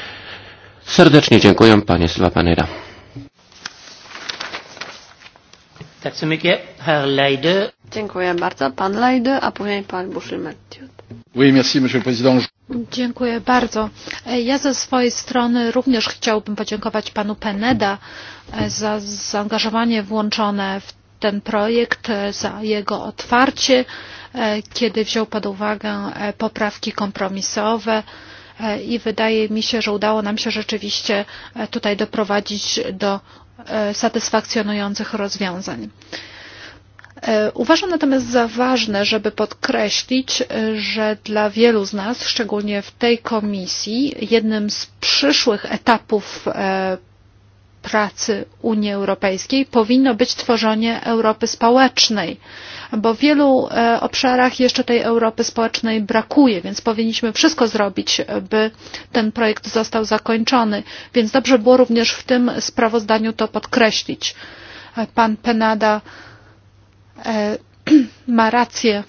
Serdecznie dziękuję, panie Silva Panera. Tack så mycket, herr Leide. Dziękuję bardzo, pan Leide, a później pan Buszymettiut. Oui, merci, monsieur le président. Dziękuję bardzo. Ja ze swojej strony również chciałbym podziękować panu Peneda e, za zaangażowanie włączone w ten projekt, e, za jego otwarcie, e, kiedy wziął pod uwagę poprawki kompromisowe E, i wydaje mi się, że udało nam się rzeczywiście e, tutaj doprowadzić do e, satysfakcjonujących rozwiązań. Uważam natomiast za ważne, żeby podkreślić, że dla wielu z nas, szczególnie w tej komisji, jednym z przyszłych etapów pracy Unii Europejskiej powinno być tworzenie Europy społecznej, bo w wielu e, obszarach jeszcze tej Europy społecznej brakuje, więc powinniśmy wszystko zrobić, by ten projekt został zakończony. Więc dobrze było również w tym sprawozdaniu to podkreślić. E, pan Penada e, ma rację,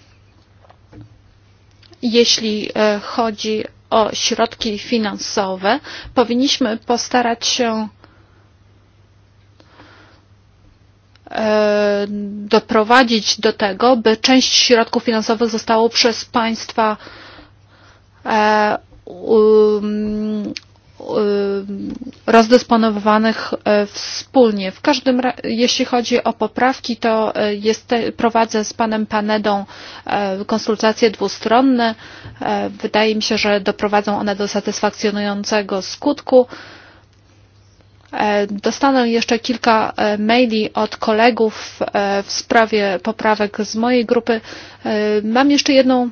jeśli chodzi o środki finansowe, powinniśmy postarać się E, doprowadzić do tego, by część środków finansowych zostało przez państwa e, rozdysponowanych e, wspólnie. W każdym jeśli chodzi o poprawki, to jest, prowadzę z panem Panedą konsultacje dwustronne. Wydaje mi się, że doprowadzą one do satysfakcjonującego skutku. E, Dostanę jeszcze kilka e, maili od kolegów e, w sprawie poprawek z mojej grupy. Mam jeszcze jedną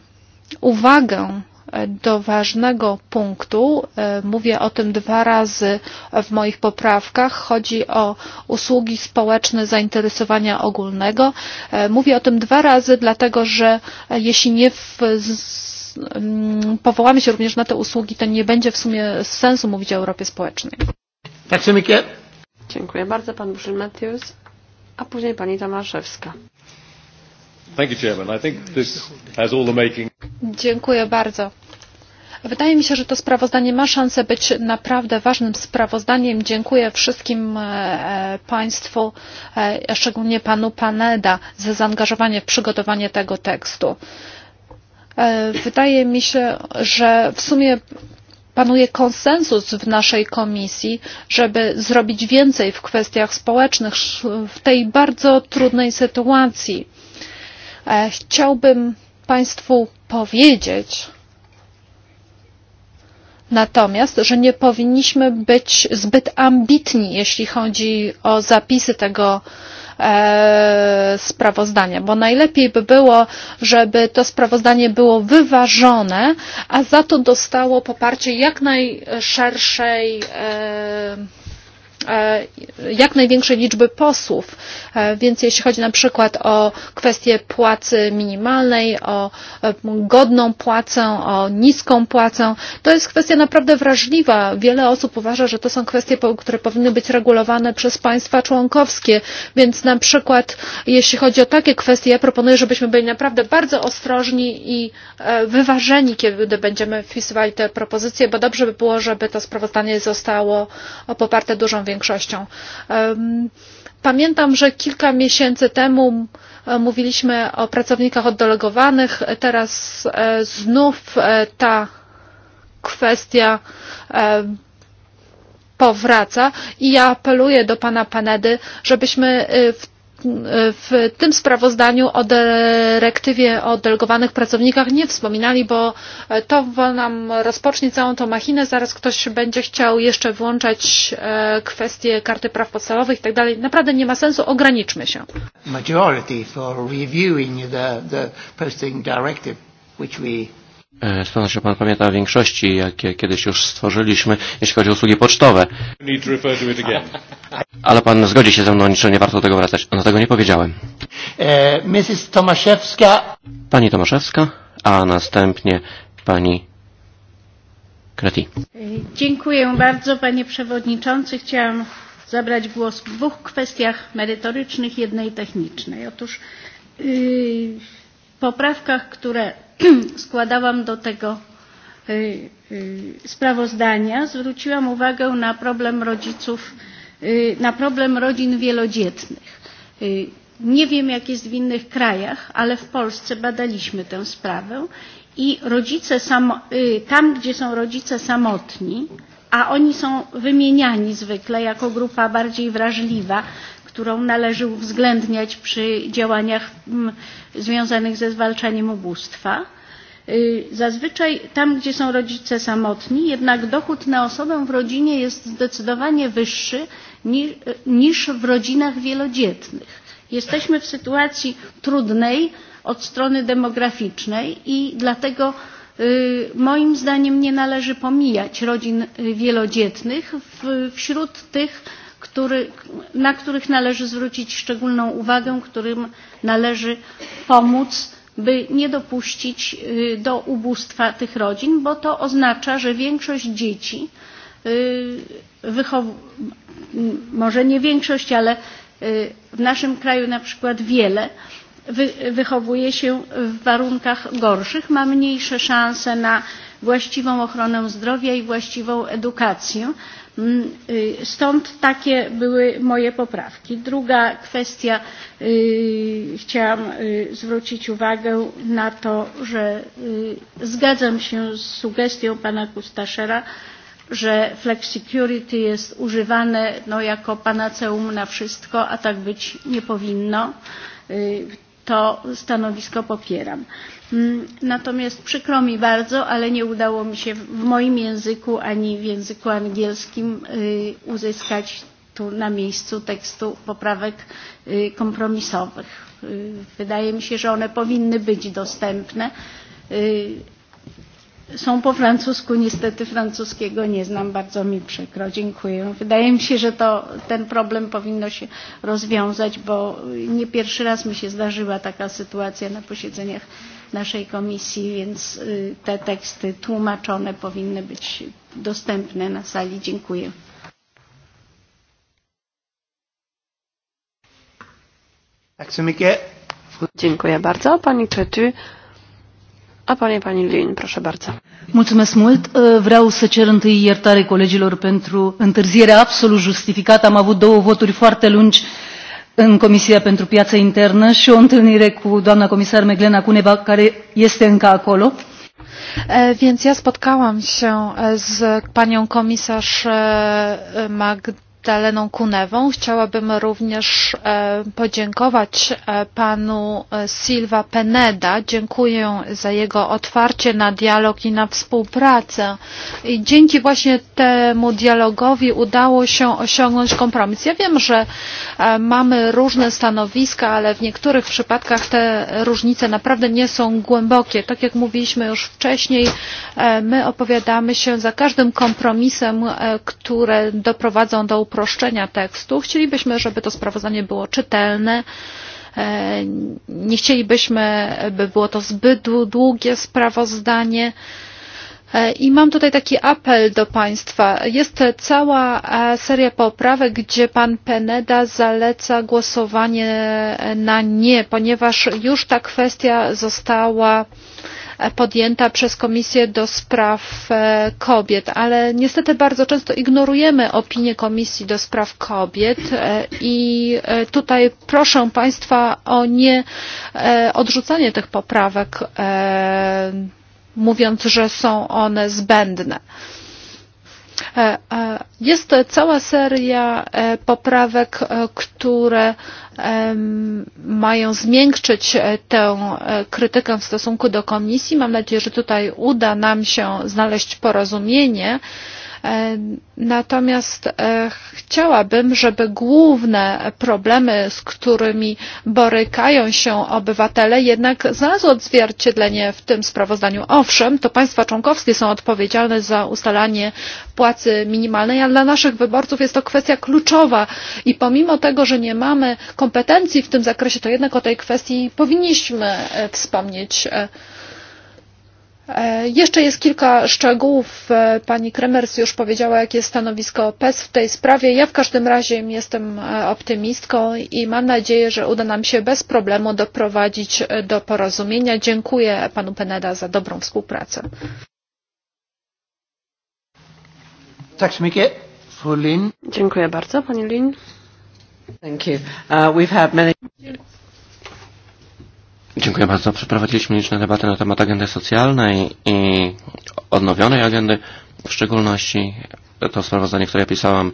uwagę do ważnego punktu. Mówię o tym dwa razy w moich poprawkach. Chodzi o usługi społeczne zainteresowania ogólnego. Mówię o tym dwa razy, dlatego że jeśli nie w mm, powołamy się również na te usługi, to nie będzie w sumie sensu mówić o Europie społecznej. Tack så mycket. Dziękuję bardzo pan Bushel Matthews, a później pani Tomaszewska. Thank you, Chairman. I think this has all the making. Dziękuję bardzo. Wydaje mi się, że to sprawozdanie ma szansę być naprawdę ważnym sprawozdaniem. Dziękuję wszystkim e, e, Państwu, e, szczególnie Panu Paneda, za zaangażowanie w przygotowanie tego tekstu. Wydaje mi się, że w sumie panuje konsensus w naszej komisji, żeby zrobić więcej w kwestiach społecznych w tej bardzo trudnej sytuacji. E, chciałbym Państwu powiedzieć natomiast, że nie powinniśmy być zbyt ambitni, jeśli chodzi o zapisy tego e, sprawozdania, bo najlepiej by było, żeby to sprawozdanie było wyważone, a za to dostało poparcie jak najszerszej e, E, jak największej liczby posłów. E, więc jeśli chodzi na przykład o kwestię płacy minimalnej, o e, godną płacę, o niską płacę, to jest kwestia naprawdę wrażliwa. Wiele osób uważa, że to są kwestie, które powinny być regulowane przez państwa członkowskie. Więc na przykład jeśli chodzi o takie kwestie, ja proponuję, żebyśmy byli naprawdę bardzo ostrożni i wyważeni, kiedy będziemy wpisywali te propozycje, bo dobrze by było, żeby to sprawozdanie zostało poparte dużą większością większością. Pamiętam, że kilka miesięcy temu e, mówiliśmy o pracownikach oddelegowanych. Teraz e, znów e, ta kwestia powraca i ja apeluję do pana Panedy, żebyśmy w w tym sprawozdaniu o dyrektywie o delegowanych pracownikach nie wspominali, bo to nam rozpocznie całą tą machinę. Zaraz ktoś będzie chciał jeszcze włączać e, kwestie karty praw podstawowych i tak dalej. Naprawdę nie ma sensu, ograniczmy się. Majority for reviewing the, the posting directive, which we Wspomnę, że Pan pamięta większości, jakie kiedyś już stworzyliśmy, jeśli chodzi o usługi pocztowe. Ale Pan zgodzi się ze mną, niczym nie warto do tego wracać. No tego nie powiedziałem. E, Mrs. Tomaszewska. Pani Tomaszewska, a następnie Pani Kreti. Dziękuję bardzo Panie Przewodniczący. Chciałam zabrać głos w dwóch kwestiach merytorycznych, jednej technicznej. Otóż yy, w poprawkach, które składałam do tego sprawozdania, zwróciłam uwagę na problem rodziców, na problem rodzin wielodzietnych. Nie wiem, jak jest w innych krajach, ale w Polsce badaliśmy tę sprawę i rodzice samo, tam, gdzie są rodzice samotni, a oni są wymieniani zwykle jako grupa bardziej wrażliwa którą należy uwzględniać przy działaniach mm, związanych ze zwalczaniem ubóstwa. Zazwyczaj tam, gdzie są rodzice samotni, jednak dochód na osobę w rodzinie jest zdecydowanie wyższy niż w rodzinach wielodzietnych. Jesteśmy w sytuacji trudnej od strony demograficznej i dlatego moim zdaniem nie należy pomijać rodzin wielodzietnych wśród tych który, na których należy zwrócić szczególną uwagę, którym należy pomóc, by nie dopuścić do ubóstwa tych rodzin, bo to oznacza, że większość dzieci może nie większość, ale w naszym kraju na przykład wiele wy wychowuje się w warunkach gorszych, ma mniejsze szanse na właściwą ochronę zdrowia i właściwą edukację, Mm, stąd takie były moje poprawki. Druga kwestia, chciałam zwrócić uwagę na to, że zgadzam się z sugestią pana Kustaszera, że flexicurity jest używane no, jako panaceum na wszystko, a tak być nie powinno to stanowisko popieram. Mm, natomiast przykro mi bardzo, ale nie udało mi się w moim języku ani w języku angielskim uzyskać tu na miejscu tekstu poprawek kompromisowych. Wydaje mi się, że one powinny być dostępne są po francusku, niestety francuskiego nie znam, bardzo mi przykro, dziękuję. Wydaje mi się, że to, ten problem powinno się rozwiązać, bo nie pierwszy raz mi się zdarzyła taka sytuacja na posiedzeniach naszej komisji, więc te teksty tłumaczone powinny być dostępne na sali. Dziękuję. Dziękuję bardzo. Pani Czety. A panie, pani Lin, proszę bardzo. Mulțumesc mult. E, vreau să cer întâi iertare colegilor pentru întârzierea absolut justificată. Am avut două voturi foarte lungi în Comisia pentru Piața Internă și o întâlnire cu doamna comisar Meglena Cuneva, care este încă acolo. E, więc ja spotkałam się z panią komisarz e, Magd Daleną Kunewą. Chciałabym również e, podziękować e, panu e, Silva Peneda. Dziękuję za jego otwarcie na dialog i na współpracę. I dzięki właśnie temu dialogowi udało się osiągnąć kompromis. Ja wiem, że mamy różne stanowiska, ale w niektórych przypadkach te różnice naprawdę nie są głębokie. Tak jak mówiliśmy już wcześniej, my opowiadamy się za każdym kompromisem, które doprowadzą do upadku uproszczenia tekstu. Chcielibyśmy, żeby to sprawozdanie było czytelne. E, nie chcielibyśmy, by było to zbyt długie sprawozdanie. E, I mam tutaj taki apel do Państwa. Jest cała e, seria poprawek, gdzie Pan Peneda zaleca głosowanie na nie, ponieważ już ta kwestia została podjęta przez Komisję do Spraw e, Kobiet, ale niestety bardzo często ignorujemy opinię Komisji do Spraw Kobiet e, i e, tutaj proszę Państwa o nie odrzucanie tych poprawek, mówiąc, że są one zbędne. E, e, jest cała seria e, poprawek, które mają zmiękczyć tę krytykę w stosunku do komisji. Mam nadzieję, że tutaj uda nam się znaleźć porozumienie. E, natomiast e, chciałabym, żeby główne problemy, z którymi borykają się obywatele, jednak znalazły odzwierciedlenie w tym sprawozdaniu. Owszem, to państwa członkowskie są odpowiedzialne za ustalanie płacy minimalnej, a dla naszych wyborców jest to kwestia kluczowa i pomimo tego, że nie mamy kompetencji w tym zakresie, to jednak o tej kwestii powinniśmy e, wspomnieć. Thank you E, jeszcze jest kilka szczegółów. E, pani Kremers już powiedziała, jakie jest stanowisko PES w tej sprawie. Ja w każdym razie jestem e, optymistką i mam nadzieję, że uda nam się bez problemu doprowadzić do porozumienia. Dziękuję panu Peneda za dobrą współpracę. Dziękuję bardzo, pani Lin. Thank you. Uh, we've had many... Dziękuję bardzo. Przeprowadziliśmy liczne debaty na temat agendy socjalnej i odnowionej agendy. W szczególności to sprawozdanie, które ja pisałam,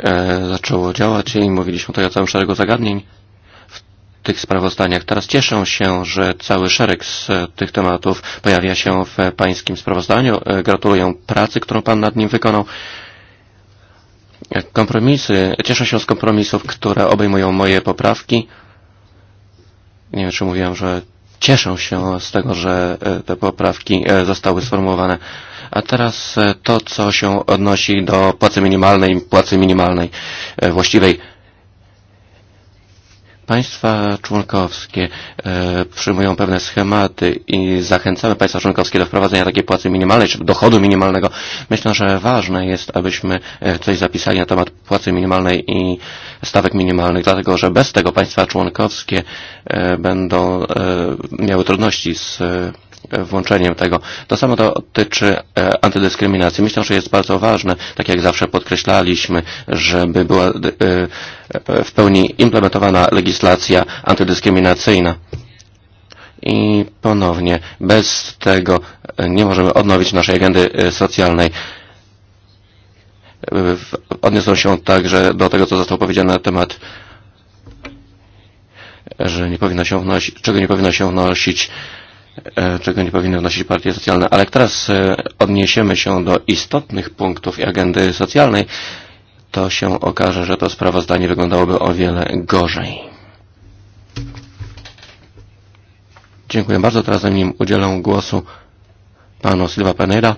e, zaczęło działać i mówiliśmy tutaj o całym szeregu zagadnień w tych sprawozdaniach. Teraz cieszę się, że cały szereg z tych tematów pojawia się w pańskim sprawozdaniu. E, gratuluję pracy, którą pan nad nim wykonał. Kompromisy. Cieszę się z kompromisów, które obejmują moje poprawki. E, nie wiem czy mówiłem, że cieszą się z tego, że e, te poprawki e, zostały sformułowane. A teraz e, to, co się odnosi do płacy minimalnej, płacy minimalnej właściwej Państwa członkowskie e, przyjmują pewne schematy i zachęcamy państwa członkowskie do wprowadzenia takiej płacy minimalnej czy dochodu minimalnego. Myślę, że ważne jest, abyśmy e, coś zapisali na temat płacy minimalnej i stawek minimalnych, dlatego że bez tego państwa członkowskie e, będą e, miały trudności z e, włączeniem tego. To samo dotyczy e, antydyskryminacji. Myślę, że jest bardzo ważne, tak jak zawsze podkreślaliśmy, żeby była e, e, w pełni implementowana legislacja antydyskryminacyjna. I ponownie, bez tego nie możemy odnowić naszej agendy socjalnej odniosą się także do tego, co zostało powiedziane na temat, że nie powinno się wnosić, czego nie powinno się wnosić E, czego nie powinny wnosić partie socjalne. Ale jak teraz e, odniesiemy się do istotnych punktów agendy socjalnej, to się okaże, że to sprawozdanie wyglądałoby o wiele gorzej. Dziękuję bardzo. Teraz zanim udzielę głosu panu Silva Peneda,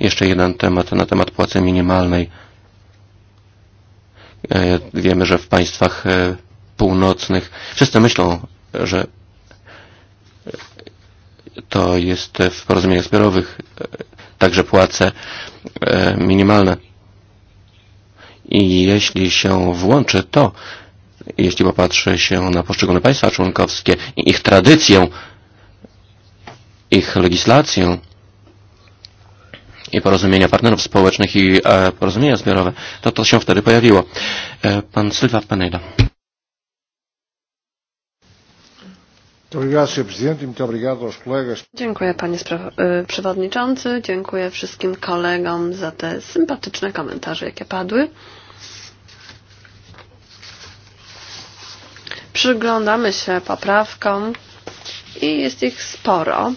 jeszcze jeden temat na temat płacy minimalnej. E, wiemy, że w państwach północnych wszyscy myślą, że to jest w porozumieniach zbiorowych e, także płace e, minimalne. I jeśli się włączy to, jeśli popatrzy się na poszczególne państwa członkowskie i ich tradycję, ich legislację i porozumienia partnerów społecznych i e, porozumienia zbiorowe, to to się wtedy pojawiło. Pan Sylwa Panejda. E dziękuję panie e, przewodniczący, dziękuję wszystkim kolegom za te sympatyczne komentarze, jakie padły. Przyglądamy się poprawkom i jest ich sporo.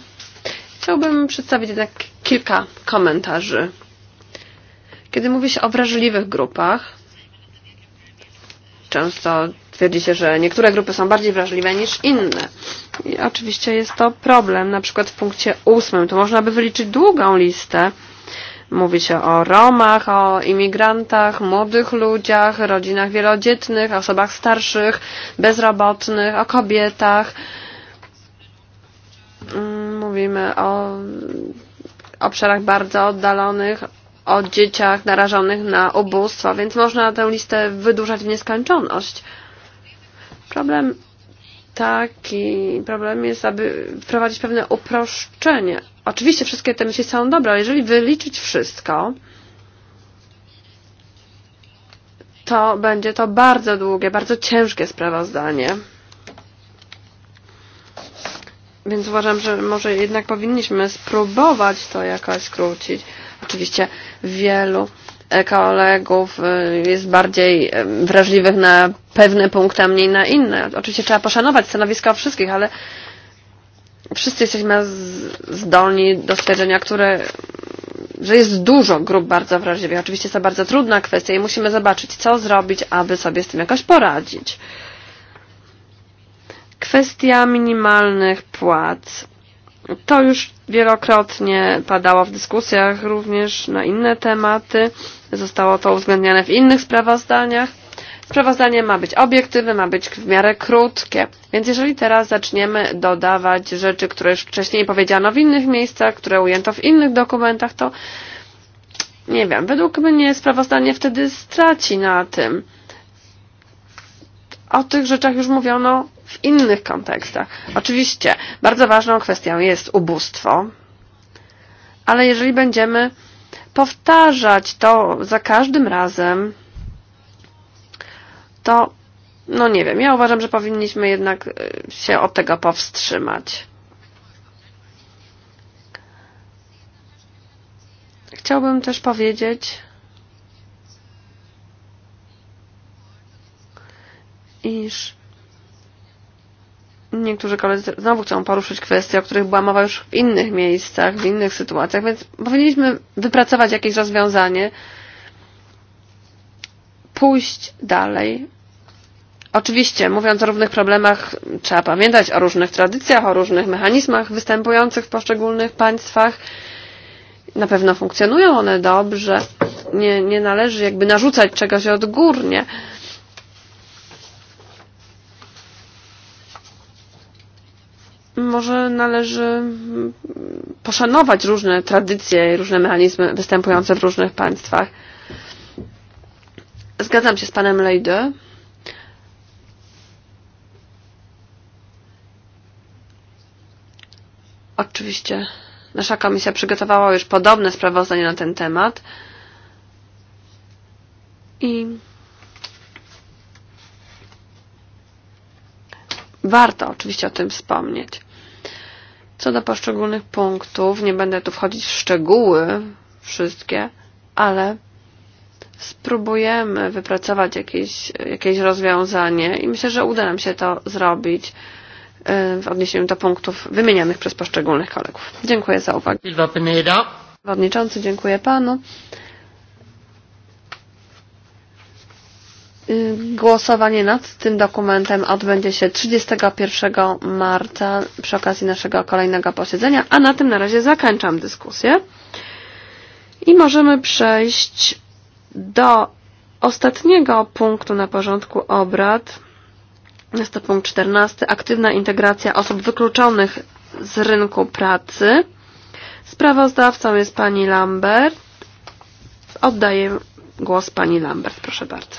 Chciałbym przedstawić jednak kilka komentarzy. Kiedy mówi się o wrażliwych grupach, często Twierdzicie, że niektóre grupy są bardziej wrażliwe niż inne. I oczywiście jest to problem, na przykład w punkcie ósmym. Tu można by wyliczyć długą listę. Mówi się o Romach, o imigrantach, młodych ludziach, rodzinach wielodzietnych, osobach starszych, bezrobotnych, o kobietach. Mm, mówimy o obszarach bardzo oddalonych, o dzieciach narażonych na ubóstwo, więc można tę listę wydłużać w nieskończoność. Problem taki, problem jest, aby wprowadzić pewne uproszczenie. Oczywiście wszystkie te myśli są dobre, ale jeżeli wyliczyć wszystko, to będzie to bardzo długie, bardzo ciężkie sprawozdanie. Więc uważam, że może jednak powinniśmy spróbować to jakoś skrócić. Oczywiście wielu kolegów jest bardziej wrażliwych na pewne punkty, a mniej na inne. Oczywiście trzeba poszanować stanowiska wszystkich, ale wszyscy jesteśmy zdolni do stwierdzenia, które, że jest dużo grup bardzo wrażliwych. Oczywiście jest to bardzo trudna kwestia i musimy zobaczyć, co zrobić, aby sobie z tym jakoś poradzić. Kwestia minimalnych płac. To już wielokrotnie padało w dyskusjach również na inne tematy. Zostało to uwzględniane w innych sprawozdaniach. Sprawozdanie ma być obiektywy, ma być w miarę krótkie. Więc jeżeli teraz zaczniemy dodawać rzeczy, które już wcześniej powiedziano w innych miejscach, które ujęto w innych dokumentach, to nie wiem, według mnie sprawozdanie wtedy straci na tym. O tych rzeczach już mówiono w innych kontekstach. Oczywiście bardzo ważną kwestią jest ubóstwo, ale jeżeli będziemy powtarzać to za każdym razem, to no nie wiem, ja uważam, że powinniśmy jednak e, się od tego powstrzymać. Chciałbym też powiedzieć, iż Niektórzy koledzy znowu chcą poruszyć kwestie, o których była mowa już w innych miejscach, w innych sytuacjach, więc powinniśmy wypracować jakieś rozwiązanie, pójść dalej. Oczywiście, mówiąc o różnych problemach, trzeba pamiętać o różnych tradycjach, o różnych mechanizmach występujących w poszczególnych państwach. Na pewno funkcjonują one dobrze. Nie, nie należy jakby narzucać czegoś odgórnie. może należy poszanować różne tradycje i różne mechanizmy występujące w różnych państwach. Zgadzam się z panem Lejdy. Oczywiście nasza komisja przygotowała już podobne sprawozdanie na ten temat. I warto oczywiście o tym wspomnieć. Co do poszczególnych punktów, nie będę tu wchodzić w szczegóły wszystkie, ale spróbujemy wypracować jakieś, jakieś rozwiązanie i myślę, że uda nam się to zrobić w odniesieniu do punktów wymienianych przez poszczególnych kolegów. Dziękuję za uwagę. Przewodniczący, dziękuję panu. Głosowanie nad tym dokumentem odbędzie się 31 marca przy okazji naszego kolejnego posiedzenia, a na tym na razie zakończam dyskusję. I możemy przejść do ostatniego punktu na porządku obrad. Jest to punkt 14. Aktywna integracja osób wykluczonych z rynku pracy. Sprawozdawcą jest pani Lambert. Oddaję głos pani Lambert, proszę bardzo.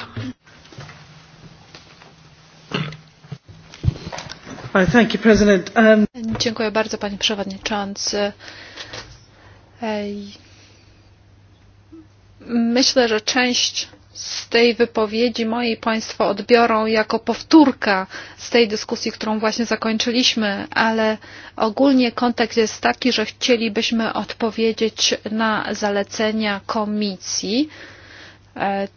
Thank you, President. Um... Dziękuję bardzo, Panie Przewodniczący. Myślę, że część z tej wypowiedzi mojej Państwo odbiorą jako powtórka z tej dyskusji, którą właśnie zakończyliśmy, ale ogólnie kontekst jest taki, że chcielibyśmy odpowiedzieć na zalecenia komisji. E,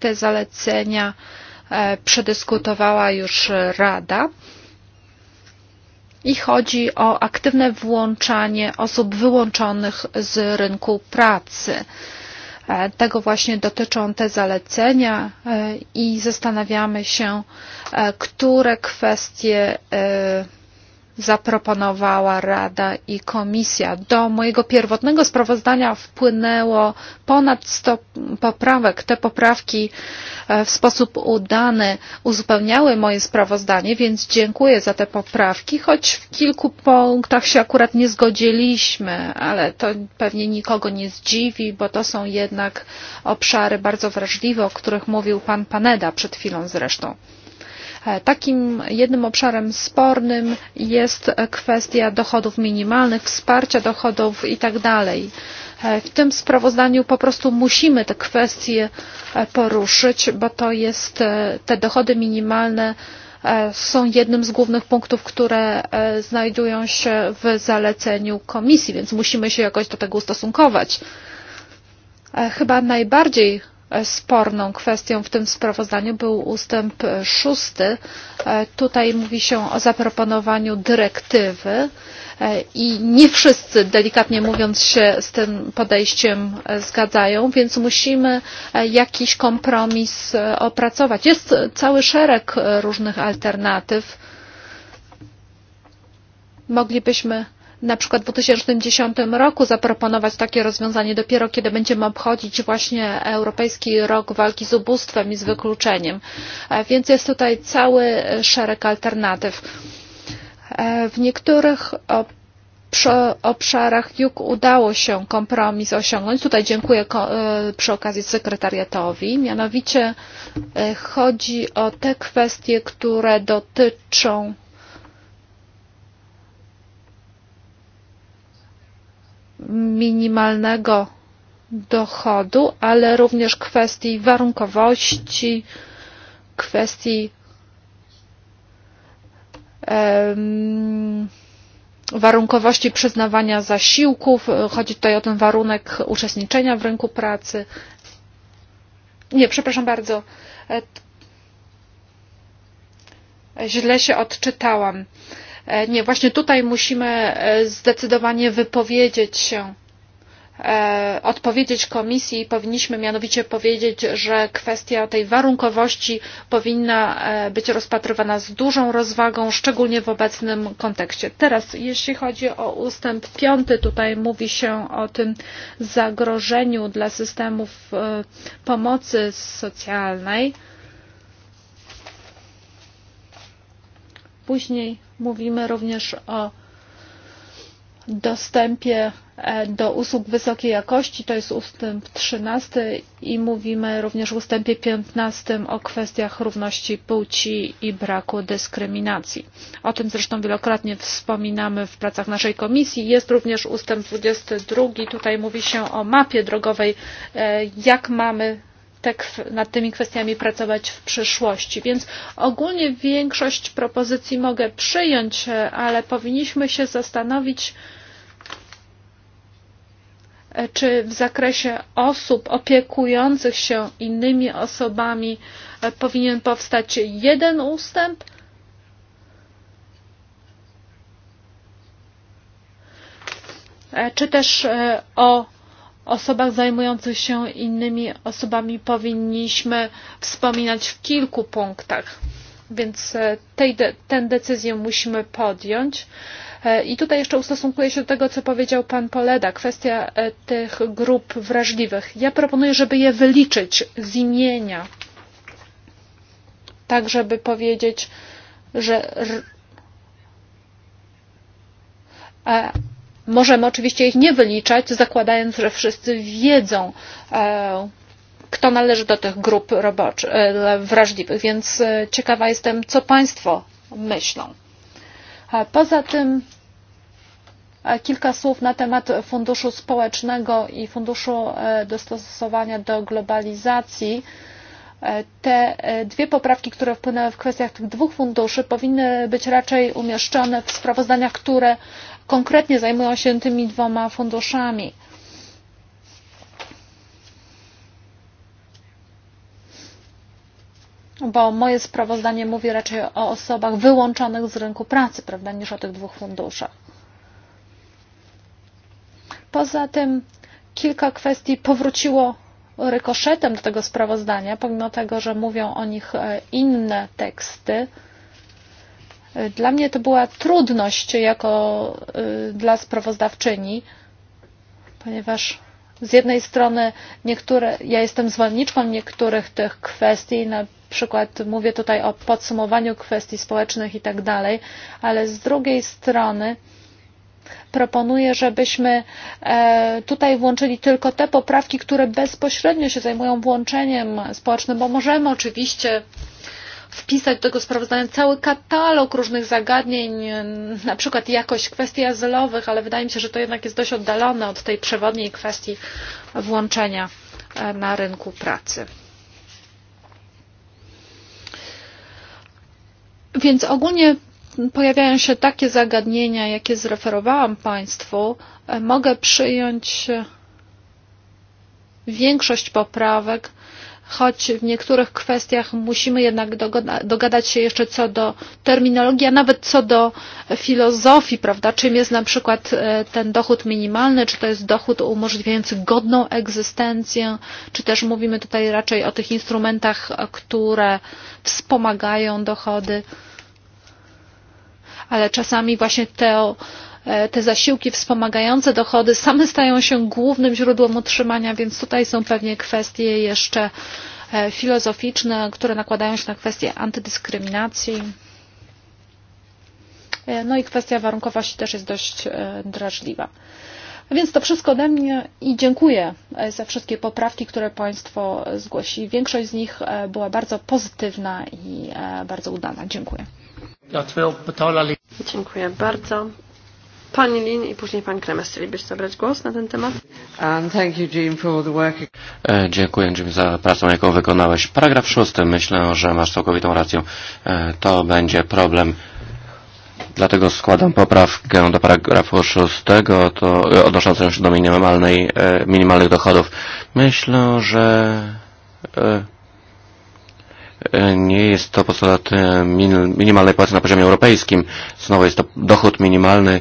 te zalecenia E, przedyskutowała już Rada i chodzi o aktywne włączanie osób wyłączonych z rynku pracy. E, tego właśnie dotyczą te zalecenia e, i zastanawiamy się, które kwestie zaproponowała Rada i Komisja. Do mojego pierwotnego sprawozdania wpłynęło ponad 100 poprawek. Te poprawki e, w sposób udany uzupełniały moje sprawozdanie, więc dziękuję za te poprawki, choć w kilku punktach się akurat nie zgodziliśmy, ale to pewnie nikogo nie zdziwi, bo to są jednak obszary bardzo wrażliwe, o których mówił pan Paneda przed chwilą zresztą. E, takim jednym obszarem spornym jest kwestia dochodów minimalnych, wsparcia dochodów itd. E, w tym sprawozdaniu po prostu musimy te kwestie e, poruszyć, bo to jest te dochody minimalne są jednym z głównych punktów, które znajdują się w zaleceniu komisji, więc musimy się jakoś do tego ustosunkować. Chyba najbardziej sporną kwestią w tym sprawozdaniu był ustęp szósty. E, tutaj mówi się o zaproponowaniu dyrektywy e, i nie wszyscy, delikatnie mówiąc, się z tym podejściem e, zgadzają, więc musimy jakiś kompromis opracować. Jest cały szereg różnych alternatyw. Moglibyśmy na przykład w 2010 roku zaproponować takie rozwiązanie dopiero kiedy będziemy obchodzić właśnie Europejski Rok Walki z Ubóstwem i z Wykluczeniem. E, więc jest tutaj cały szereg alternatyw. E, w niektórych obszarach Juk udało się kompromis osiągnąć. Tutaj dziękuję e, przy okazji sekretariatowi. Mianowicie chodzi o te kwestie, które dotyczą minimalnego dochodu, ale również kwestii warunkowości, kwestii um, warunkowości przyznawania zasiłków. Chodzi tutaj o ten warunek uczestniczenia w rynku pracy. Nie, przepraszam bardzo. E, źle się odczytałam. E, nie, właśnie tutaj musimy e, zdecydowanie wypowiedzieć się, e, odpowiedzieć komisji i powinniśmy mianowicie powiedzieć, że kwestia tej warunkowości powinna być rozpatrywana z dużą rozwagą, szczególnie w obecnym kontekście. Teraz, jeśli chodzi o ustęp piąty, tutaj mówi się o tym zagrożeniu dla systemów pomocy socjalnej. Później Mówimy również o dostępie e, do usług wysokiej jakości, to jest ustęp 13 i mówimy również w ustępie 15 o kwestiach równości płci i braku dyskryminacji. O tym zresztą wielokrotnie wspominamy w pracach naszej komisji. Jest również ustęp 22, tutaj mówi się o mapie drogowej, e, jak mamy te, nad tymi kwestiami pracować w przyszłości. Więc ogólnie większość propozycji mogę przyjąć, e, ale powinniśmy się zastanowić, e, czy w zakresie osób opiekujących się innymi osobami e, powinien powstać jeden ustęp? Czy też o osobach zajmujących się innymi osobami powinniśmy wspominać w kilku punktach. Więc e, tej, tę decyzję musimy podjąć. E, I tutaj jeszcze ustosunkuję się do tego, co powiedział pan Poleda, kwestia e, tych grup wrażliwych. Ja proponuję, żeby je wyliczyć z imienia, tak żeby powiedzieć, że Możemy oczywiście ich nie wyliczać, zakładając, że wszyscy wiedzą, e, kto należy do tych grup roboczych, e, wrażliwych, więc e, ciekawa jestem, co Państwo myślą. Poza tym kilka słów na temat Funduszu Społecznego i Funduszu Dostosowania do Globalizacji. Te dwie poprawki, które wpłynęły w kwestiach tych dwóch funduszy, powinny być raczej umieszczone w sprawozdaniach, które konkretnie zajmują się tymi dwoma funduszami. Bo moje sprawozdanie mówi raczej o osobach wyłączonych z rynku pracy, prawda, niż o tych dwóch funduszach. Poza tym kilka kwestii powróciło rykoszetem do tego sprawozdania, pomimo tego, że mówią o nich e, inne teksty. Dla mnie to była trudność jako dla sprawozdawczyni, ponieważ z jednej strony niektóre, ja jestem zwolenniczką niektórych tych kwestii, na przykład mówię tutaj o podsumowaniu kwestii społecznych i tak dalej, ale z drugiej strony proponuję, żebyśmy e, tutaj włączyli tylko te poprawki, które bezpośrednio się zajmują włączeniem społecznym, bo możemy oczywiście wpisać do tego sprawozdania cały katalog różnych zagadnień, na przykład jakość kwestii azylowych, ale wydaje mi się, że to jednak jest dość oddalone od tej przewodniej kwestii włączenia e, na rynku pracy. Więc ogólnie pojawiają się takie zagadnienia, jakie zreferowałam Państwu. E, mogę przyjąć e, większość poprawek, choć w niektórych kwestiach musimy jednak dogadać się jeszcze co do terminologii, a nawet co do filozofii, prawda? Czym jest na przykład e, ten dochód minimalny, czy to jest dochód umożliwiający godną egzystencję, czy też mówimy tutaj raczej o tych instrumentach, e, które wspomagają dochody. Ale czasami właśnie te E, te zasiłki wspomagające dochody same stają się głównym źródłem utrzymania, więc tutaj są pewnie kwestie jeszcze e, filozoficzne, które nakładają się na kwestie antydyskryminacji. E, no i kwestia warunkowości też jest dość drażliwa. Więc to wszystko ode mnie i dziękuję za wszystkie poprawki, które Państwo zgłosi. Większość z nich była bardzo pozytywna i bardzo udana. Dziękuję. Dziękuję bardzo. Pani Lin i później pan Kremes chcielibyście zabrać głos na ten temat. And thank you, Jim, for the work. E, dziękuję, Jim, za pracę, jaką wykonałeś. Paragraf szósty, myślę, że masz całkowitą rację. E, to będzie problem. Dlatego składam poprawkę do paragrafu szóstego, to e, odnoszącą się do minimalnej, e, minimalnych dochodów. Myślę, że e, e nie jest to postulat minimalnej płacy na poziomie europejskim. Znowu jest to dochód minimalny,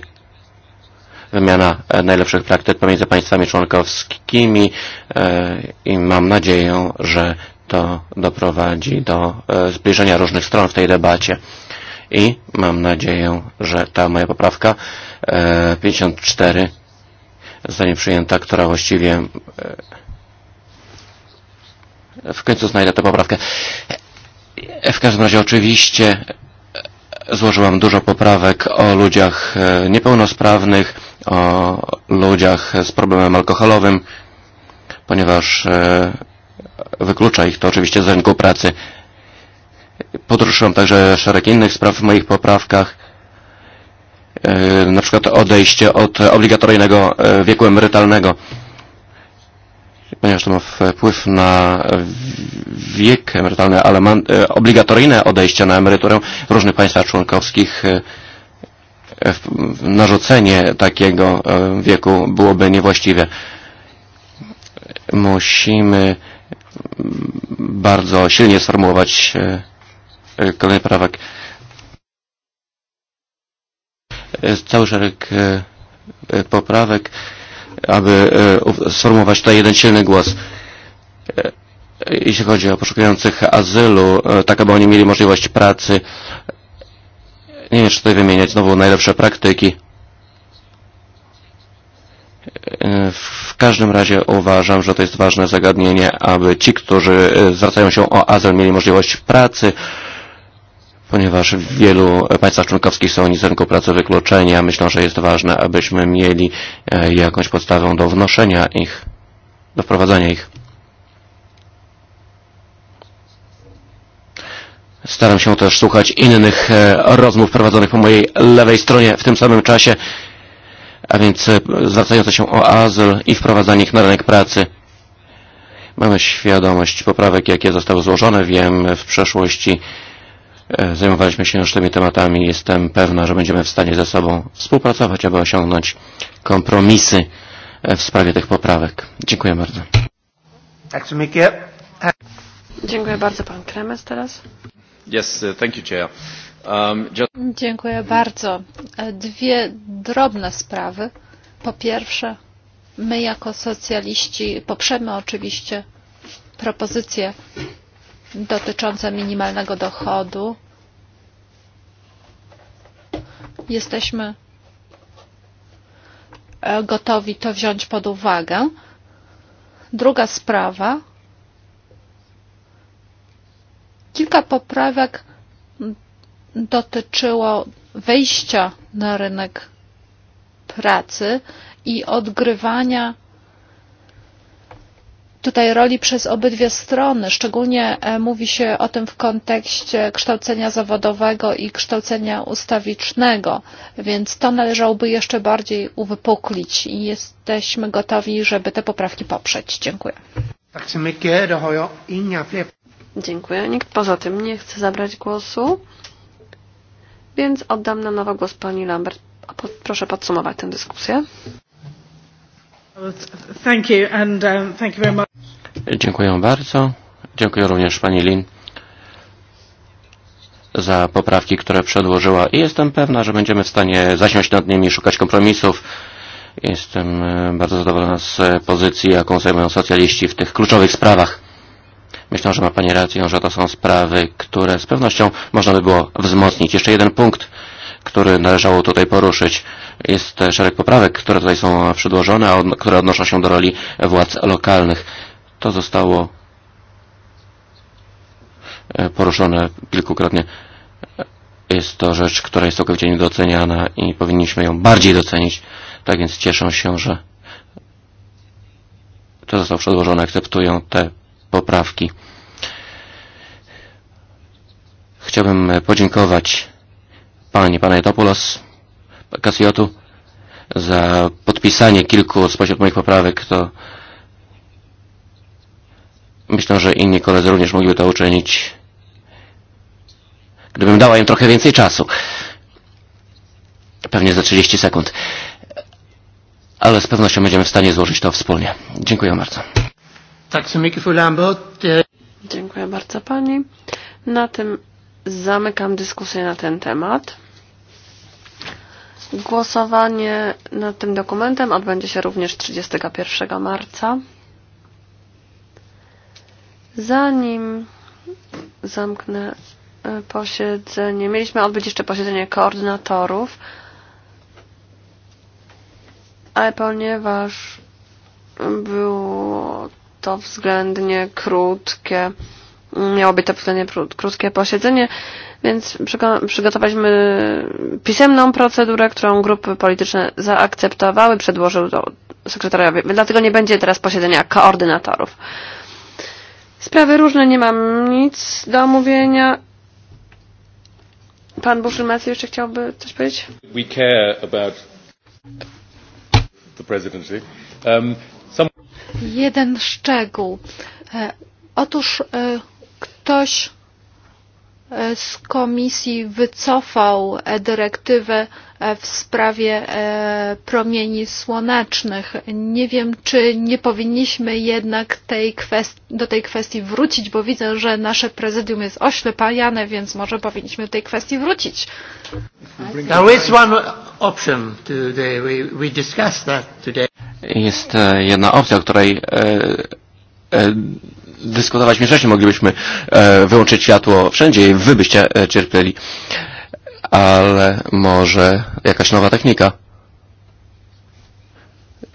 wymiana e, najlepszych praktyk pomiędzy państwami członkowskimi e, i mam nadzieję, że to doprowadzi do e, zbliżenia różnych stron w tej debacie. I mam nadzieję, że ta moja poprawka 54 zostanie przyjęta, która właściwie w końcu znajdę tę poprawkę. W każdym razie oczywiście Złożyłam dużo poprawek o ludziach e, niepełnosprawnych, o ludziach z problemem alkoholowym, ponieważ e, wyklucza ich to oczywiście z rynku pracy. Podruszyłam także szereg innych spraw w moich poprawkach, e, na przykład odejście od obligatoryjnego wieku emerytalnego ponieważ to ma wpływ na wiek emerytalny, ale ma e, obligatoryjne odejście na emeryturę w różnych państwach członkowskich e, narzucenie takiego e, wieku byłoby niewłaściwe. Musimy bardzo silnie sformułować kolejny prawek. Cały szereg poprawek aby e, sformułować tutaj jeden silny głos e, jeśli chodzi o poszukujących azylu, e, tak aby oni mieli możliwość pracy. Nie wiem, czy tutaj wymieniać znowu najlepsze praktyki. W każdym razie uważam, że to jest ważne zagadnienie, aby ci, którzy zwracają się o azyl, mieli możliwość pracy, ponieważ w wielu państwach członkowskich są oni z rynku pracy wykluczeni, a myślę, że jest ważne, abyśmy mieli e, jakąś podstawę do wnoszenia ich, do wprowadzania ich. Staram się też słuchać innych e, rozmów prowadzonych po mojej lewej stronie w tym samym czasie, a więc e, zwracające się o azyl i wprowadzanie ich na rynek pracy. Mamy świadomość poprawek, jakie zostały złożone. Wiem w przeszłości, zajmowaliśmy się już tymi tematami. Jestem pewna, że będziemy w stanie ze sobą współpracować, aby osiągnąć kompromisy w sprawie tych poprawek. Dziękuję bardzo. Dziękuję bardzo. Pan Kremes teraz. Yes, uh, thank you, Chair. Um, just... Dziękuję bardzo. Dwie drobne sprawy. Po pierwsze, my jako socjaliści poprzemy oczywiście propozycję dotyczące minimalnego dochodu. Jesteśmy e, gotowi to wziąć pod uwagę. Druga sprawa. Kilka poprawek dotyczyło wejścia na rynek pracy i odgrywania tutaj roli przez obydwie strony. Szczególnie e, mówi się o tym w kontekście kształcenia zawodowego i kształcenia ustawicznego, więc to należałoby jeszcze bardziej uwypuklić i jesteśmy gotowi, żeby te poprawki poprzeć. Dziękuję. E, Dziękuję. Nikt poza tym nie chce zabrać głosu, więc oddam na nowo głos pani Lambert. Proszę podsumować tę dyskusję. Thank you and um, thank you very much. Dziękuję bardzo. Dziękuję również pani Lin za poprawki, które przedłożyła i jestem pewna, że będziemy w stanie zasiąść nad nimi, szukać kompromisów. Jestem e, bardzo zadowolona z pozycji, jaką zajmują socjaliści w tych kluczowych sprawach. Myślę, że ma Pani rację, że to są sprawy, które z pewnością można by było wzmocnić. Jeszcze jeden punkt, który należało tutaj poruszyć. Jest szereg poprawek, które tutaj są przedłożone, od, które odnoszą się do roli władz lokalnych. To zostało e, poruszone kilkukrotnie. Jest to rzecz, która jest całkowicie niedoceniana i powinniśmy ją bardziej docenić. Tak więc cieszę się, że to zostało przedłożone, akceptują te poprawki. Chciałbym podziękować pani Panajtopoulos Kasjotu za podpisanie kilku spośród moich poprawek, to myślę, że inni koledzy również mogliby to uczynić, gdybym dała im trochę więcej czasu. Pewnie za 30 sekund. Ale z pewnością będziemy w stanie złożyć to wspólnie. Dziękuję bardzo. Tak, e- Dziękuję bardzo Pani. Na tym zamykam dyskusję na ten temat. Głosowanie nad tym dokumentem odbędzie się również 31 marca. Zanim zamknę e, posiedzenie, mieliśmy odbyć jeszcze posiedzenie koordynatorów, ale ponieważ było to względnie krótkie, miało być to względnie krótkie posiedzenie, Więc przygotowaliśmy pisemną procedurę, którą grupy polityczne zaakceptowały, przedłożył to sekretariatowi. Dlatego nie będzie teraz posiedzenia koordynatorów. Sprawy różne, nie mam nic do omówienia. Pan Buszymacy jeszcze chciałby coś powiedzieć? We care about the presidency. Um, some... Jeden szczegół. E, otóż e, ktoś z komisji wycofał e, dyrektywę e, w sprawie e, promieni słonecznych. Nie wiem, czy nie powinniśmy jednak tej do tej kwestii wrócić, bo widzę, że nasze prezydium jest oślepajane, więc może powinniśmy do tej kwestii wrócić. Jest jedna opcja, o której dyskutować mieszacznie, moglibyśmy e, wyłączyć światło wszędzie i wy byście e, cierpieli. Ale może jakaś nowa technika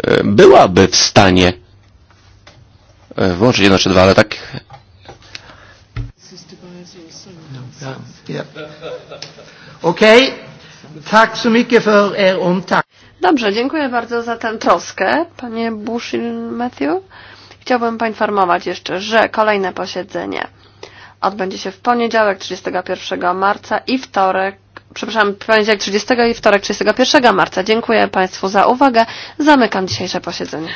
e, byłaby w stanie włączyć jedno czy dwa, ale tak... Okej, okay. tak so mycket för er omtanke. Dobrze, dziękuję bardzo za tę troskę, panie Bushin Matthew. Chciałbym poinformować jeszcze, że kolejne posiedzenie odbędzie się w poniedziałek 31 marca i wtorek, przepraszam, poniedziałek 30 i wtorek 31 marca. Dziękuję Państwu za uwagę. Zamykam dzisiejsze posiedzenie.